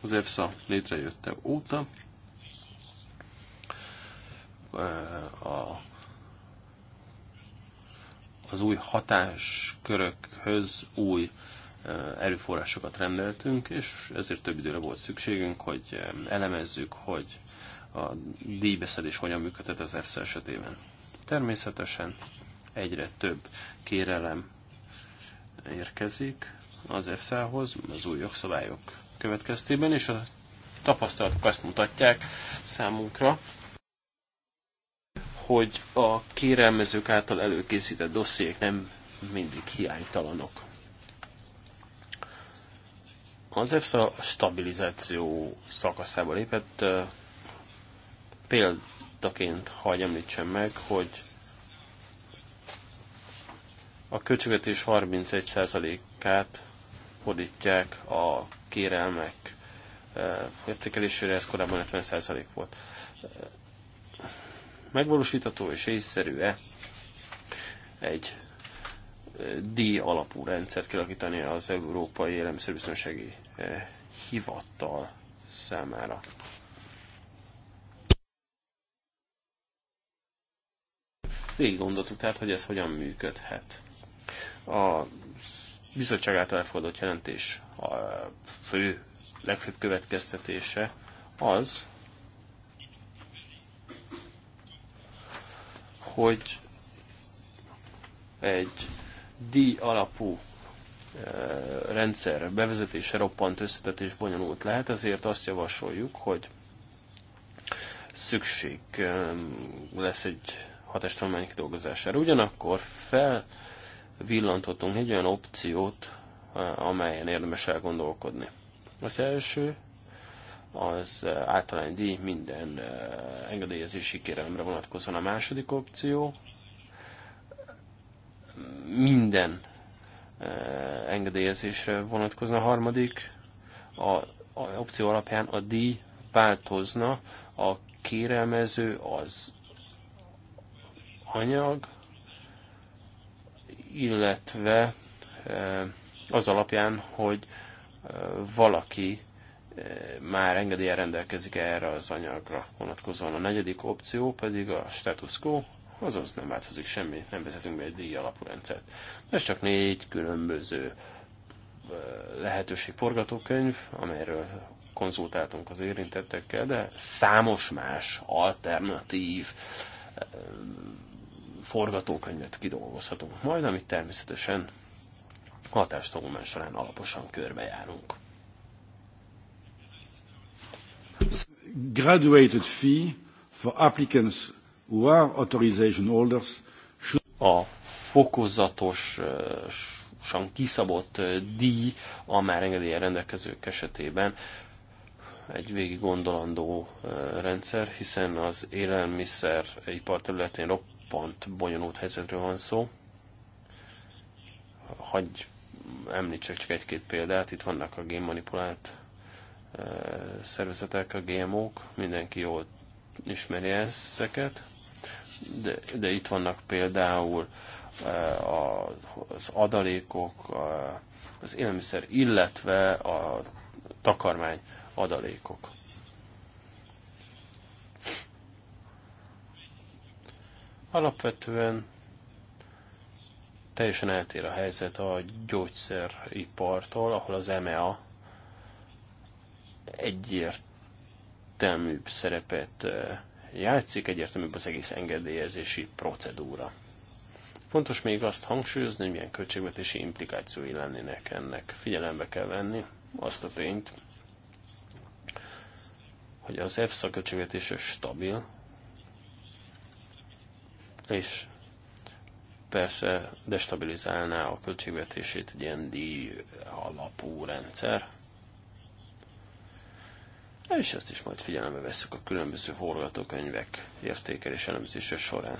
Az EFSA létrejötte óta eh, a, az új hatáskörökhöz új eh, erőforrásokat rendeltünk, és ezért több időre volt szükségünk, hogy elemezzük, hogy a díjbeszedés hogyan működhet az EFSZ esetében. Természetesen egyre több kérelem érkezik az efsz hoz az új jogszabályok következtében, és a tapasztalatok azt mutatják számunkra, hogy a kérelmezők által előkészített dossziék nem mindig hiánytalanok. Az EFSA stabilizáció szakaszába lépett, Példaként hagy említsem meg, hogy a költségvetés 31%-át fordítják a kérelmek eh, értékelésére, ez korábban 50% volt. Megvalósítható és észszerű-e egy eh, díj alapú rendszert kialakítani az Európai Élelmiszerbiztonsági eh, Hivatal számára. Végig gondoltuk tehát, hogy ez hogyan működhet. A bizottság által elfogadott jelentés a fő, legfőbb következtetése az, hogy egy díj alapú e, rendszer bevezetése roppant összetett és bonyolult lehet, ezért azt javasoljuk, hogy szükség e, lesz egy hatástanulmányok dolgozására. Ugyanakkor felvillantottunk egy olyan opciót, amelyen érdemes elgondolkodni. Az első az általány díj minden engedélyezési kérelemre vonatkozóan a második opció. Minden engedélyezésre vonatkozna a harmadik. A, a opció alapján a díj változna, a kérelmező az anyag, illetve e, az alapján, hogy e, valaki e, már engedélyen rendelkezik erre az anyagra vonatkozóan. A negyedik opció pedig a status quo, azaz nem változik semmi, nem vezetünk be egy díj alapú rendszert. Ez csak négy különböző lehetőség forgatókönyv, amelyről konzultáltunk az érintettekkel, de számos más alternatív forgatókönyvet kidolgozhatunk majd, amit természetesen hatástanulmány során alaposan körbejárunk. Graduated fee for applicants who are authorization holders should... A fokozatosan kiszabott díj a már engedélyen rendelkezők esetében egy végig gondolandó rendszer, hiszen az ipar területén roppant bonyolult helyzetről van szó. Hagy említsek csak egy-két példát, itt vannak a génmanipulált szervezetek, a GMO-k, mindenki jól ismeri ezeket, de, de itt vannak például az adalékok, az élelmiszer, illetve a takarmány adalékok. Alapvetően teljesen eltér a helyzet a gyógyszeripartól, ahol az EMEA egyértelműbb szerepet eh, játszik, egyértelműbb az egész engedélyezési procedúra. Fontos még azt hangsúlyozni, hogy milyen költségvetési implikációi lennének ennek. Figyelembe kell venni azt a tényt, hogy az EFSA költségvetése stabil, és persze destabilizálná a költségvetését egy ilyen díj alapú rendszer. És ezt is majd figyelembe veszük a különböző forgatókönyvek értékelés elemzése során.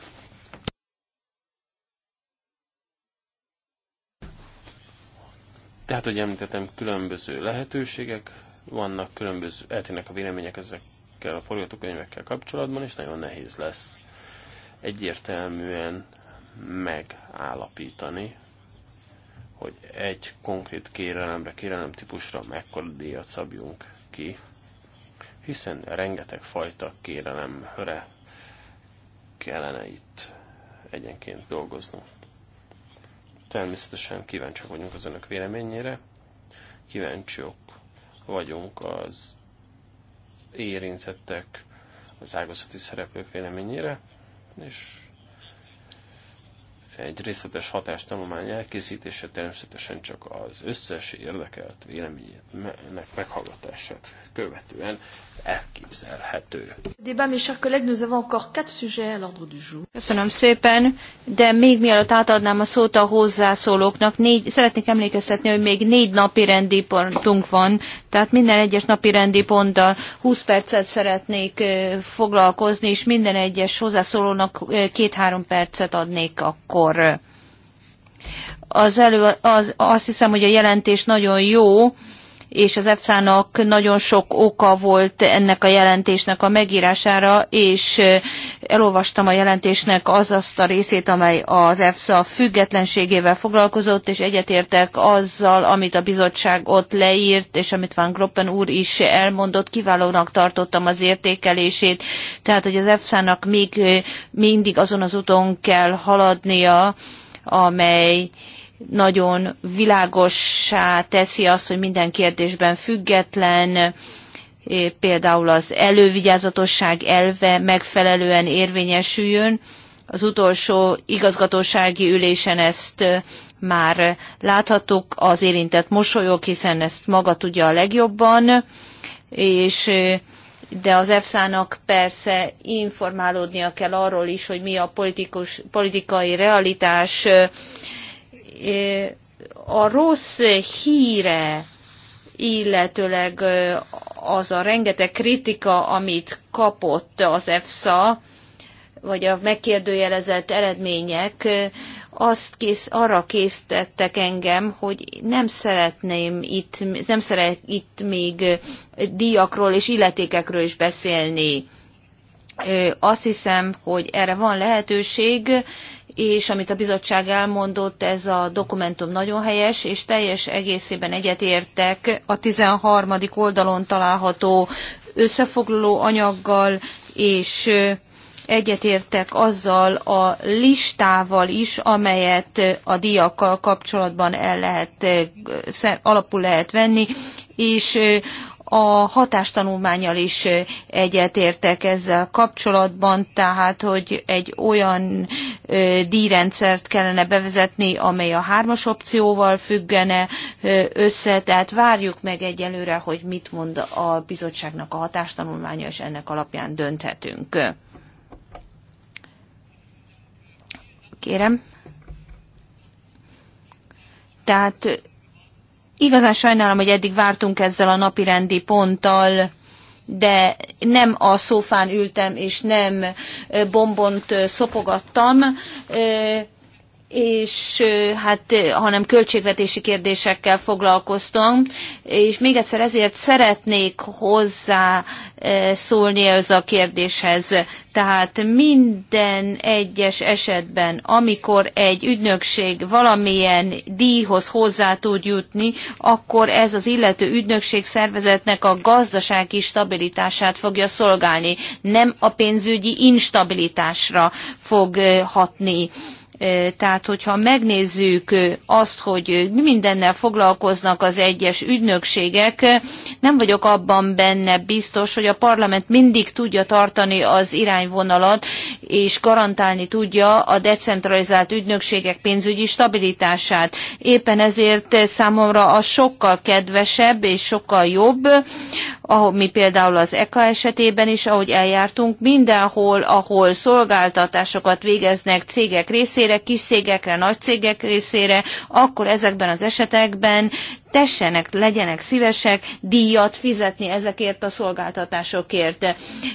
Tehát, hogy említettem, különböző lehetőségek vannak, különböző eltérnek a vélemények ezekkel a forgatókönyvekkel kapcsolatban, és nagyon nehéz lesz egyértelműen megállapítani, hogy egy konkrét kérelemre, kérelem típusra mekkora díjat szabjunk ki, hiszen rengeteg fajta kérelemre kellene itt egyenként dolgoznunk. Természetesen kíváncsiak vagyunk az önök véleményére, kíváncsiak vagyunk az érintettek, az ágazati szereplők véleményére, és egy részletes hatástanulmány elkészítése természetesen csak az összes érdekelt véleménynek meghallgatását követően elképzelhető. Köszönöm szépen, de még mielőtt átadnám a szót a hozzászólóknak, négy, szeretnék emlékeztetni, hogy még négy napi rendi pontunk van, tehát minden egyes napi rendi ponttal 20 percet szeretnék foglalkozni, és minden egyes hozzászólónak két-három percet adnék akkor. Az elő, az, azt hiszem, hogy a jelentés nagyon jó, és az EFSA-nak nagyon sok oka volt ennek a jelentésnek a megírására, és elolvastam a jelentésnek az azt a részét, amely az EFSA függetlenségével foglalkozott, és egyetértek azzal, amit a bizottság ott leírt, és amit Van Groppen úr is elmondott, kiválónak tartottam az értékelését, tehát hogy az EFSA-nak még mindig azon az úton kell haladnia, amely nagyon világossá teszi azt, hogy minden kérdésben független, e, például az elővigyázatosság elve megfelelően érvényesüljön. Az utolsó igazgatósági ülésen ezt e, már láthattuk, az érintett mosolyok hiszen ezt maga tudja a legjobban, és e, de az EFSA-nak persze informálódnia kell arról is, hogy mi a politikus, politikai realitás, a rossz híre, illetőleg az a rengeteg kritika, amit kapott az EFSA, vagy a megkérdőjelezett eredmények, azt kész, arra késztettek engem, hogy nem szeretném itt, nem szeret itt még díjakról és illetékekről is beszélni. Azt hiszem, hogy erre van lehetőség, és amit a bizottság elmondott, ez a dokumentum nagyon helyes, és teljes egészében egyetértek a 13. oldalon található összefoglaló anyaggal, és egyetértek azzal a listával is, amelyet a diakkal kapcsolatban el lehet, alapul lehet venni, és a hatástanulmányal is egyetértek ezzel kapcsolatban, tehát hogy egy olyan ö, díjrendszert kellene bevezetni, amely a hármas opcióval függene ö, össze, tehát várjuk meg egyelőre, hogy mit mond a bizottságnak a hatástanulmánya, és ennek alapján dönthetünk. Kérem. Tehát Igazán sajnálom, hogy eddig vártunk ezzel a rendi ponttal, de nem a szófán ültem, és nem bombont szopogattam és hát, hanem költségvetési kérdésekkel foglalkoztam, és még egyszer ezért szeretnék hozzá szólni ez a kérdéshez. Tehát minden egyes esetben, amikor egy ügynökség valamilyen díjhoz hozzá tud jutni, akkor ez az illető ügynökség szervezetnek a gazdasági stabilitását fogja szolgálni, nem a pénzügyi instabilitásra fog hatni tehát, hogyha megnézzük azt, hogy mi mindennel foglalkoznak az egyes ügynökségek, nem vagyok abban benne biztos, hogy a parlament mindig tudja tartani az irányvonalat, és garantálni tudja a decentralizált ügynökségek pénzügyi stabilitását. Éppen ezért számomra a sokkal kedvesebb és sokkal jobb, ahogy mi például az EKA esetében is, ahogy eljártunk, mindenhol, ahol szolgáltatásokat végeznek cégek részére, részére, kis cégekre, nagy cégek részére, akkor ezekben az esetekben tessenek, legyenek szívesek díjat fizetni ezekért a szolgáltatásokért.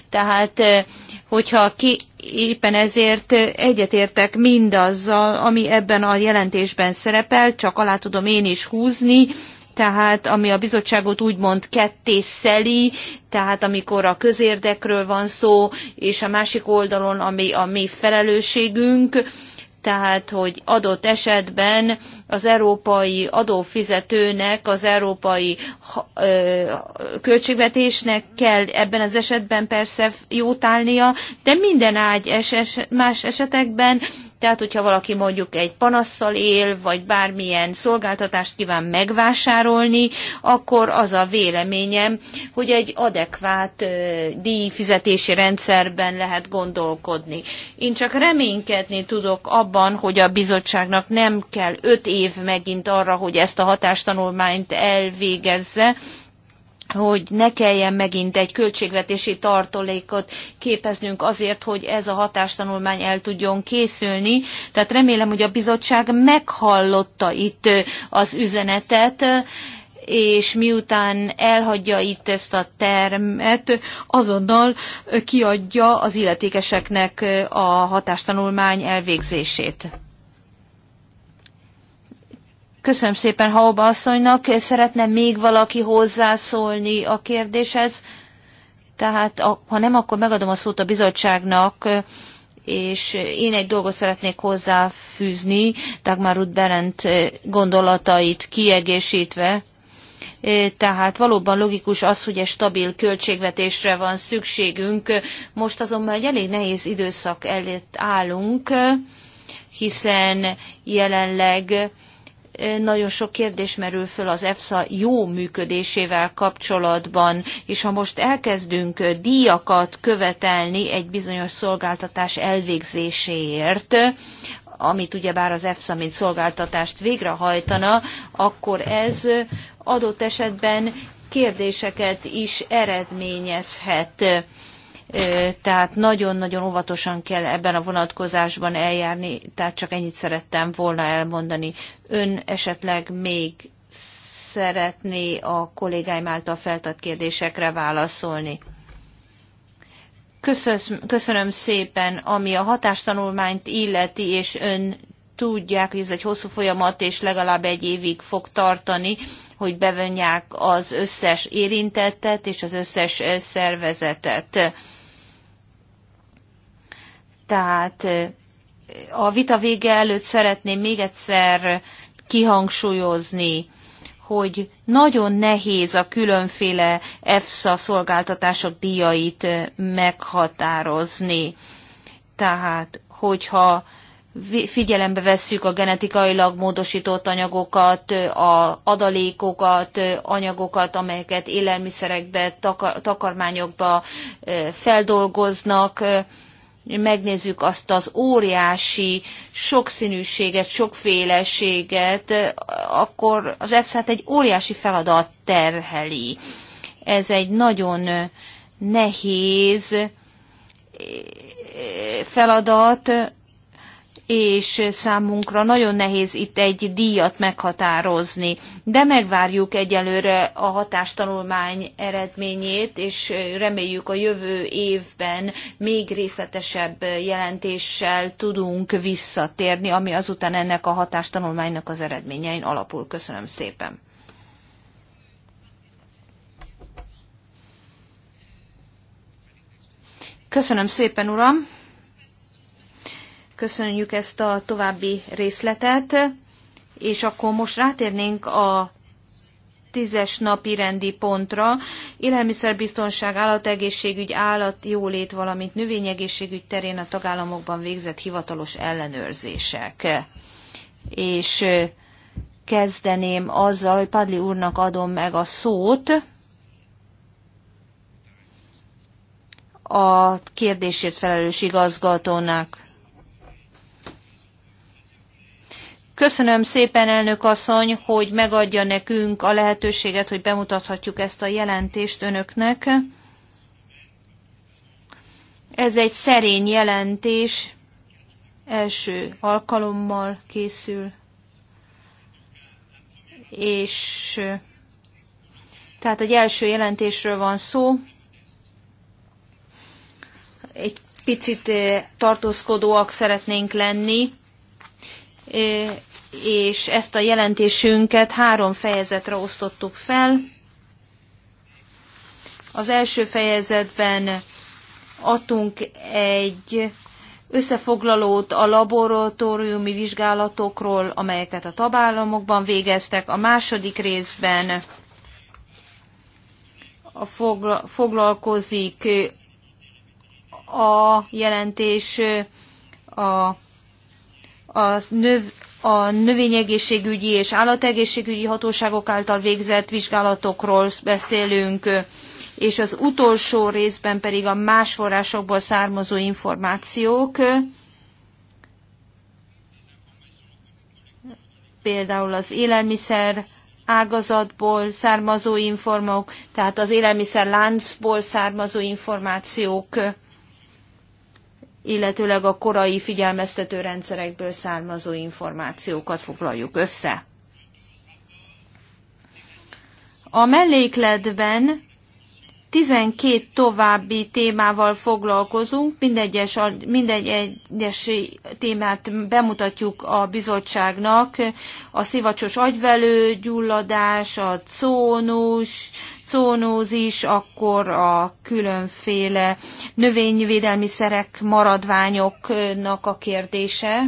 Tehát, eh, hogyha ki, éppen ezért egyetértek mindazzal, ami ebben a jelentésben szerepel, csak alá tudom én is húzni, tehát ami a bizottságot úgymond ketté szeli, tehát amikor a közérdekről van szó, és a másik oldalon, ami a mi felelősségünk, tehát hogy adott esetben az európai adófizetőnek, az európai költségvetésnek kell ebben az esetben persze jót állnia, de minden ágy eset, más esetekben tehát, hogyha valaki mondjuk egy panasszal él, vagy bármilyen szolgáltatást kíván megvásárolni, akkor az a véleményem, hogy egy adekvát díjfizetési rendszerben lehet gondolkodni. Én csak reménykedni tudok abban, hogy a bizottságnak nem kell öt év megint arra, hogy ezt a hatástanulmányt elvégezze, hogy ne kelljen megint egy költségvetési tartalékot képeznünk azért, hogy ez a hatástanulmány el tudjon készülni. Tehát remélem, hogy a bizottság meghallotta itt az üzenetet, és miután elhagyja itt ezt a termet, azonnal kiadja az illetékeseknek a hatástanulmány elvégzését. Köszönöm szépen Hauba asszonynak. Szeretne még valaki hozzászólni a kérdéshez? Tehát ha nem, akkor megadom a szót a bizottságnak, és én egy dolgot szeretnék hozzáfűzni, Dagmar Ruth Berendt gondolatait kiegészítve. E, tehát valóban logikus az, hogy egy stabil költségvetésre van szükségünk. Most azonban egy elég nehéz időszak előtt állunk, hiszen jelenleg nagyon sok kérdés merül föl az EFSA jó működésével kapcsolatban, és ha most elkezdünk díjakat követelni egy bizonyos szolgáltatás elvégzéséért, amit ugyebár az EFSA mint szolgáltatást végrehajtana, akkor ez adott esetben kérdéseket is eredményezhet tehát nagyon-nagyon óvatosan kell ebben a vonatkozásban eljárni, tehát csak ennyit szerettem volna elmondani. Ön esetleg még szeretné a kollégáim által feltett kérdésekre válaszolni. Köszönöm szépen, ami a hatástanulmányt illeti, és ön tudják, hogy ez egy hosszú folyamat, és legalább egy évig fog tartani, hogy bevonják az összes érintettet és az összes szervezetet tehát a vita vége előtt szeretném még egyszer kihangsúlyozni, hogy nagyon nehéz a különféle EFSA szolgáltatások díjait meghatározni. Tehát, hogyha figyelembe vesszük a genetikailag módosított anyagokat, a adalékokat, anyagokat, amelyeket élelmiszerekbe, takarmányokba feldolgoznak, megnézzük azt az óriási sokszínűséget, sokféleséget, akkor az EFSA-t egy óriási feladat terheli. Ez egy nagyon nehéz eh, feladat, és számunkra nagyon nehéz itt egy díjat meghatározni. De megvárjuk egyelőre a hatástanulmány eredményét, és reméljük a jövő évben még részletesebb jelentéssel tudunk visszatérni, ami azután ennek a hatástanulmánynak az eredményein alapul. Köszönöm szépen. Köszönöm szépen, uram! Köszönjük ezt a további részletet, és akkor most rátérnénk a tízes napi rendi pontra, élelmiszerbiztonság, állategészségügy, állatjólét, valamint növényegészségügy terén a tagállamokban végzett hivatalos ellenőrzések. És kezdeném azzal, hogy Padli úrnak adom meg a szót. A kérdésért felelős igazgatónak Köszönöm szépen, elnök asszony, hogy megadja nekünk a lehetőséget, hogy bemutathatjuk ezt a jelentést önöknek. Ez egy szerény jelentés, első alkalommal készül, és tehát egy első jelentésről van szó. Egy picit eh, tartózkodóak szeretnénk lenni, eh, és ezt a jelentésünket három fejezetre osztottuk fel. Az első fejezetben adtunk egy összefoglalót a laboratóriumi vizsgálatokról, amelyeket a tabállamokban végeztek. A második részben a fogla- foglalkozik a jelentés a, a növ, a növényegészségügyi és állategészségügyi hatóságok által végzett vizsgálatokról beszélünk, és az utolsó részben pedig a más forrásokból származó információk, például az élelmiszer ágazatból származó információk, tehát az élelmiszer láncból származó információk illetőleg a korai figyelmeztető rendszerekből származó információkat foglaljuk össze. A mellékletben 12 további témával foglalkozunk, mindegyes, mindegy egyes témát bemutatjuk a bizottságnak, a szivacsos agyvelő, gyulladás, a cónus, zónózis, akkor a különféle növényvédelmi szerek, maradványoknak a kérdése.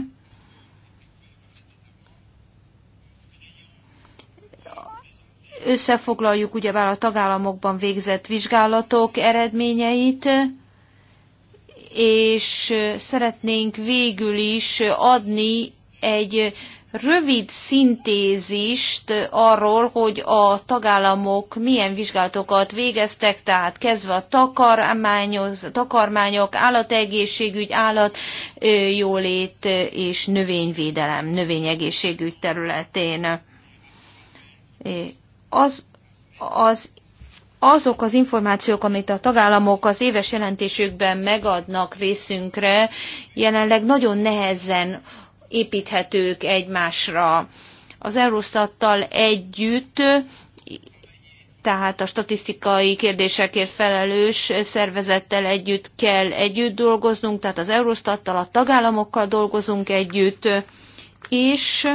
Összefoglaljuk ugyebár a tagállamokban végzett vizsgálatok eredményeit és szeretnénk végül is adni egy rövid szintézist arról, hogy a tagállamok milyen vizsgálatokat végeztek, tehát kezdve a takarmányok, állategészségügy, állatjólét és növényvédelem, növényegészségügy területén. Az, az azok az információk, amit a tagállamok az éves jelentésükben megadnak részünkre, jelenleg nagyon nehezen építhetők egymásra. Az Eurostattal együtt tehát a statisztikai kérdésekért felelős szervezettel együtt kell együtt dolgoznunk, tehát az Eurostattal, a tagállamokkal dolgozunk együtt, és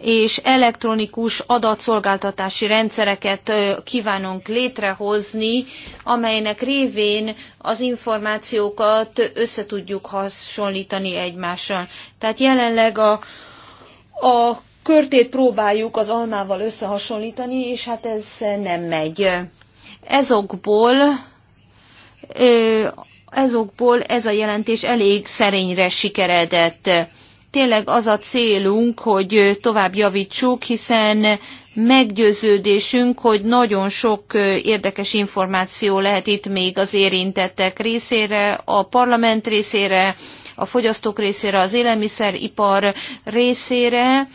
és elektronikus adatszolgáltatási rendszereket kívánunk létrehozni, amelynek révén az információkat összetudjuk hasonlítani egymással. Tehát jelenleg a, a körtét próbáljuk az almával összehasonlítani, és hát ez nem megy. Ezokból ezokból ez a jelentés elég szerényre sikeredett tényleg az a célunk, hogy tovább javítsuk, hiszen meggyőződésünk, hogy nagyon sok érdekes információ lehet itt még az érintettek részére, a parlament részére, a fogyasztók részére, az élelmiszeripar részére,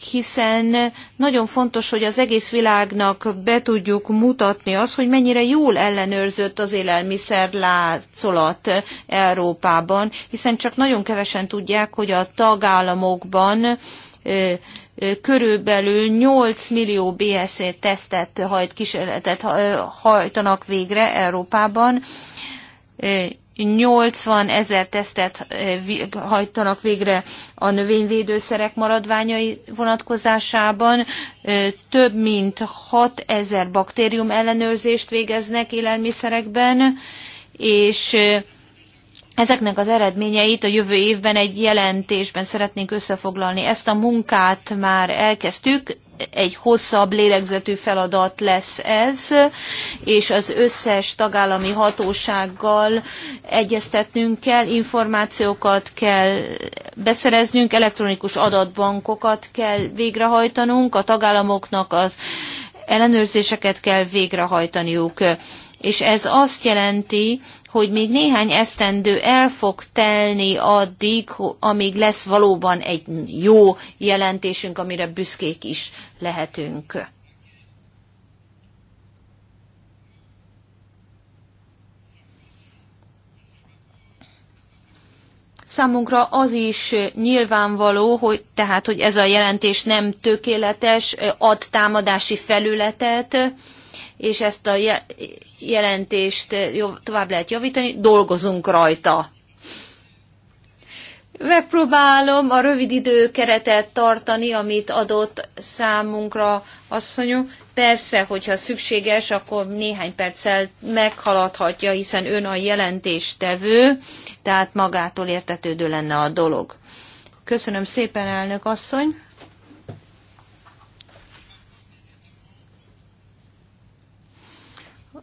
hiszen nagyon fontos, hogy az egész világnak be tudjuk mutatni azt, hogy mennyire jól ellenőrzött az élelmiszer látszolat Európában, hiszen csak nagyon kevesen tudják, hogy a tagállamokban körülbelül 8 millió BSZ tesztet hajt, kísérletet hajtanak végre Európában 80 ezer tesztet hajtanak végre a növényvédőszerek maradványai vonatkozásában, több mint 6 ezer baktérium ellenőrzést végeznek élelmiszerekben, és Ezeknek az eredményeit a jövő évben egy jelentésben szeretnénk összefoglalni. Ezt a munkát már elkezdtük, egy hosszabb lélegzetű feladat lesz ez, és az összes tagállami hatósággal egyeztetnünk kell, információkat kell beszereznünk, elektronikus adatbankokat kell végrehajtanunk, a tagállamoknak az ellenőrzéseket kell végrehajtaniuk és ez azt jelenti, hogy még néhány esztendő el fog telni addig, amíg lesz valóban egy jó jelentésünk, amire büszkék is lehetünk. Számunkra az is nyilvánvaló, hogy tehát, hogy ez a jelentés nem tökéletes, ad támadási felületet, és ezt a jelentést tovább lehet javítani, dolgozunk rajta. Megpróbálom a rövid idő keretet tartani, amit adott számunkra asszonyom. Persze, hogyha szükséges, akkor néhány perccel meghaladhatja, hiszen ön a jelentéstevő, tehát magától értetődő lenne a dolog. Köszönöm szépen, elnök asszony!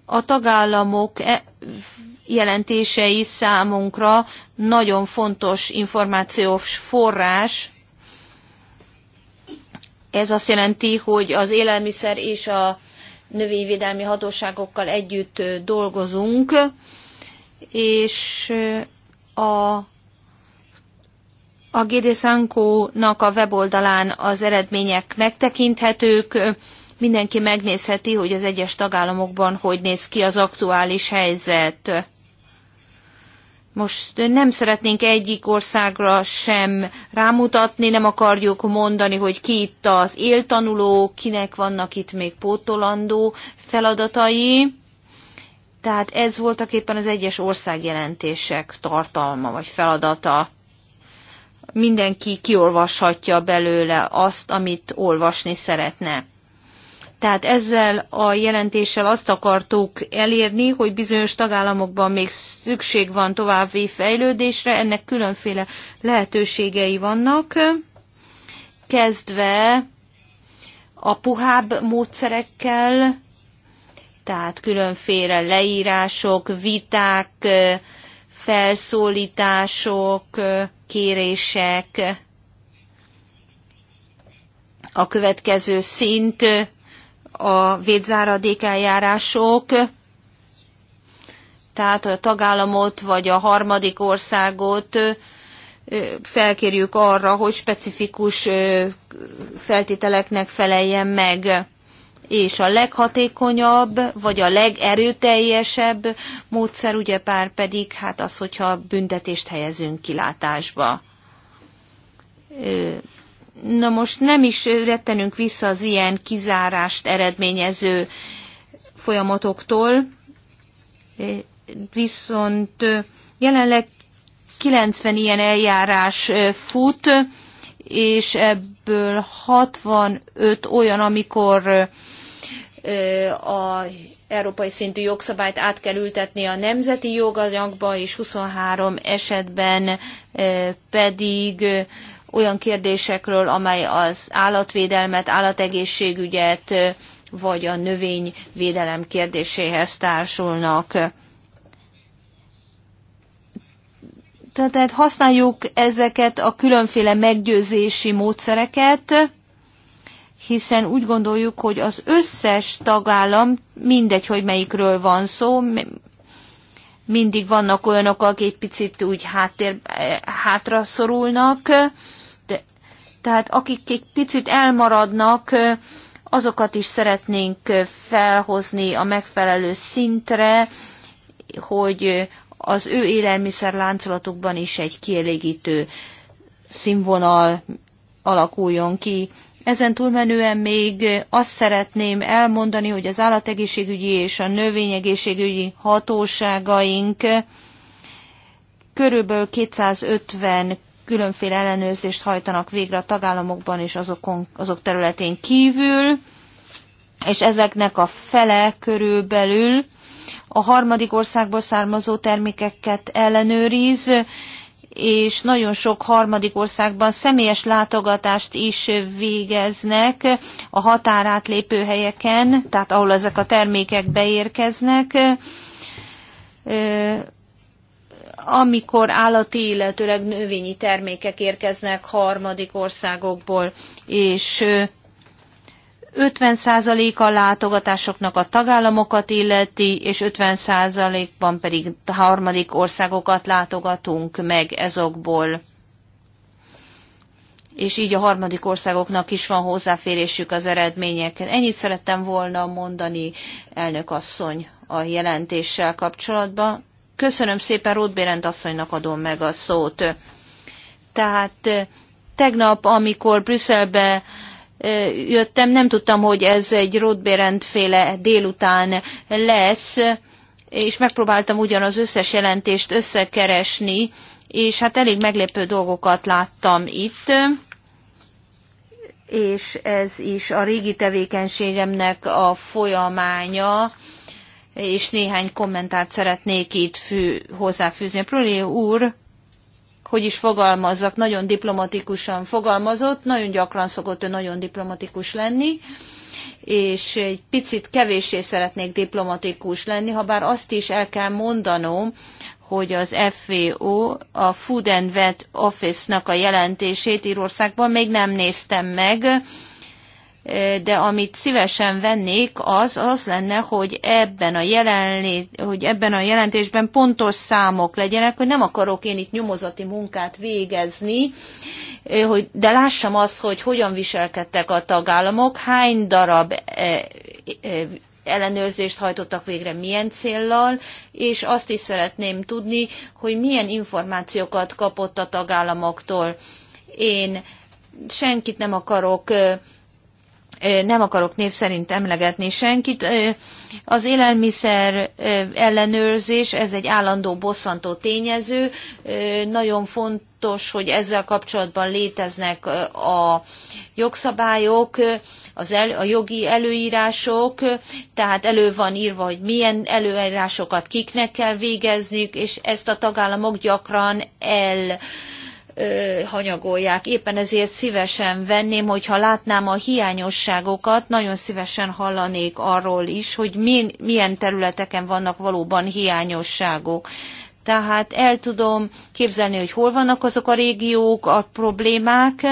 a tagállamok e jelentései számunkra nagyon fontos információs forrás. Ez azt jelenti, hogy az élelmiszer és a növényvédelmi hatóságokkal együtt dolgozunk, és a a GD sanko nak a weboldalán az eredmények megtekinthetők, mindenki megnézheti, hogy az egyes tagállamokban hogy néz ki az aktuális helyzet. Most nem szeretnénk egyik országra sem rámutatni, nem akarjuk mondani, hogy ki itt az éltanuló, kinek vannak itt még pótolandó feladatai. Tehát ez voltak éppen az egyes országjelentések tartalma vagy feladata. Mindenki kiolvashatja belőle azt, amit olvasni szeretne. Tehát ezzel a jelentéssel azt akartuk elérni, hogy bizonyos tagállamokban még szükség van további fejlődésre, ennek különféle lehetőségei vannak, kezdve a puhább módszerekkel, tehát különféle leírások, viták, felszólítások, kérések. A következő szint a védzáradék eljárások, tehát a tagállamot vagy a harmadik országot felkérjük arra, hogy specifikus feltételeknek feleljen meg. És a leghatékonyabb, vagy a legerőteljesebb módszer, ugye pár pedig, hát az, hogyha büntetést helyezünk kilátásba na most nem is rettenünk vissza az ilyen kizárást eredményező folyamatoktól, viszont jelenleg 90 ilyen eljárás fut, és ebből 65 olyan, amikor a európai szintű jogszabályt át kell ültetni a nemzeti joganyagba, és 23 esetben pedig olyan kérdésekről, amely az állatvédelmet, állategészségügyet vagy a növényvédelem kérdéséhez társulnak. Tehát használjuk ezeket a különféle meggyőzési módszereket, hiszen úgy gondoljuk, hogy az összes tagállam, mindegy, hogy melyikről van szó, mindig vannak olyanok, akik egy picit úgy háttér, hátra szorulnak, de, tehát akik egy picit elmaradnak, azokat is szeretnénk felhozni a megfelelő szintre, hogy az ő élelmiszerláncolatukban is egy kielégítő színvonal alakuljon ki. Ezen túlmenően még azt szeretném elmondani, hogy az állategészségügyi és a növényegészségügyi hatóságaink körülbelül 250 különféle ellenőrzést hajtanak végre a tagállamokban és azokon, azok területén kívül, és ezeknek a fele körülbelül a harmadik országból származó termékeket ellenőriz, és nagyon sok harmadik országban személyes látogatást is végeznek a határátlépő helyeken, tehát ahol ezek a termékek beérkeznek amikor állati, illetőleg növényi termékek érkeznek harmadik országokból, és 50% a látogatásoknak a tagállamokat illeti, és 50%-ban pedig harmadik országokat látogatunk meg ezokból. És így a harmadik országoknak is van hozzáférésük az eredményeken. Ennyit szerettem volna mondani, elnök asszony, a jelentéssel kapcsolatban. Köszönöm szépen, Róth Bérend asszonynak adom meg a szót. Tehát eh, tegnap, amikor Brüsszelbe eh, jöttem, nem tudtam, hogy ez egy Bérend féle délután lesz, és megpróbáltam ugyanaz összes jelentést összekeresni, és hát elég meglepő dolgokat láttam itt, és ez is a régi tevékenységemnek a folyamánya, és néhány kommentárt szeretnék itt fű, hozzáfűzni. A Prulé úr, hogy is fogalmazzak, nagyon diplomatikusan fogalmazott, nagyon gyakran szokott ő nagyon diplomatikus lenni, és egy picit kevéssé szeretnék diplomatikus lenni, ha bár azt is el kell mondanom, hogy az FAO, a Food and Vet Office-nak a jelentését Írországban még nem néztem meg, de amit szívesen vennék, az az lenne, hogy ebben a, jelenlét, hogy ebben a jelentésben pontos számok legyenek, hogy nem akarok én itt nyomozati munkát végezni, eh, hogy, de lássam azt, hogy hogyan viselkedtek a tagállamok, hány darab eh, eh, ellenőrzést hajtottak végre, milyen céllal, és azt is szeretném tudni, hogy milyen információkat kapott a tagállamoktól. Én senkit nem akarok nem akarok név szerint emlegetni senkit. Az élelmiszer ellenőrzés, ez egy állandó bosszantó tényező. Nagyon fontos, hogy ezzel kapcsolatban léteznek a jogszabályok, az el, a jogi előírások, tehát elő van írva, hogy milyen előírásokat kiknek kell végezniük, és ezt a tagállamok gyakran el hanyagolják. Éppen ezért szívesen venném, hogyha látnám a hiányosságokat, nagyon szívesen hallanék arról is, hogy milyen területeken vannak valóban hiányosságok. Tehát el tudom képzelni, hogy hol vannak azok a régiók, a problémák,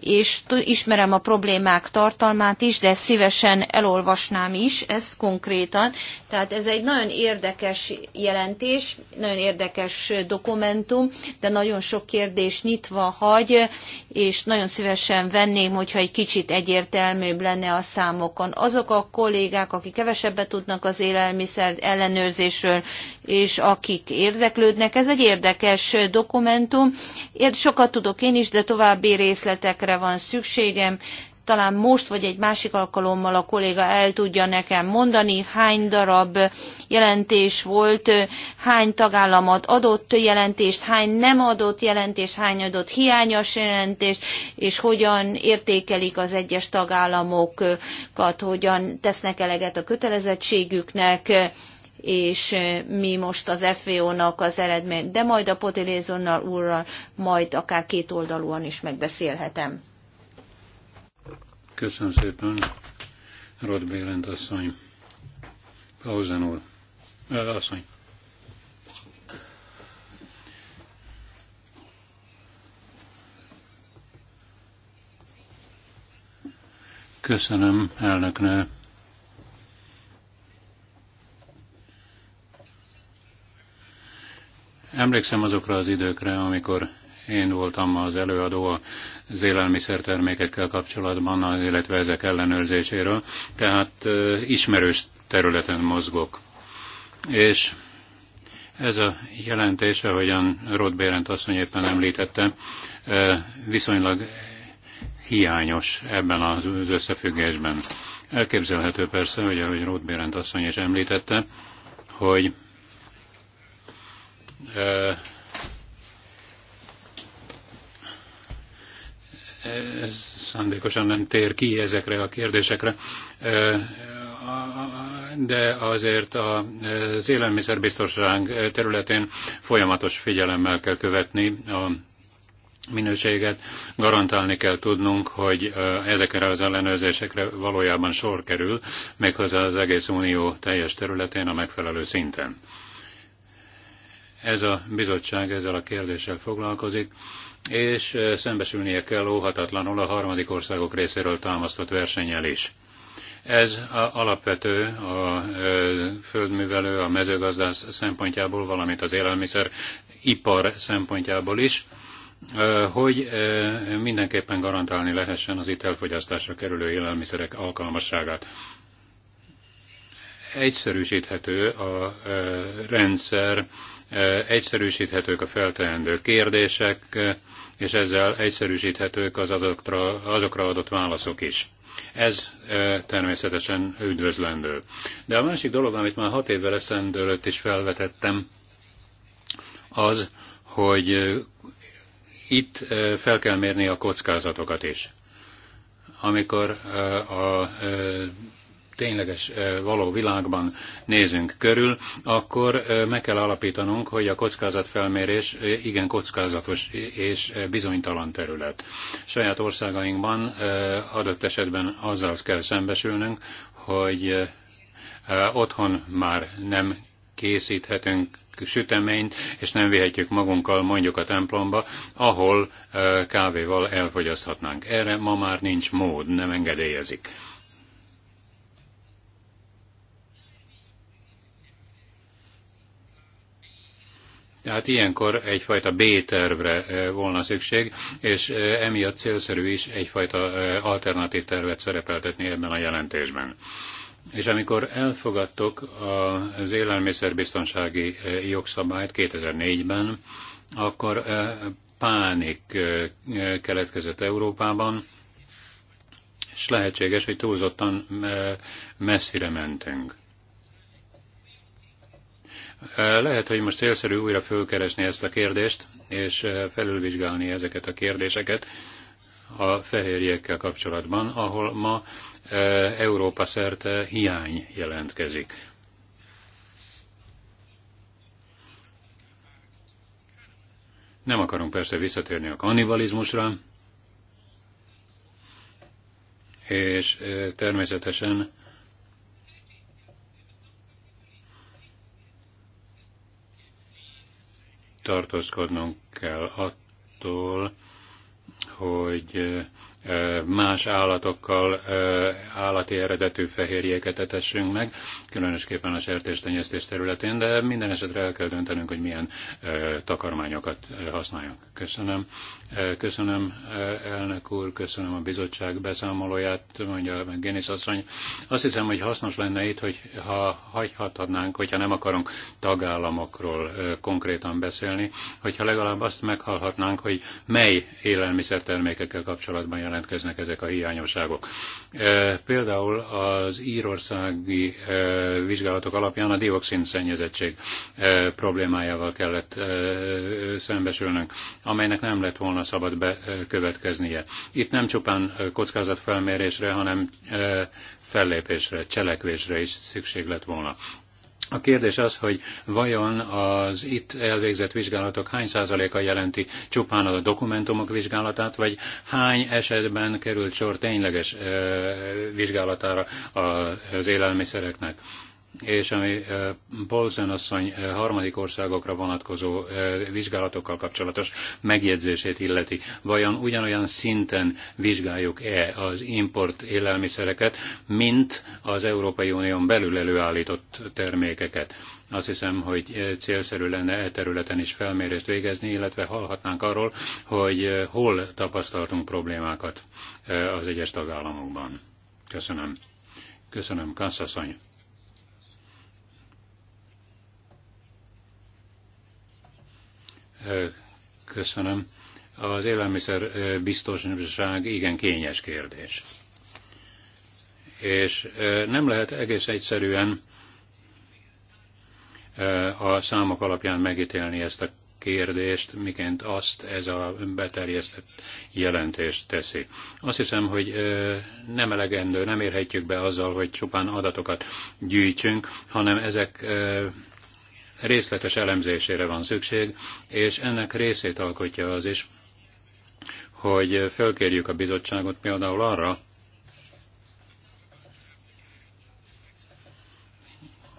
és ismerem a problémák tartalmát is, de szívesen elolvasnám is ezt konkrétan. Tehát ez egy nagyon érdekes jelentés, nagyon érdekes dokumentum, de nagyon sok kérdés nyitva hagy, és nagyon szívesen venném, hogyha egy kicsit egyértelműbb lenne a számokon. Azok a kollégák, akik kevesebbet tudnak az élelmiszer ellenőrzésről, és akik érdeklődnek, ez egy érdekes dokumentum. Sokat tudok én is, de további részletekre évekre van szükségem, talán most vagy egy másik alkalommal a kolléga el tudja nekem mondani, hány darab jelentés volt, hány tagállamat adott jelentést, hány nem adott jelentést, hány adott hiányos jelentést, és hogyan értékelik az egyes tagállamokat, hogyan tesznek eleget a kötelezettségüknek, és eh, mi most az FVO-nak az eredmény, de majd a Potilézonnal úrral, majd akár két oldalúan is megbeszélhetem. Köszönöm szépen, Rod Bélent asszony. Pauzen úr. asszony. Köszönöm, elnöknő. Emlékszem azokra az időkre, amikor én voltam az előadó az élelmiszertermékekkel kapcsolatban, illetve ezek ellenőrzéséről, tehát ismerős területen mozgok. És ez a jelentés, ahogyan Rod Bérent asszony éppen említette, viszonylag hiányos ebben az összefüggésben. Elképzelhető persze, hogy ahogy Ruth Bérent asszony is említette, hogy szándékosan nem tér ki ezekre a kérdésekre, de azért az élelmiszerbiztonság területén folyamatos figyelemmel kell követni a minőséget. Garantálni kell tudnunk, hogy ezekre az ellenőrzésekre valójában sor kerül, méghozzá az egész unió teljes területén a megfelelő szinten ez a bizottság ezzel a kérdéssel foglalkozik, és szembesülnie kell óhatatlanul a harmadik országok részéről támasztott versennyel is. Ez a alapvető a földművelő, a mezőgazdász szempontjából, valamint az élelmiszer ipar szempontjából is, hogy mindenképpen garantálni lehessen az itt elfogyasztásra kerülő élelmiszerek alkalmasságát egyszerűsíthető a e, rendszer, e, egyszerűsíthetők a felteendő kérdések, e, és ezzel egyszerűsíthetők az azokra, azokra adott válaszok is. Ez természetesen üdvözlendő. De a másik dolog, amit már hat évvel eszendőlött is felvetettem, az, hogy itt fel kell mérni a kockázatokat is. Amikor a tényleges való világban nézünk körül, akkor meg kell alapítanunk, hogy a kockázatfelmérés igen kockázatos és bizonytalan terület. Saját országainkban adott esetben azzal kell szembesülnünk, hogy otthon már nem készíthetünk süteményt, és nem vihetjük magunkkal mondjuk a templomba, ahol kávéval elfogyaszthatnánk. Erre ma már nincs mód, nem engedélyezik. Hát ilyenkor egyfajta B-tervre eh, volna szükség, és eh, emiatt célszerű is egyfajta eh, alternatív tervet szerepeltetni ebben a jelentésben. És amikor elfogadtok az élelmiszerbiztonsági jogszabályt 2004-ben, akkor pánik keletkezett Európában, és lehetséges, hogy túlzottan messzire mentünk. Lehet, hogy most célszerű újra fölkeresni ezt a kérdést, és felülvizsgálni ezeket a kérdéseket a fehérjékkel kapcsolatban, ahol ma Európa szerte hiány jelentkezik. Nem akarunk persze visszatérni a kannibalizmusra, és természetesen tartózkodnunk kell attól, hogy más állatokkal állati eredetű fehérjéket etessünk meg, különösképpen a sertéstenyésztés területén, de minden esetre el kell döntenünk, hogy milyen takarmányokat használjunk. Köszönöm. Köszönöm, elnök úr, köszönöm a bizottság beszámolóját, mondja meg Génisz asszony. Azt hiszem, hogy hasznos lenne itt, hogy ha hagyhatnánk, hogyha nem akarunk tagállamokról konkrétan beszélni, hogyha legalább azt meghallhatnánk, hogy mely élelmiszertermékekkel kapcsolatban jelentkeznek ezek a hiányosságok. Például az írországi vizsgálatok alapján a dioxin szennyezettség problémájával kellett szembesülnünk, amelynek nem lett volna volna szabad bekövetkeznie. Itt nem csupán kockázatfelmérésre, hanem fellépésre, cselekvésre is szükség lett volna. A kérdés az, hogy vajon az itt elvégzett vizsgálatok hány százaléka jelenti csupán a dokumentumok vizsgálatát, vagy hány esetben került sor tényleges vizsgálatára az élelmiszereknek és ami Paulsen asszony harmadik országokra vonatkozó vizsgálatokkal kapcsolatos megjegyzését illeti. Vajon ugyanolyan szinten vizsgáljuk-e az import élelmiszereket, mint az Európai Unión belül előállított termékeket? Azt hiszem, hogy célszerű lenne e területen is felmérést végezni, illetve hallhatnánk arról, hogy hol tapasztaltunk problémákat az egyes tagállamokban. Köszönöm. Köszönöm, Kasszaszony. Köszönöm. Az élelmiszer biztonság igen kényes kérdés. És nem lehet egész egyszerűen a számok alapján megítélni ezt a kérdést, miként azt ez a beterjesztett jelentést teszi. Azt hiszem, hogy nem elegendő, nem érhetjük be azzal, hogy csupán adatokat gyűjtsünk, hanem ezek részletes elemzésére van szükség, és ennek részét alkotja az is, hogy fölkérjük a bizottságot például arra,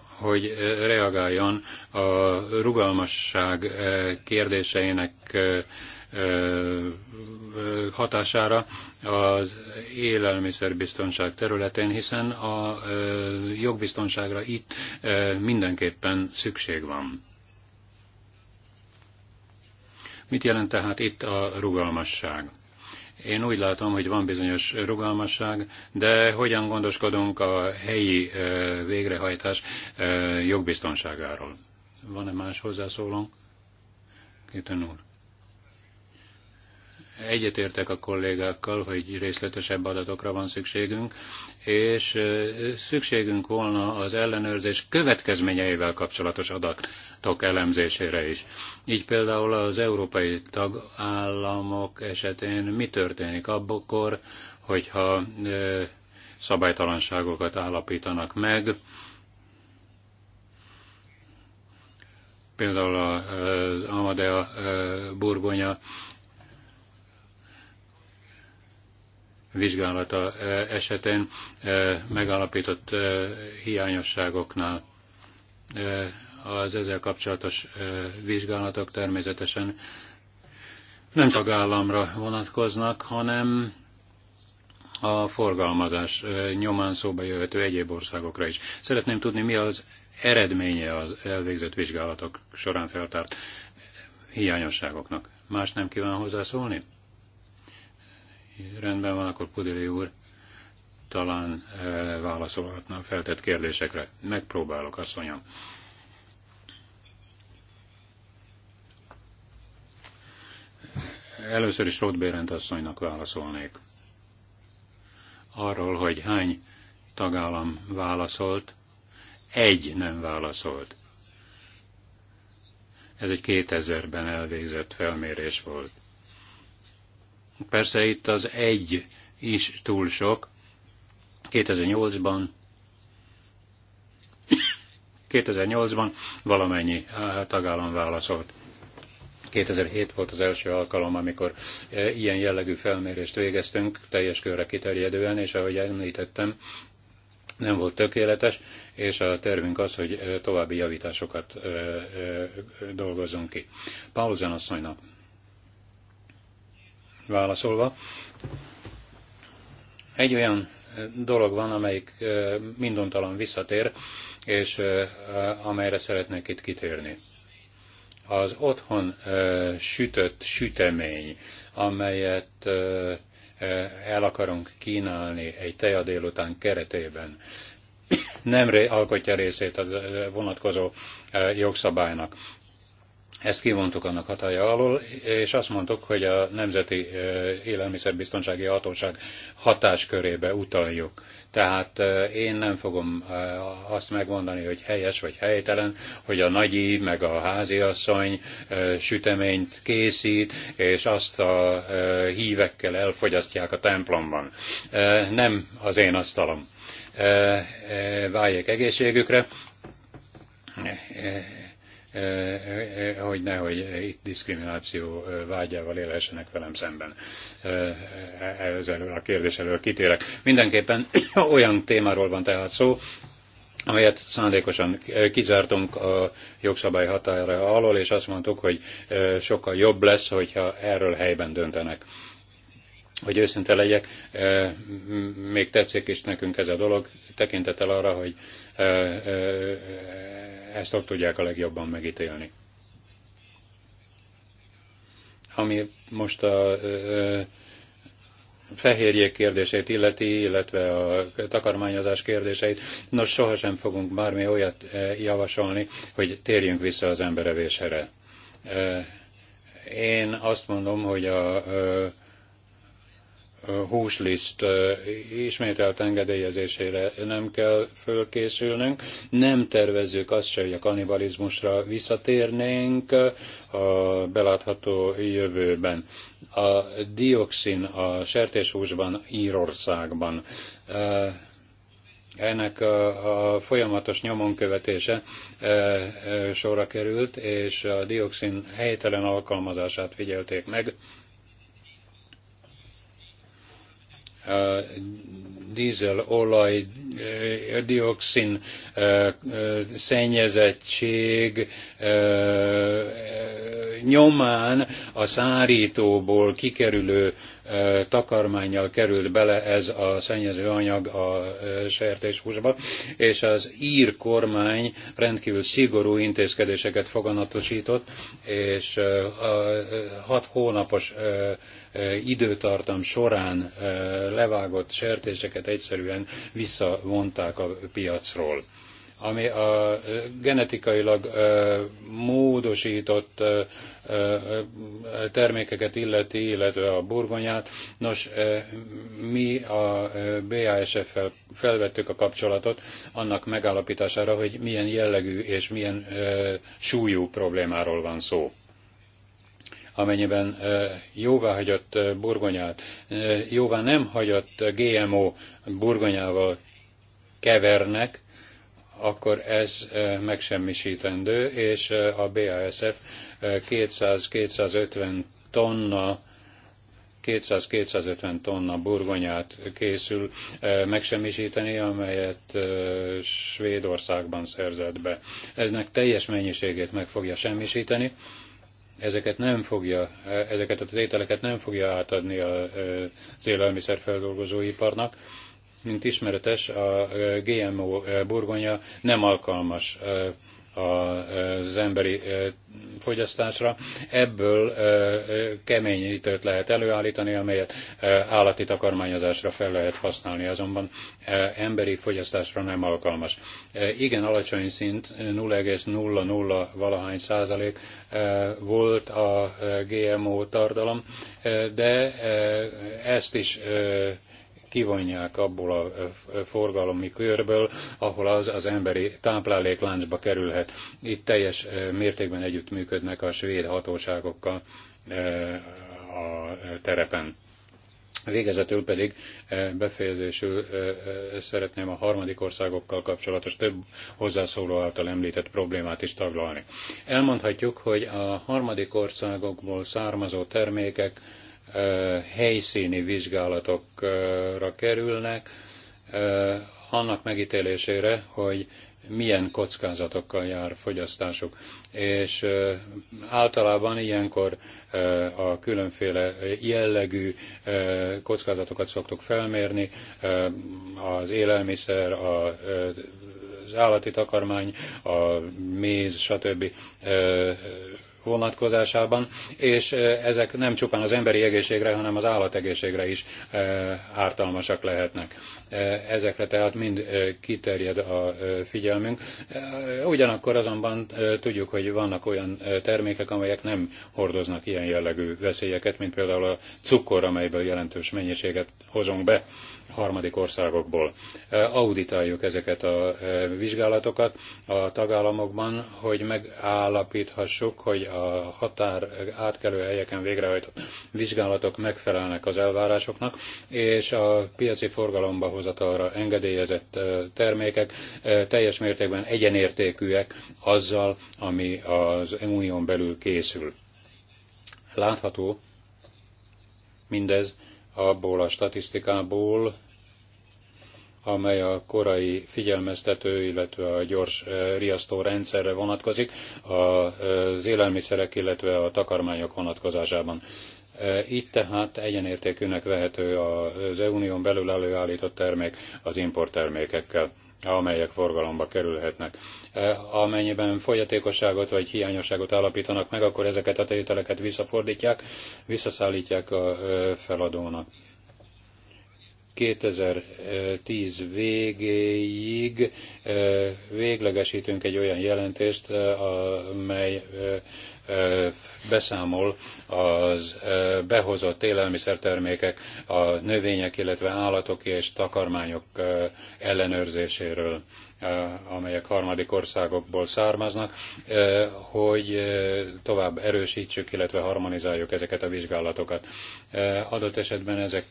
hogy reagáljon a rugalmasság kérdéseinek hatására az élelmiszerbiztonság területén, hiszen a jogbiztonságra itt mindenképpen szükség van. Mit jelent tehát itt a rugalmasság? Én úgy látom, hogy van bizonyos rugalmasság, de hogyan gondoskodunk a helyi végrehajtás jogbiztonságáról? Van-e más hozzászólónk? Kéten úr. Egyetértek a kollégákkal, hogy részletesebb adatokra van szükségünk, és szükségünk volna az ellenőrzés következményeivel kapcsolatos adatok elemzésére is. Így például az európai tagállamok esetén mi történik abbakkor, hogyha szabálytalanságokat állapítanak meg, például az Amadea burgonya vizsgálata e, esetén e, megállapított e, hiányosságoknál az ezzel kapcsolatos vizsgálatok természetesen nem tagállamra vonatkoznak, hanem a forgalmazás nyomán szóba jöhető egyéb országokra is. Szeretném tudni, mi az eredménye az elvégzett vizsgálatok során feltárt hiányosságoknak. Más nem kíván hozzászólni? Rendben van, akkor Pudiri úr talán eh, válaszolhatna a feltett kérdésekre. Megpróbálok, asszonyom. Először is Rothbérend asszonynak válaszolnék. Arról, hogy hány tagállam válaszolt, egy nem válaszolt. Ez egy 2000-ben elvégzett felmérés volt. Persze itt az egy is túl sok. 2008-ban 2008-ban valamennyi tagállam válaszolt. 2007 volt az első alkalom, amikor e, ilyen jellegű felmérést végeztünk, teljes körre kiterjedően, és ahogy említettem, nem volt tökéletes, és a tervünk az, hogy e, további javításokat e, dolgozunk ki. Paulzen asszonynak válaszolva. Egy olyan eh, dolog van, amelyik eh, mindontalan visszatér, és eh, amelyre szeretnék itt kitérni. Az otthon sütött sütemény, amelyet el akarunk kínálni egy teja délután keretében, nem alkotja részét a vonatkozó jogszabálynak. Ezt kivontuk annak hatája alól, és azt mondtuk, hogy a Nemzeti Élelmiszerbiztonsági Hatóság hatáskörébe utaljuk. Tehát én nem fogom azt megmondani, hogy helyes vagy helytelen, hogy a nagyi meg a háziasszony süteményt készít, és azt a hívekkel elfogyasztják a templomban. Nem az én asztalom. Váljék egészségükre, E, e, e, hogy nehogy itt diszkrimináció vágyával élhessenek velem szemben. Ez a kérdés elől kitérek. Mindenképpen olyan témáról van tehát szó, amelyet szándékosan kizártunk a jogszabály határa alól, és azt mondtuk, hogy sokkal jobb lesz, hogyha erről helyben döntenek hogy őszinte legyek, még tetszik is nekünk ez a dolog, tekintettel arra, hogy ezt ott tudják a legjobban megítélni. Ami most a fehérjék kérdését illeti, illetve a takarmányozás kérdéseit. Nos, sohasem fogunk bármi olyat javasolni, hogy térjünk vissza az emberevésre. Én azt mondom, hogy a húslist ismételt engedélyezésére nem kell fölkészülnünk. Nem tervezzük azt se, hogy a kanibalizmusra visszatérnénk a belátható jövőben. A dioxin a sertéshúsban Írországban ennek a, a folyamatos nyomon követése e, e, sorra került, és a dioxin helytelen alkalmazását figyelték meg dízelolaj, eh, dioxin, eh, eh, szennyezettség nyomán a szárítóból kikerülő takarmányjal került bele ez a szennyező anyag a sertéshúsba, és az ír kormány rendkívül szigorú intézkedéseket foganatosított, és a hat hónapos időtartam során levágott sertéseket egyszerűen visszavonták a piacról ami a genetikailag módosított termékeket illeti, illetve a burgonyát. Nos, mi a BASF-fel felvettük a kapcsolatot annak megállapítására, hogy milyen jellegű és milyen súlyú problémáról van szó amennyiben jóvá hagyott burgonyát, jóvá nem hagyott GMO burgonyával kevernek, akkor ez megsemmisítendő, és a BASF 200-250 tonna 200-250 tonna burgonyát készül megsemmisíteni, amelyet Svédországban szerzett be. Eznek teljes mennyiségét meg fogja semmisíteni, ezeket nem fogja, ezeket az ételeket nem fogja átadni az élelmiszerfeldolgozóiparnak. Mint ismeretes, a GMO burgonya nem alkalmas az emberi e, fogyasztásra. Ebből e, e, kemény ütőt lehet előállítani, amelyet állati takarmányozásra fel lehet használni, azonban emberi fogyasztásra nem alkalmas. Igen, alacsony szint 0,00 valahány százalék volt a GMO tartalom, de ezt is kivonják abból a e, e, forgalomi körből, ahol az az emberi táplálékláncba kerülhet. Itt teljes e, mértékben együttműködnek a svéd hatóságokkal a terepen. Végezetül pedig befejezésül szeretném a harmadik országokkal kapcsolatos több hozzászóló által említett problémát is taglalni. Elmondhatjuk, hogy a harmadik országokból származó termékek helyszíni vizsgálatokra kerülnek, annak megítélésére, hogy milyen kockázatokkal jár fogyasztásuk. És általában ilyenkor a különféle jellegű kockázatokat szoktuk felmérni, az élelmiszer, az állati takarmány, a méz, stb vonatkozásában, és ezek nem csupán az emberi egészségre, hanem az állategészségre is ártalmasak lehetnek. Ezekre tehát mind kiterjed a figyelmünk. Ugyanakkor azonban tudjuk, hogy vannak olyan termékek, amelyek nem hordoznak ilyen jellegű veszélyeket, mint például a cukor, amelyből jelentős mennyiséget hozunk be harmadik országokból. Auditáljuk ezeket a vizsgálatokat a tagállamokban, hogy megállapíthassuk, hogy a határ átkelő helyeken végrehajtott vizsgálatok megfelelnek az elvárásoknak, és a piaci forgalomba hozatalra engedélyezett termékek teljes mértékben egyenértékűek azzal, ami az unión belül készül. Látható mindez abból a statisztikából, amely a korai figyelmeztető, illetve a gyors eh, riasztó rendszerre vonatkozik, az élelmiszerek, illetve a takarmányok vonatkozásában. Eh, itt tehát egyenértékűnek vehető az EU-n belül előállított termék az importtermékekkel amelyek forgalomba kerülhetnek. E, amennyiben fogyatékosságot vagy hiányosságot állapítanak meg, akkor ezeket a tételeket visszafordítják, visszaszállítják a e, feladónak. 2010 végéig e, véglegesítünk egy olyan jelentést, amely beszámol az behozott élelmiszertermékek, a növények, illetve állatok és takarmányok ellenőrzéséről amelyek harmadik országokból származnak, hogy tovább erősítsük, illetve harmonizáljuk ezeket a vizsgálatokat. Adott esetben ezek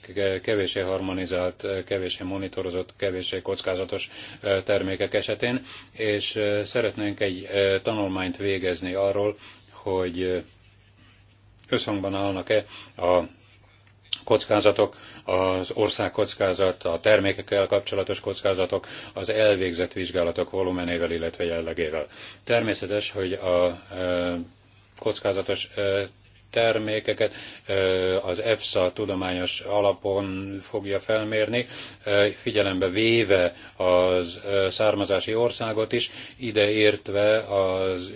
kevésé harmonizált, kevésé monitorozott, kevésé kockázatos termékek esetén, és szeretnénk egy tanulmányt végezni arról, hogy összhangban állnak-e a kockázatok, az ország kockázat, a termékekkel kapcsolatos kockázatok, az elvégzett vizsgálatok volumenével, illetve jellegével. Természetes, hogy a kockázatos termékeket. Az EFSA tudományos alapon fogja felmérni, figyelembe véve az származási országot is, ideértve az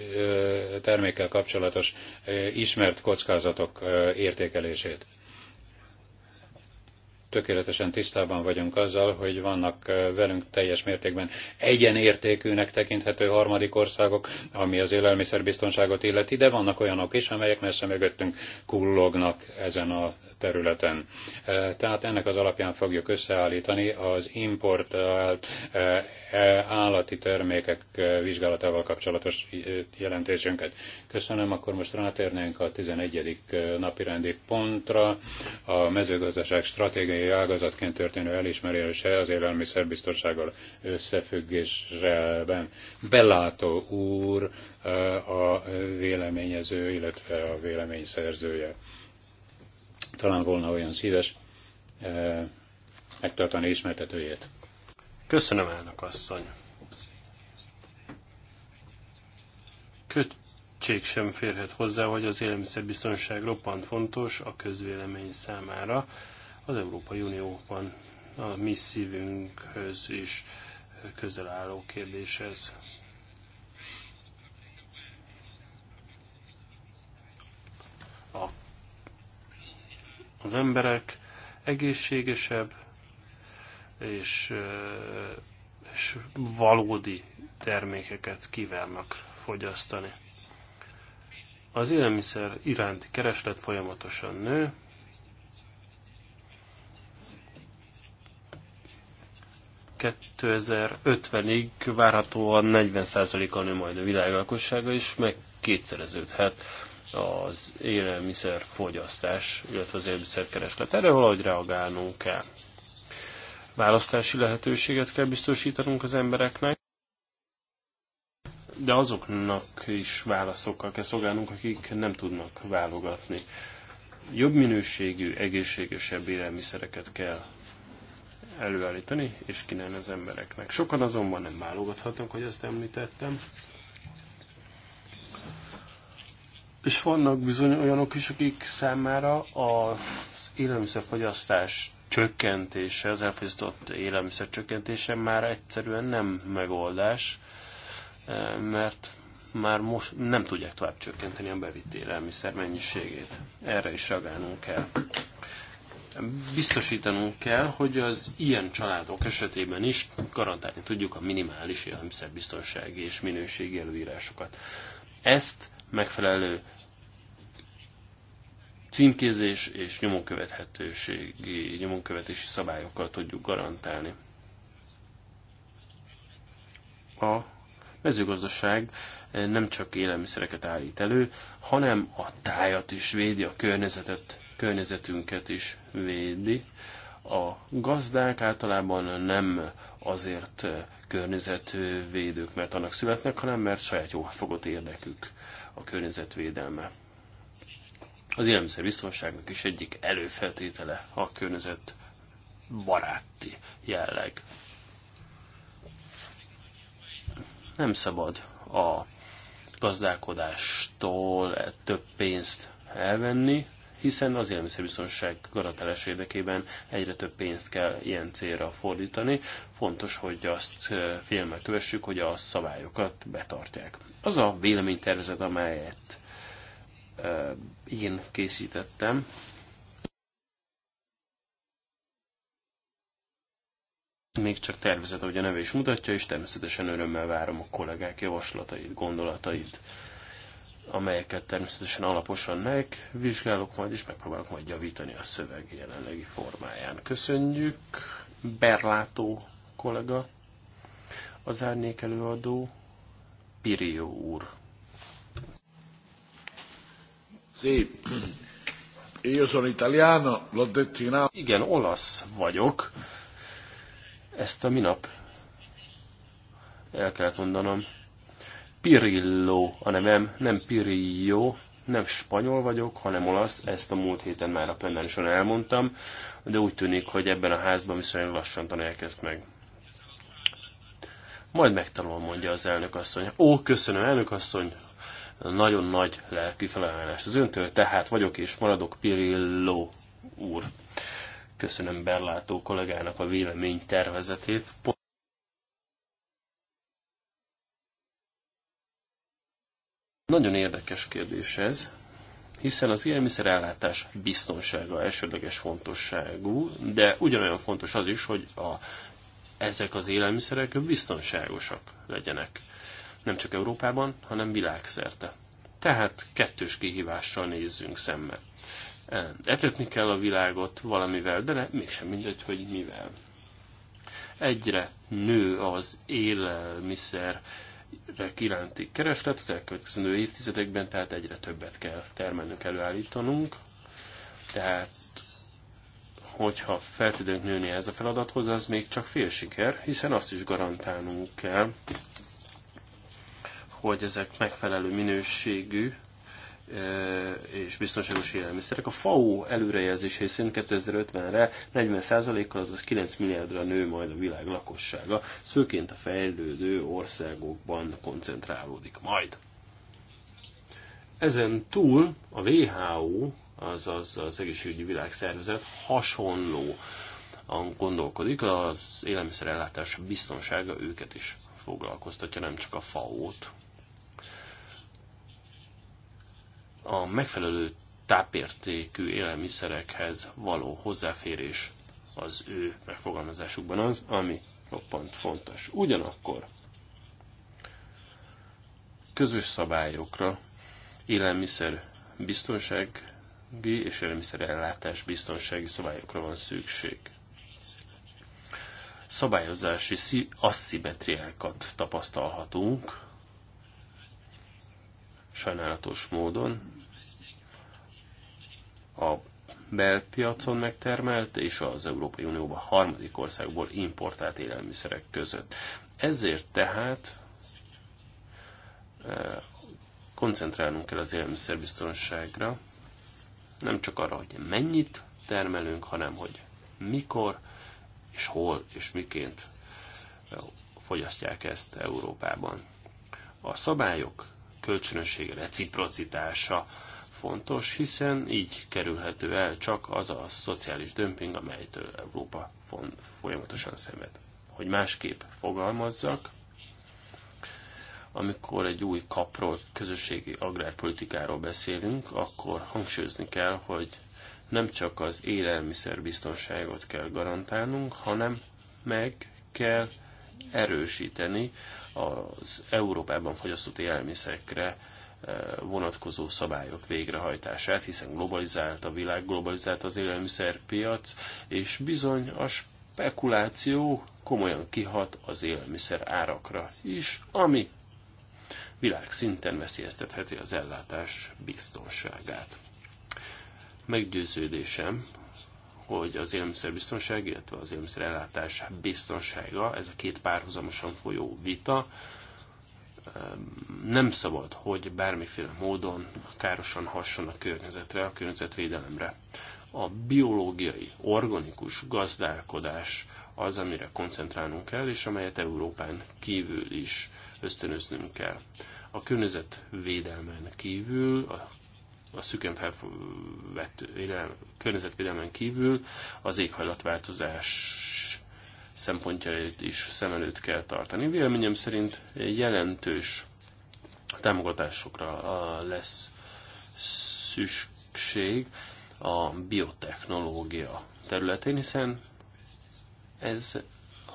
termékkel kapcsolatos ismert kockázatok értékelését tökéletesen tisztában vagyunk azzal, hogy vannak velünk teljes mértékben egyenértékűnek tekinthető harmadik országok, ami az élelmiszerbiztonságot illeti, de vannak olyanok is, amelyek messze mögöttünk kullognak ezen a területen. E, tehát ennek az alapján fogjuk összeállítani az importált e, e, állati termékek vizsgálatával kapcsolatos jelentésünket. Köszönöm, akkor most rátérnénk a 11. napirendi pontra, a mezőgazdaság stratégiai ágazatként történő elismerése az élelmiszerbiztonsággal összefüggésben. Belátó úr a véleményező, illetve a véleményszerzője talán volna olyan szíves e, megtartani ismertetőjét. Köszönöm, elnök asszony. Kötség sem férhet hozzá, hogy az élelmiszerbiztonság roppant fontos a közvélemény számára. Az Európai Unióban a mi szívünkhöz is közel álló kérdés ez. A az emberek egészségesebb és, és valódi termékeket kívánnak fogyasztani. Az élelmiszer iránti kereslet folyamatosan nő, ...2050-ig várhatóan 40%-kal nő majd a világlakossága, és meg kétszereződhet az fogyasztás, illetve az kereslet. Erre valahogy reagálnunk kell. Választási lehetőséget kell biztosítanunk az embereknek, de azoknak is válaszokkal kell szolgálnunk, akik nem tudnak válogatni. Jobb minőségű, egészségesebb élelmiszereket kell előállítani és kínálni az embereknek. Sokan azonban nem válogathatnak, hogy ezt említettem És vannak bizony olyanok is, akik számára az élelmiszerfogyasztás csökkentése, az elfogyasztott élelmiszer csökkentése már egyszerűen nem megoldás, eh, mert már most nem tudják tovább csökkenteni a bevitt élelmiszer mennyiségét. Erre is reagálnunk kell. Biztosítanunk kell, hogy az ilyen családok esetében is garantálni tudjuk a minimális élelmiszerbiztonsági és minőségi előírásokat. Ezt megfelelő címkézés és nyomonkövethetőségi, nyomonkövetési szabályokkal tudjuk garantálni. A mezőgazdaság nem csak élelmiszereket állít elő, hanem a tájat is védi, a környezetet, környezetünket is védi. A gazdák általában nem azért környezetvédők, mert annak születnek, hanem mert saját jófogott érdekük a környezetvédelme. Az biztonságnak is egyik előfeltétele a környezet baráti jelleg. Nem szabad a gazdálkodástól több pénzt elvenni, hiszen az élelmiszerbiztonság garantálás érdekében egyre több pénzt kell ilyen célra fordítani. Fontos, hogy azt félmel kövessük, hogy a szabályokat betartják. Az a véleménytervezet, amelyet én készítettem, még csak tervezet, ahogy a neve is mutatja, és természetesen örömmel várom a kollégák javaslatait, gondolatait amelyeket természetesen alaposan megvizsgálok majd, és megpróbálok majd javítani a szöveg jelenlegi formáján. Köszönjük, Berlátó kollega, az árnyék előadó, Pirió úr. Szép. Io sono italiano, l'ho detto in Igen, olasz vagyok. Ezt a minap el kellett mondanom Pirillo, hanem nem, nem Pirillo, nem spanyol vagyok, hanem olasz, ezt a múlt héten már a plenárison elmondtam, de úgy tűnik, hogy ebben a házban viszonylag lassan tanulják ezt meg. Majd megtanul, mondja az elnök asszony. Ó, köszönöm, elnök asszony, nagyon nagy lelki felajánlás az öntől, tehát vagyok és maradok Pirillo úr. Köszönöm Berlátó kollégának a vélemény tervezetét. Nagyon érdekes kérdés ez, hiszen az élelmiszerellátás biztonsága elsődleges fontosságú, de ugyanolyan fontos az is, hogy a, ezek az élelmiszerek biztonságosak legyenek. Nem csak Európában, hanem világszerte. Tehát kettős kihívással nézzünk szembe. E, etetni kell a világot valamivel, de ne, mégsem mindegy, hogy mivel. Egyre nő az élelmiszer kilánti kereslet az elkövetkező évtizedekben, tehát egyre többet kell termelnünk, előállítanunk. Tehát, hogyha fel tudunk nőni ez a feladathoz, az még csak fél siker, hiszen azt is garantálnunk kell, hogy ezek megfelelő minőségű és biztonságos élelmiszerek. A FAO előrejelzései szerint 2050-re 40%-kal, azaz 9 milliárdra nő majd a világ lakossága, ez főként a fejlődő országokban koncentrálódik majd. Ezen túl a WHO, azaz az Egészségügyi Világszervezet hasonló gondolkodik, az élelmiszerellátás biztonsága őket is foglalkoztatja, nem csak a FAO-t. a megfelelő tápértékű élelmiszerekhez való hozzáférés az ő megfogalmazásukban az, ami roppant fontos. Ugyanakkor közös szabályokra élelmiszer biztonsági és ellátás biztonsági szabályokra van szükség. Szabályozási asszimetriákat tapasztalhatunk sajnálatos módon a belpiacon megtermelt és az Európai Unióban harmadik országból importált élelmiszerek között. Ezért tehát eh, koncentrálnunk kell az élelmiszerbiztonságra, nem csak arra, hogy mennyit termelünk, hanem hogy mikor és hol és miként eh, fogyasztják ezt Európában. A szabályok kölcsönössége, reciprocitása fontos, hiszen így kerülhető el csak az a szociális dömping, amelytől Európa folyamatosan szenved. Hogy másképp fogalmazzak, amikor egy új kapról, közösségi agrárpolitikáról beszélünk, akkor hangsúlyozni kell, hogy nem csak az élelmiszerbiztonságot kell garantálnunk, hanem meg kell erősíteni az Európában fogyasztott élelmiszerekre vonatkozó szabályok végrehajtását, hiszen globalizált a világ, globalizált az élelmiszerpiac, és bizony a spekuláció komolyan kihat az élelmiszer árakra is, ami világszinten veszélyeztetheti az ellátás biztonságát. Meggyőződésem, hogy az biztonság, illetve az ellátás biztonsága, ez a két párhuzamosan folyó vita, nem szabad, hogy bármiféle módon károsan hasson a környezetre, a környezetvédelemre. A biológiai, organikus gazdálkodás az, amire koncentrálnunk kell, és amelyet Európán kívül is ösztönöznünk kell. A környezetvédelmen kívül, a, a szüken felvett környezetvédelmen kívül az éghajlatváltozás szempontjait is szem előtt kell tartani. Véleményem szerint jelentős támogatásokra lesz szükség a biotechnológia területén, hiszen ez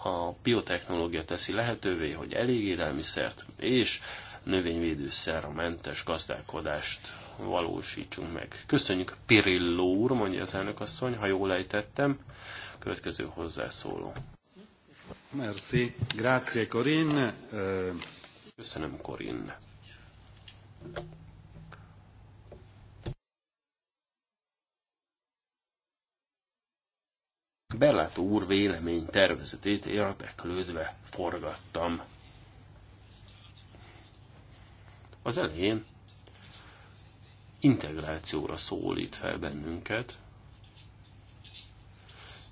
a biotechnológia teszi lehetővé, hogy elég élelmiszert és növényvédőszerra mentes gazdálkodást valósítsunk meg. Köszönjük Pirilló úr, mondja az elnök asszony, ha jól ejtettem. Következő hozzászóló. Merci. Grazie, Corinne. Eh. Köszönöm, Corinne. Berlátó úr vélemény tervezetét érdeklődve forgattam. Az elején integrációra szólít fel bennünket,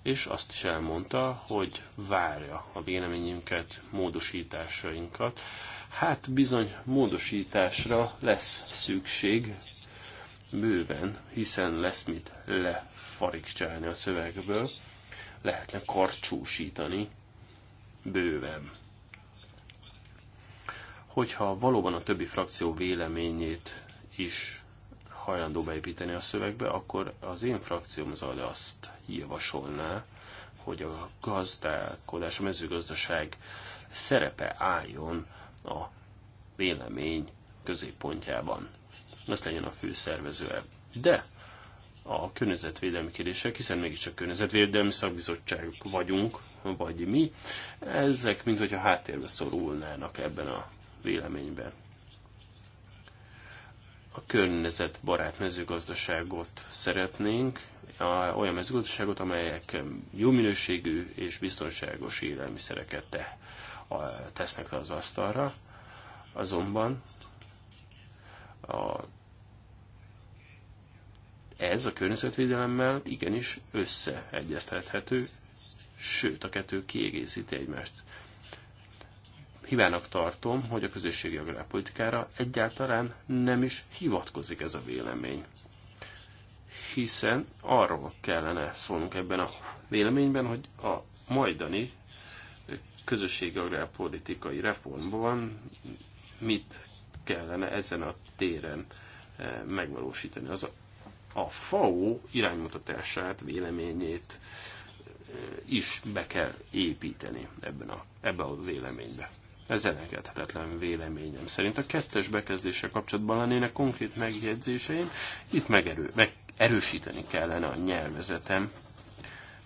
és azt is elmondta, hogy várja a véleményünket, módosításainkat. Hát bizony módosításra lesz szükség bőven, hiszen lesz mit lefarigcsálni a szövegből, lehetne karcsúsítani bőven. Hogyha valóban a többi frakció véleményét is hajlandó beépíteni a szövegbe, akkor az én frakcióm az azt javasolná, hogy a gazdálkodás, a mezőgazdaság szerepe álljon a vélemény középpontjában. Ez legyen a főszervező. E. De a környezetvédelmi kérdések, hiszen mégiscsak környezetvédelmi szakbizottság vagyunk, vagy mi, ezek mint hogyha háttérbe szorulnának ebben a véleményben. A környezetbarát mezőgazdaságot szeretnénk, olyan mezőgazdaságot, amelyek jó minőségű és biztonságos élelmiszereket te, a, tesznek le az asztalra. Azonban a, ez a környezetvédelemmel igenis összeegyeztethető, sőt a kettő kiegészíti egymást. Hibának tartom, hogy a közösségi agrárpolitikára egyáltalán nem is hivatkozik ez a vélemény hiszen arról kellene szólnunk ebben a véleményben, hogy a majdani közösségi agrárpolitikai reformban mit kellene ezen a téren eh, megvalósítani. Az a, a FAO iránymutatását, véleményét eh, is be kell építeni ebben a, ebbe a véleménybe. Ez elengedhetetlen véleményem. Szerint a kettes bekezdése kapcsolatban lennének konkrét megjegyzéseim, itt megerő, meg erősíteni kellene a nyelvezetem.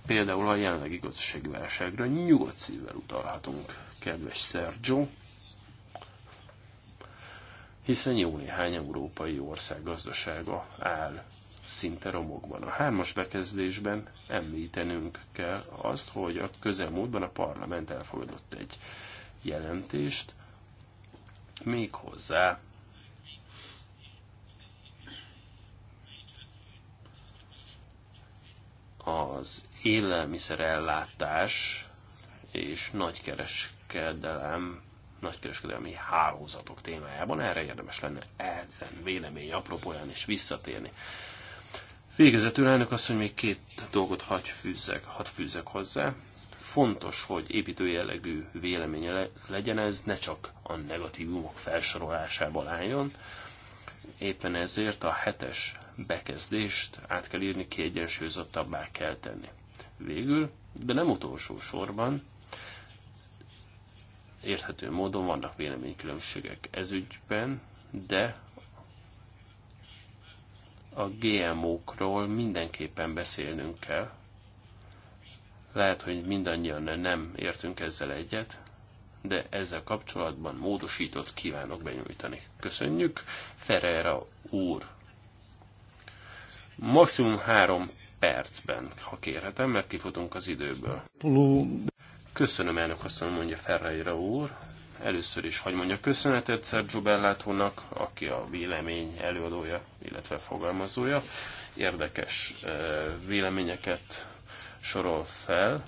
Például a jelenlegi gazdasági válságra nyugodt szívvel utalhatunk, kedves Sergio, hiszen jó néhány európai ország gazdasága áll szinte romokban. A hármas bekezdésben említenünk kell azt, hogy a közelmúltban a parlament elfogadott egy jelentést, méghozzá az élelmiszerellátás és nagykereskedelem nagykereskedelmi hálózatok témájában. Erre érdemes lenne ezen vélemény apropóján is visszatérni. Végezetül elnök azt, hogy még két dolgot hagy fűzzek, hadd fűzzek hozzá. Fontos, hogy építő jellegű véleménye legyen ez, ne csak a negatívumok felsorolásából álljon, éppen ezért a hetes bekezdést át kell írni, kiegyensúlyozottabbá kell tenni. Végül, de nem utolsó sorban, érthető módon vannak véleménykülönbségek ez ügyben, de a GMO-król mindenképpen beszélnünk kell. Lehet, hogy mindannyian nem értünk ezzel egyet, de ezzel kapcsolatban módosított kívánok benyújtani. Köszönjük. Ferreira úr. Maximum három percben, ha kérhetem, mert kifutunk az időből. Köszönöm elnök asszony, mondja Ferreira úr. Először is hagy mondja köszönetet Sergio Bellátónak, aki a vélemény előadója, illetve fogalmazója. Érdekes eh, véleményeket sorol fel.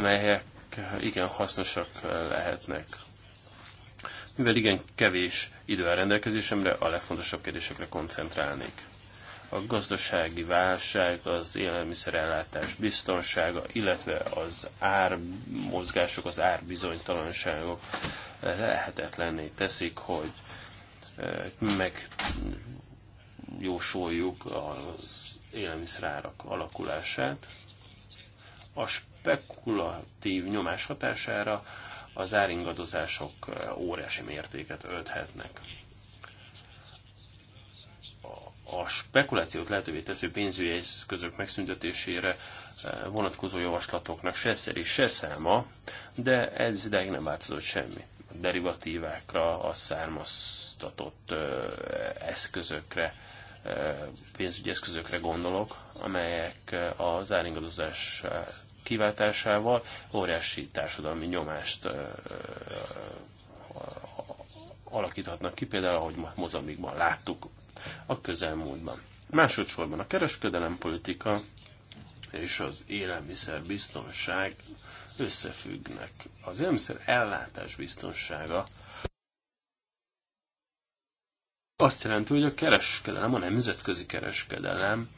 amelyek igen hasznosak lehetnek. Mivel igen kevés idő a rendelkezésemre, a legfontosabb kérdésekre koncentrálnék. A gazdasági válság, az élelmiszerellátás biztonsága, illetve az ármozgások, az árbizonytalanságok lehetetlenné teszik, hogy e, megjósoljuk az élelmiszerárak alakulását. A spekulatív nyomás hatására az áringadozások eh, óriási mértéket ölthetnek. A spekulációt lehetővé tesző pénzügyi eszközök megszüntetésére eh, vonatkozó javaslatoknak se szeri, se száma, de ez ideig nem változott semmi. A derivatívákra, a származtatott eh, eszközökre, pénzügyi eszközökre gondolok, amelyek az áringadozás kiváltásával óriási társadalmi nyomást alakíthatnak ki, például ahogy Mozambikban láttuk a közelmúltban. Másodszorban a kereskedelempolitika és az élelmiszerbiztonság összefüggnek. Az élelmiszer ellátás biztonsága azt jelenti, hogy a kereskedelem, a nemzetközi kereskedelem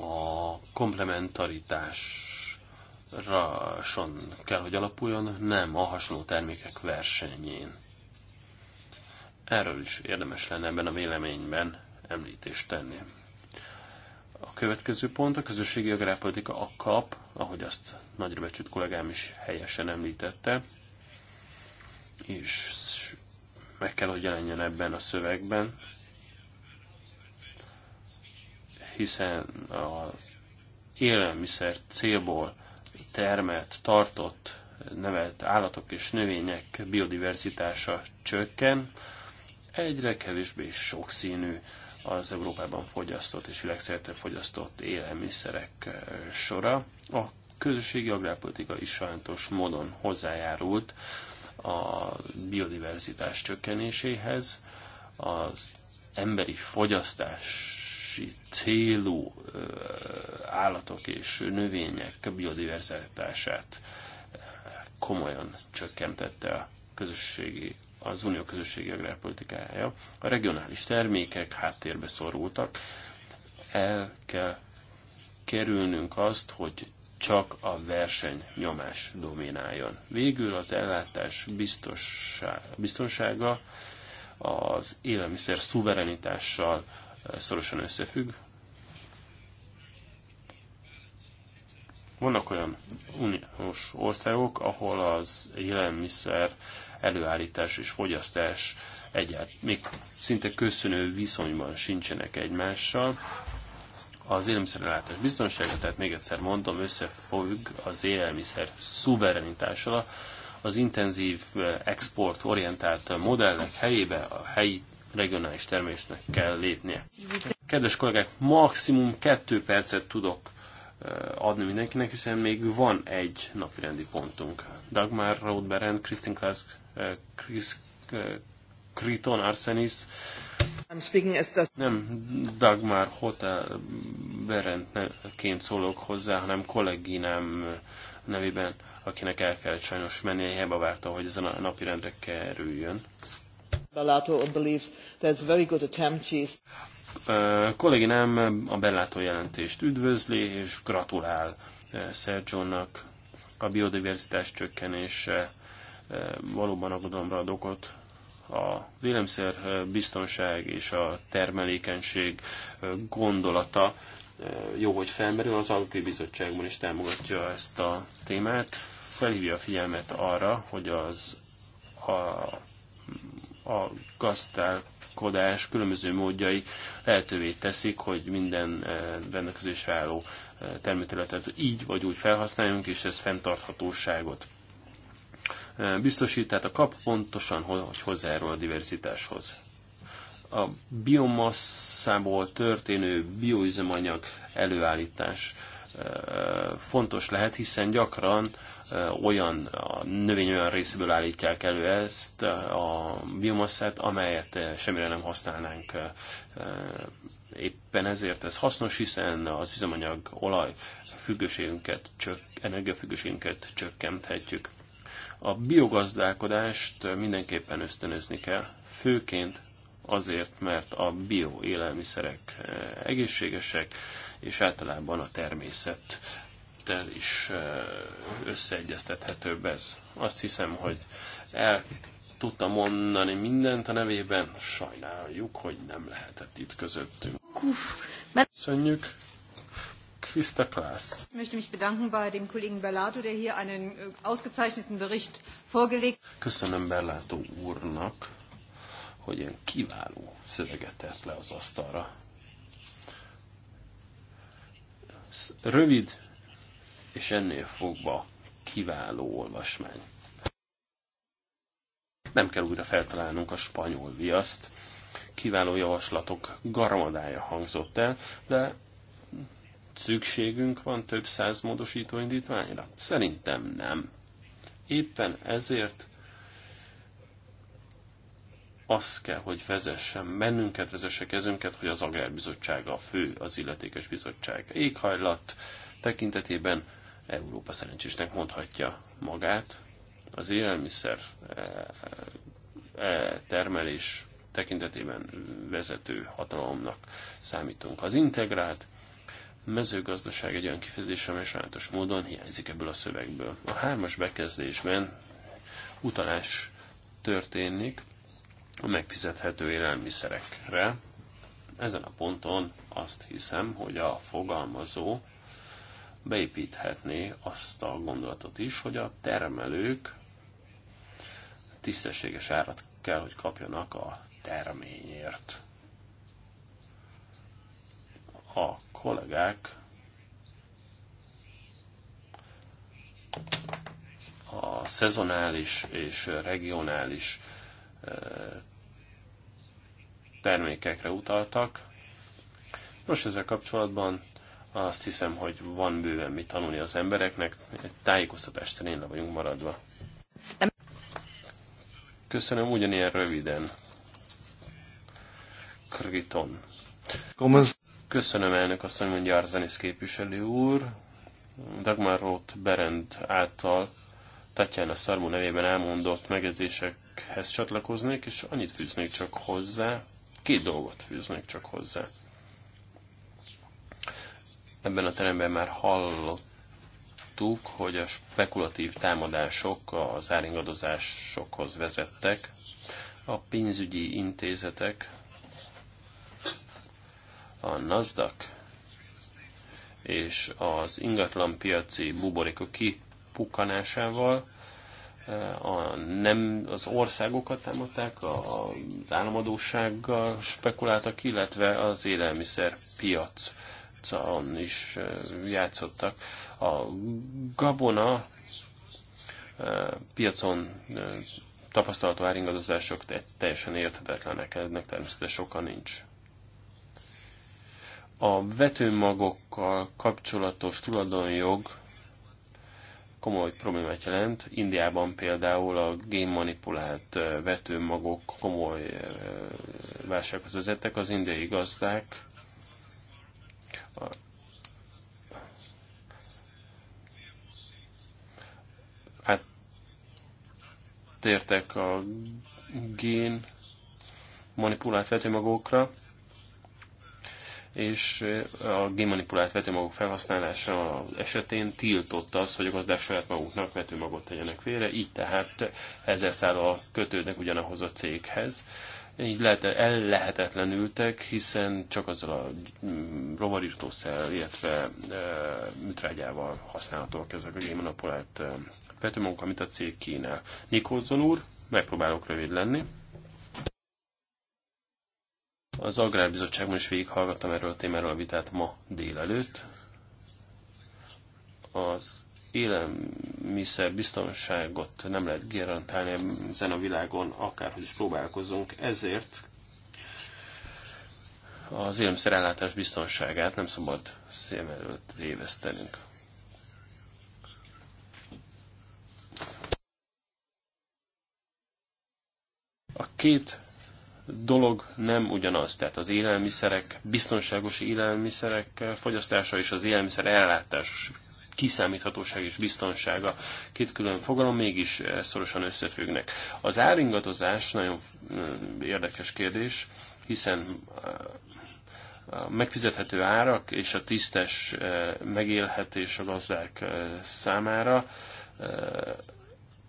a komplementaritáson kell, hogy alapuljon, nem a hasonló termékek versenyén. Erről is érdemes lenne ebben a véleményben említést tenni. A következő pont a közösségi agrárpolitika, a KAP, ahogy azt nagyra becsült kollégám is helyesen említette, és meg kell, hogy jelenjen ebben a szövegben hiszen a élelmiszer célból termelt, tartott, nevelt állatok és növények biodiverzitása csökken, egyre kevésbé sokszínű az Európában fogyasztott és világszerte fogyasztott élelmiszerek eh, sora. A közösségi agrárpolitika is sajnos módon hozzájárult a biodiverzitás csökkenéséhez, az emberi fogyasztás célú állatok és növények biodiverzitását eh, komolyan csökkentette a közösségi az unió közösségi agrárpolitikája. A regionális termékek háttérbe szorultak. El kell kerülnünk azt, hogy csak a verseny nyomás domináljon. Végül az ellátás biztonsága az élelmiszer szuverenitással szorosan összefügg. Vannak olyan uniós országok, ahol az élelmiszer előállítás és fogyasztás egyált, még szinte köszönő viszonyban sincsenek egymással. Az élelmiszerellátás biztonsága, tehát még egyszer mondom, összefügg az élelmiszer szuverenitással, az intenzív eh, export orientált modellek helyébe a helyi regionális termésnek kell lépnie. Kedves kollégák, maximum kettő percet tudok eh, adni mindenkinek, hiszen még van egy napirendi pontunk. Dagmar Rothberend, Kristin Klaas, eh, Chris Kriton eh, Arsenis. I'm speaking as Nem Dagmar Hotel Berendként szólok hozzá, hanem kolléginám nevében, akinek el kellett sajnos mennie, hiába várta, hogy ez a napi rendre kerüljön. Bellato believes very good attempt. A kolléginám a Bellato jelentést üdvözli és gratulál Sergio-nak a biodiverzitás csökkenése valóban aggodalomra ad okot. a vélemszer biztonság és a termelékenység gondolata jó, hogy felmerül, az Agri Bizottságban is támogatja ezt a témát. Felhívja a figyelmet arra, hogy az a a gazdálkodás különböző módjai lehetővé teszik, hogy minden eh, rendelkezésre álló eh, termőterületet így vagy úgy felhasználjunk, és ez fenntarthatóságot eh, biztosít, tehát a kap pontosan hogy hozzájárul a diversitáshoz. A biomasszából történő bioüzemanyag előállítás fontos lehet, hiszen gyakran olyan a növény olyan részből állítják elő ezt a biomasszát, amelyet semmire nem használnánk éppen ezért ez hasznos, hiszen az üzemanyag olaj függőségünket, csök, energiafüggőségünket csökkenthetjük. A biogazdálkodást mindenképpen ösztönözni kell, főként azért, mert a bio élelmiszerek egészségesek, és általában a természet jelentéstel is összeegyeztethetőbb ez. Azt hiszem, hogy el tudta mondani mindent a nevében, sajnáljuk, hogy nem lehetett itt közöttünk. Köszönjük! Krista Klaas. Ich möchte mich bedanken bei dem Kollegen Berlato, der hier einen äh, ausgezeichneten Bericht vorgelegt. Köszönöm Berlato úrnak, hogy ilyen kiváló szöveget tett le az asztalra. Rövid, és ennél fogva kiváló olvasmány. Nem kell újra feltalálnunk a spanyol viaszt, kiváló javaslatok garmadája hangzott el, de szükségünk van több száz módosító indítványra? Szerintem nem. Éppen ezért azt kell, hogy vezessen bennünket, vezesse kezünket, hogy az Agrárbizottsága a fő, az illetékes bizottság éghajlat tekintetében Európa szerencsésnek mondhatja magát. Az élelmiszer eh, eh, termelés tekintetében vezető hatalomnak számítunk. Az integrált mezőgazdaság egy olyan kifejezés, amely sajátos módon hiányzik ebből a szövegből. A hármas bekezdésben utalás történik a megfizethető élelmiszerekre. Ezen a ponton azt hiszem, hogy a fogalmazó beépíthetné azt a gondolatot is, hogy a termelők tisztességes árat kell, hogy kapjanak a terményért. A kollégák a szezonális és regionális termékekre utaltak. Nos, ezzel kapcsolatban azt hiszem, hogy van bőven mit tanulni az embereknek, egy tájékoztatás terén le vagyunk maradva. Köszönöm ugyanilyen röviden. Kriton. Köszönöm elnök asszony, mondja Arzenis képviselő úr. Dagmar Roth Berend által Tatjana Szarmú nevében elmondott megjegyzésekhez csatlakoznék, és annyit fűznék csak hozzá, két dolgot fűznék csak hozzá. Ebben a teremben már hallottuk, hogy a spekulatív támadások az áringadozásokhoz vezettek. A pénzügyi intézetek, a NASDAQ és az ingatlanpiaci buborékok kipukkanásával a nem az országokat támadták, az államadósággal spekuláltak, illetve az élelmiszer piac piacon is játszottak. A gabona piacon tapasztalatú áringadozások teljesen érthetetlenek, ennek természetesen sokan nincs. A vetőmagokkal kapcsolatos tulajdonjog komoly problémát jelent. Indiában például a manipulált vetőmagok komoly válsághoz vezettek. Az indiai gazdák Hát, tértek a gén manipulált vetőmagokra, és a gén manipulált vetőmagok felhasználása esetén tiltott az, hogy a gazdák saját maguknak vetőmagot tegyenek félre, így tehát ezzel a kötődnek ugyanahoz a céghez így lehet, ellehetetlenültek, hiszen csak azzal a mm, rovarirtószer, illetve e, műtrágyával használhatóak ezek a gémanapolált e, petőmunka, amit a cég kínál. Nikolson úr, megpróbálok rövid lenni. Az Agrárbizottságban is végighallgattam erről a témáról a vitát ma délelőtt. Az élelmiszer biztonságot nem lehet garantálni ezen a világon, akárhogy is próbálkozunk, ezért az élelmiszerellátás biztonságát nem szabad szem előtt évesztenünk. A két dolog nem ugyanaz, tehát az élelmiszerek, biztonságos élelmiszerek fogyasztása és az élelmiszer ellátás kiszámíthatóság és biztonsága két külön fogalom, mégis eh, szorosan összefüggnek. Az áringadozás nagyon eh, érdekes kérdés, hiszen eh, a megfizethető árak és a tisztes megélhetés a gazdák számára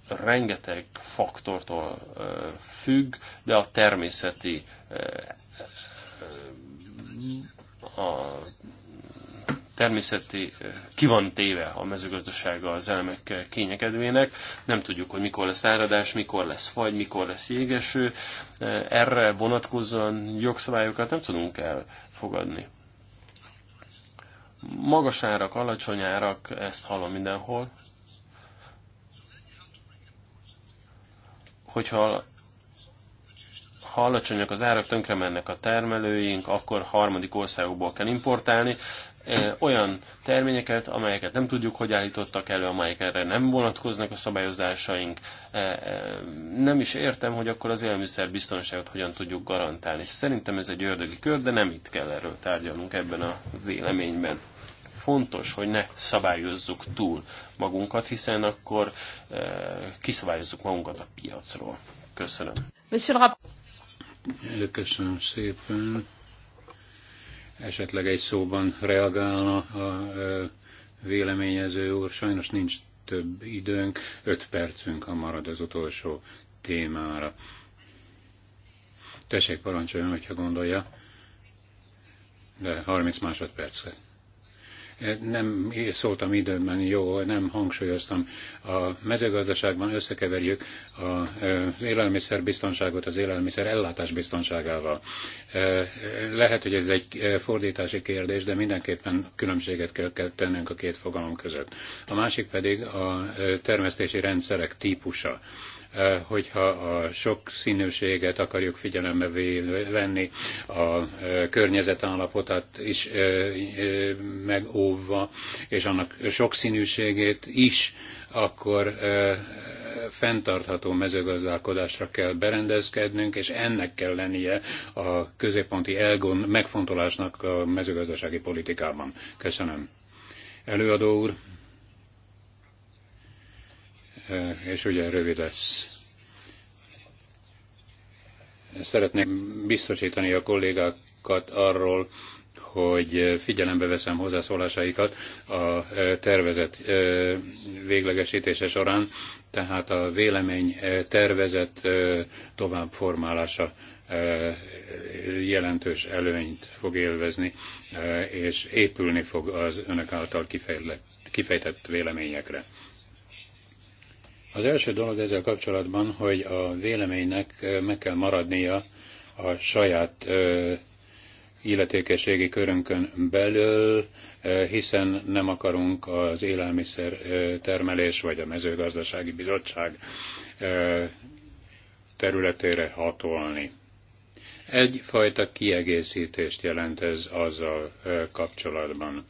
rengeteg faktortól függ, de a természeti a természeti, eh, ki van téve a mezőgazdasága az elemek eh, kényekedvének. Nem tudjuk, hogy mikor lesz áradás, mikor lesz fagy, mikor lesz jégeső. Eh, erre vonatkozóan jogszabályokat nem tudunk elfogadni. Magas árak, alacsony árak, ezt hallom mindenhol. Hogyha ha alacsonyak az árak, tönkre mennek a termelőink, akkor harmadik országokból kell importálni olyan terményeket, amelyeket nem tudjuk, hogy állítottak elő, amelyek erre nem vonatkoznak a szabályozásaink. Nem is értem, hogy akkor az élelmiszer biztonságot hogyan tudjuk garantálni. Szerintem ez egy ördögi kör, de nem itt kell erről tárgyalnunk ebben a véleményben. Fontos, hogy ne szabályozzuk túl magunkat, hiszen akkor kiszabályozzuk magunkat a piacról. Köszönöm. Köszönöm szépen esetleg egy szóban reagálna a véleményező úr. Sajnos nincs több időnk, öt percünk, ha marad az utolsó témára. Tessék parancsoljon, hogyha gondolja, de 30 másodpercre nem szóltam időben jó, nem hangsúlyoztam. A mezőgazdaságban összekeverjük az élelmiszerbiztonságot az élelmiszer ellátás biztonságával. Lehet, hogy ez egy fordítási kérdés, de mindenképpen különbséget kell tennünk a két fogalom között. A másik pedig a termesztési rendszerek típusa Eh, hogyha a sok színűséget akarjuk figyelembe venni, a eh, környezetállapotát is eh, megóvva, és annak sok színűségét is, akkor fenntartható mezőgazdálkodásra kell berendezkednünk, és ennek kell lennie a középponti elgon megfontolásnak a mezőgazdasági politikában. Köszönöm. Előadó úr. Eh, és ugye rövid lesz. Szeretném biztosítani a kollégákat arról, hogy figyelembe veszem hozzászólásaikat a eh, tervezet eh, véglegesítése során, tehát a vélemény tervezet továbbformálása jelentős előnyt fog élvezni, és épülni fog az önök által kifejtett véleményekre. Az első dolog ezzel kapcsolatban, hogy a véleménynek meg kell maradnia a saját illetékességi körünkön belül, hiszen nem akarunk az élelmiszer termelés vagy a mezőgazdasági bizottság területére hatolni. Egyfajta kiegészítést jelent ez azzal kapcsolatban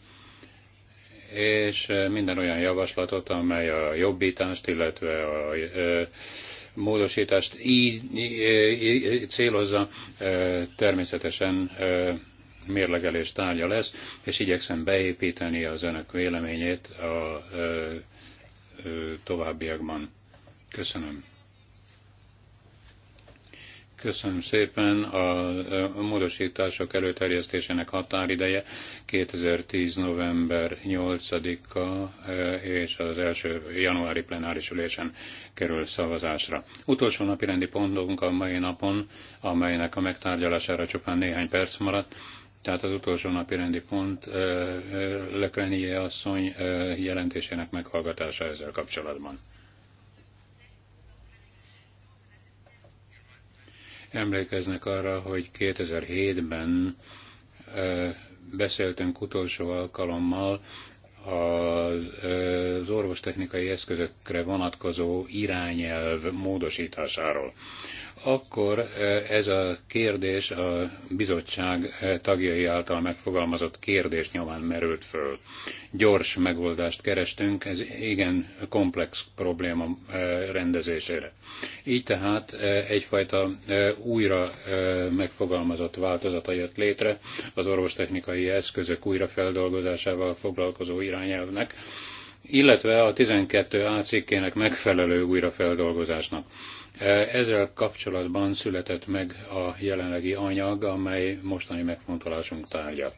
és minden olyan javaslatot, amely a jobbítást, illetve a módosítást így, célozza, természetesen mérlegelés tárgya lesz, és igyekszem beépíteni az önök véleményét a továbbiakban. Köszönöm. Köszönöm szépen. A módosítások előterjesztésének határideje 2010. november 8-a e, és az első januári plenáris ülésen kerül szavazásra. Utolsó napi rendi pontunk a mai napon, amelynek a megtárgyalására csupán néhány perc maradt, tehát az utolsó napi rendi pont e, e, Lekrenyi asszony jelentésének meghallgatása ezzel kapcsolatban. Emlékeznek arra, hogy 2007-ben beszéltünk utolsó alkalommal az, az orvostechnikai eszközökre vonatkozó irányelv módosításáról akkor ez a kérdés a bizottság tagjai által megfogalmazott kérdés nyomán merült föl. Gyors megoldást kerestünk, ez igen komplex probléma rendezésére. Így tehát egyfajta újra megfogalmazott változata jött létre az orvostechnikai eszközök újrafeldolgozásával foglalkozó irányelvnek, illetve a 12 A cikkének megfelelő újrafeldolgozásnak E, ezzel kapcsolatban született meg a jelenlegi anyag, amely mostani megfontolásunk tárgya.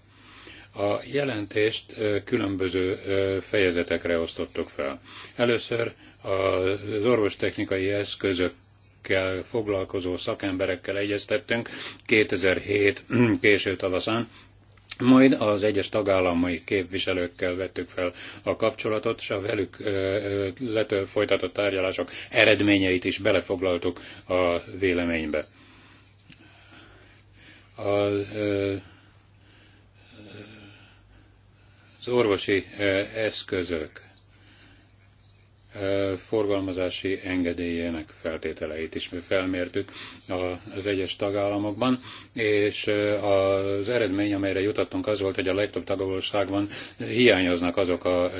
A jelentést e, különböző e, fejezetekre osztottuk fel. Először az orvostechnikai eszközök kell foglalkozó szakemberekkel egyeztettünk 2007 késő tavaszán, majd az egyes tagállamai képviselőkkel vettük fel a kapcsolatot, és a velük letől folytatott tárgyalások eredményeit is belefoglaltuk a véleménybe. A, az orvosi eszközök forgalmazási engedélyének feltételeit is felmértük az egyes tagállamokban, és az eredmény, amelyre jutottunk, az volt, hogy a legtöbb tagországban hiányoznak azok a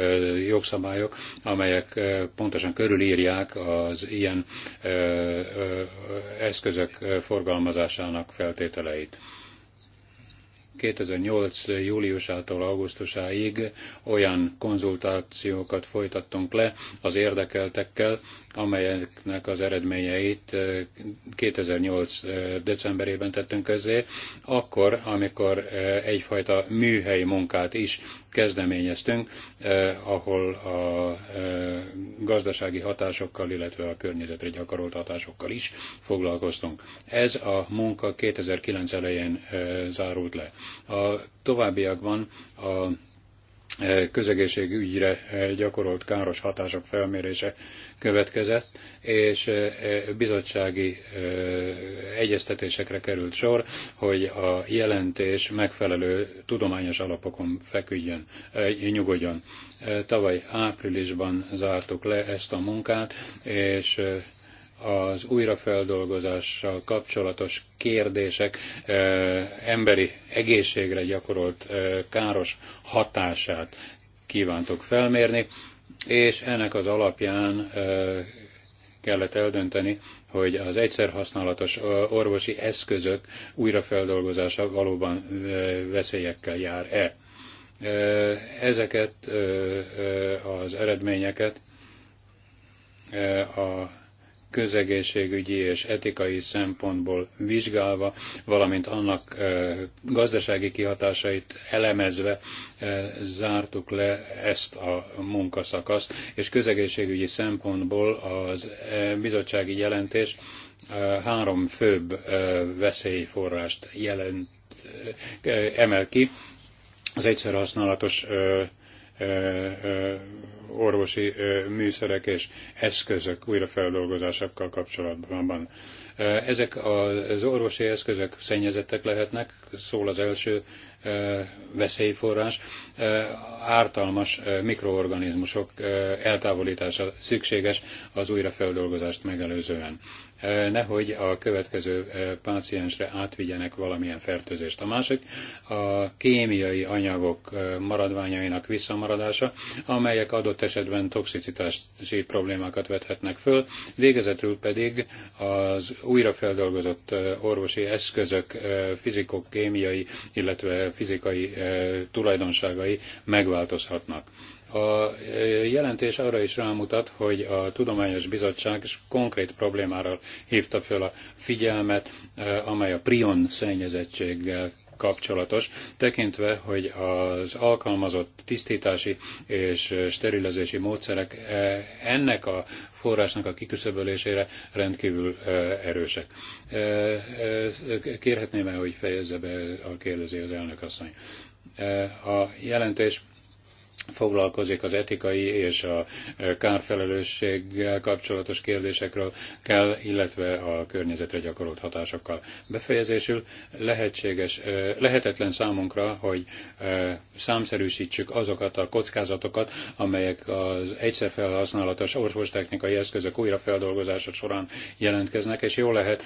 jogszabályok, amelyek pontosan körülírják az ilyen eszközök forgalmazásának feltételeit. 2008. júliusától augusztusáig olyan konzultációkat folytattunk le az érdekeltekkel, amelyeknek az eredményeit 2008. decemberében tettünk közzé, akkor, amikor egyfajta műhelyi munkát is kezdeményeztünk, ahol a gazdasági hatásokkal, illetve a környezetre gyakorolt hatásokkal is foglalkoztunk. Ez a munka 2009 elején zárult le. A továbbiakban a közegészségügyre gyakorolt káros hatások felmérése következett, és bizottsági egyeztetésekre került sor, hogy a jelentés megfelelő tudományos alapokon feküdjön, nyugodjon. Tavaly áprilisban zártuk le ezt a munkát, és az újrafeldolgozással kapcsolatos kérdések emberi egészségre gyakorolt káros hatását kívántuk felmérni, és ennek az alapján kellett eldönteni, hogy az egyszerhasználatos orvosi eszközök újrafeldolgozása valóban veszélyekkel jár-e. Ezeket az eredményeket a közegészségügyi és etikai szempontból vizsgálva, valamint annak gazdasági kihatásait elemezve zártuk le ezt a munkaszakaszt, és közegészségügyi szempontból az bizottsági jelentés három főbb veszélyforrást jelent, emel ki. Az egyszer használatos orvosi műszerek és eszközök újrafeldolgozásokkal kapcsolatban. Ezek az orvosi eszközök szennyezettek lehetnek, szól az első veszélyforrás. Ártalmas mikroorganizmusok eltávolítása szükséges az újrafeldolgozást megelőzően nehogy a következő páciensre átvigyenek valamilyen fertőzést. A másik a kémiai anyagok maradványainak visszamaradása, amelyek adott esetben toxicitási problémákat vethetnek föl, végezetül pedig az újrafeldolgozott orvosi eszközök kémiai illetve fizikai tulajdonságai megváltozhatnak. A e, jelentés arra is rámutat, hogy a Tudományos Bizottság is konkrét problémára hívta fel a figyelmet, e, amely a prion szennyezettséggel kapcsolatos, tekintve, hogy az alkalmazott tisztítási és sterilizési módszerek e, ennek a forrásnak a kiküszöbölésére rendkívül erősek. Kérhetném el, hogy fejezze be a kérdezi az elnök asszony. A jelentés foglalkozik az etikai és a e, kárfelelősséggel kapcsolatos kérdésekről kell, illetve a környezetre gyakorolt hatásokkal. Befejezésül lehetséges, e, lehetetlen számunkra, hogy e, számszerűsítsük azokat a kockázatokat, amelyek az egyszer felhasználatos orvostechnikai eszközök újrafeldolgozása során jelentkeznek, és jó lehet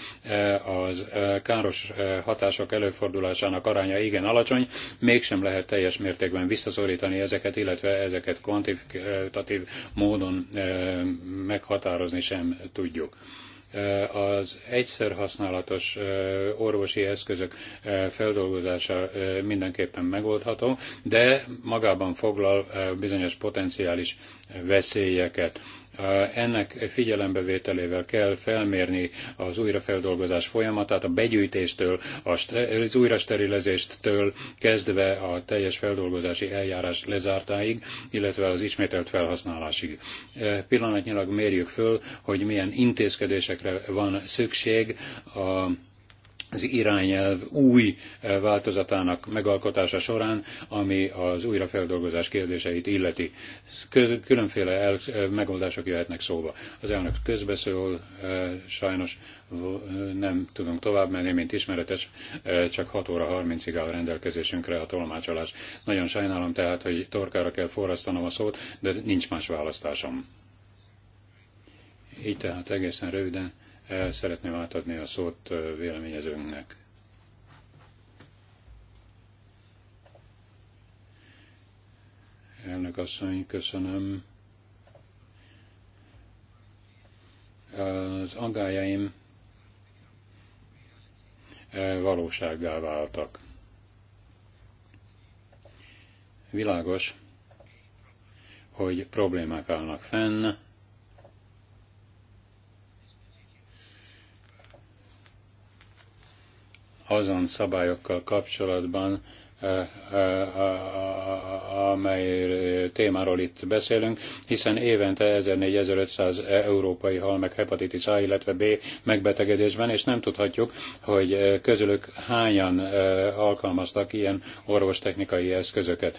az káros hatások előfordulásának aránya igen alacsony, mégsem lehet teljes mértékben visszaszorítani ezeket, illetve illetve ezeket kvantitatív módon eh, meghatározni sem tudjuk eh, az egyszer használatos eh, orvosi eszközök feldolgozása mindenképpen megoldható, de magában foglal bizonyos potenciális veszélyeket. Ennek figyelembevételével kell felmérni az újrafeldolgozás folyamatát, a begyűjtéstől, az újrasterilezéstől kezdve a teljes feldolgozási eljárás lezártáig, illetve az ismételt felhasználásig. Pillanatnyilag mérjük föl, hogy milyen intézkedésekre van szükség a az irányelv új eh, változatának megalkotása során, ami az újrafeldolgozás kérdéseit illeti. Különféle el, eh, megoldások jöhetnek szóba. Az elnök közbeszól, eh, sajnos nem tudunk tovább menni, mint ismeretes, csak 6 óra 30-ig áll rendelkezésünkre a tolmácsolás. Nagyon sajnálom tehát, hogy torkára kell forrasztanom a szót, de nincs más választásom. Így tehát egészen röviden Szeretném átadni a szót véleményezőnknek. Elnök asszony, köszönöm. Az angájaim valósággá váltak. Világos, hogy problémák állnak fenn, azon szabályokkal kapcsolatban, eh, eh, amely témáról itt beszélünk, hiszen évente 1400 európai hal meg hepatitis A, illetve B megbetegedésben, és nem tudhatjuk, hogy eh, közülük hányan alkalmaztak ilyen orvostechnikai eszközöket.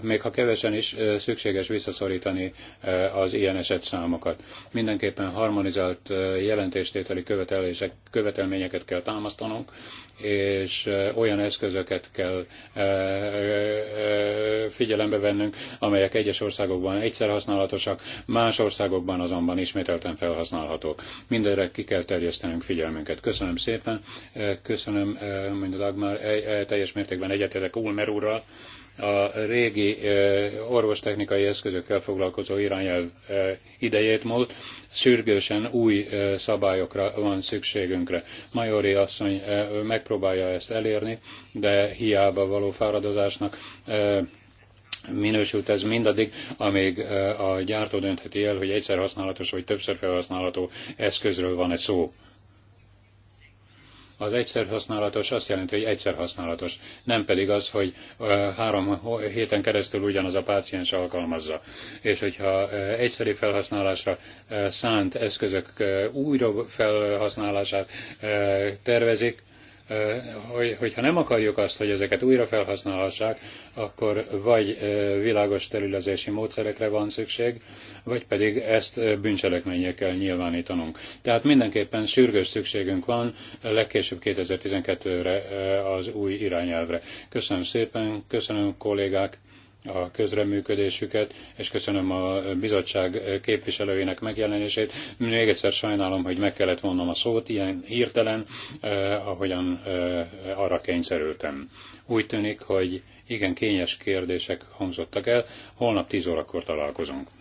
Még ha kevesen is, szükséges visszaszorítani az ilyen számokat. Mindenképpen harmonizált jelentéstételi követelések, követelményeket kell támasztanunk, és olyan eszközöket kell figyelembe vennünk, amelyek egyes országokban egyszer használatosak, más országokban azonban ismételten felhasználhatók. Mindenre ki kell terjesztenünk figyelmünket. Köszönöm szépen, köszönöm, mondja Dagmar, teljes mértékben egyetértek Ulmer úrral, a régi orvostechnikai eszközökkel foglalkozó irányelv idejét múlt, sürgősen új szabályokra van szükségünkre. Majori asszony megpróbálja ezt elérni, de hiába való fáradozásnak minősült ez mindaddig, amíg a gyártó döntheti el, hogy egyszer használatos vagy többször felhasználható eszközről van-e szó az egyszer használatos azt jelenti, hogy egyszer használatos, nem pedig az, hogy három héten keresztül ugyanaz a páciens alkalmazza. És hogyha egyszeri felhasználásra szánt eszközök újra felhasználását tervezik, hogy, hogyha nem akarjuk azt, hogy ezeket újra felhasználhassák, akkor vagy világos sterilezési módszerekre van szükség, vagy pedig ezt bűncselekményekkel nyilvánítanunk. Tehát mindenképpen sürgős szükségünk van legkésőbb 2012-re az új irányelvre. Köszönöm szépen, köszönöm kollégák! a közreműködésüket, és köszönöm a bizottság képviselőjének megjelenését. Még egyszer sajnálom, hogy meg kellett vonnom a szót ilyen hirtelen, eh, ahogyan eh, arra kényszerültem. Úgy tűnik, hogy igen kényes kérdések hangzottak el, holnap 10 órakor találkozunk.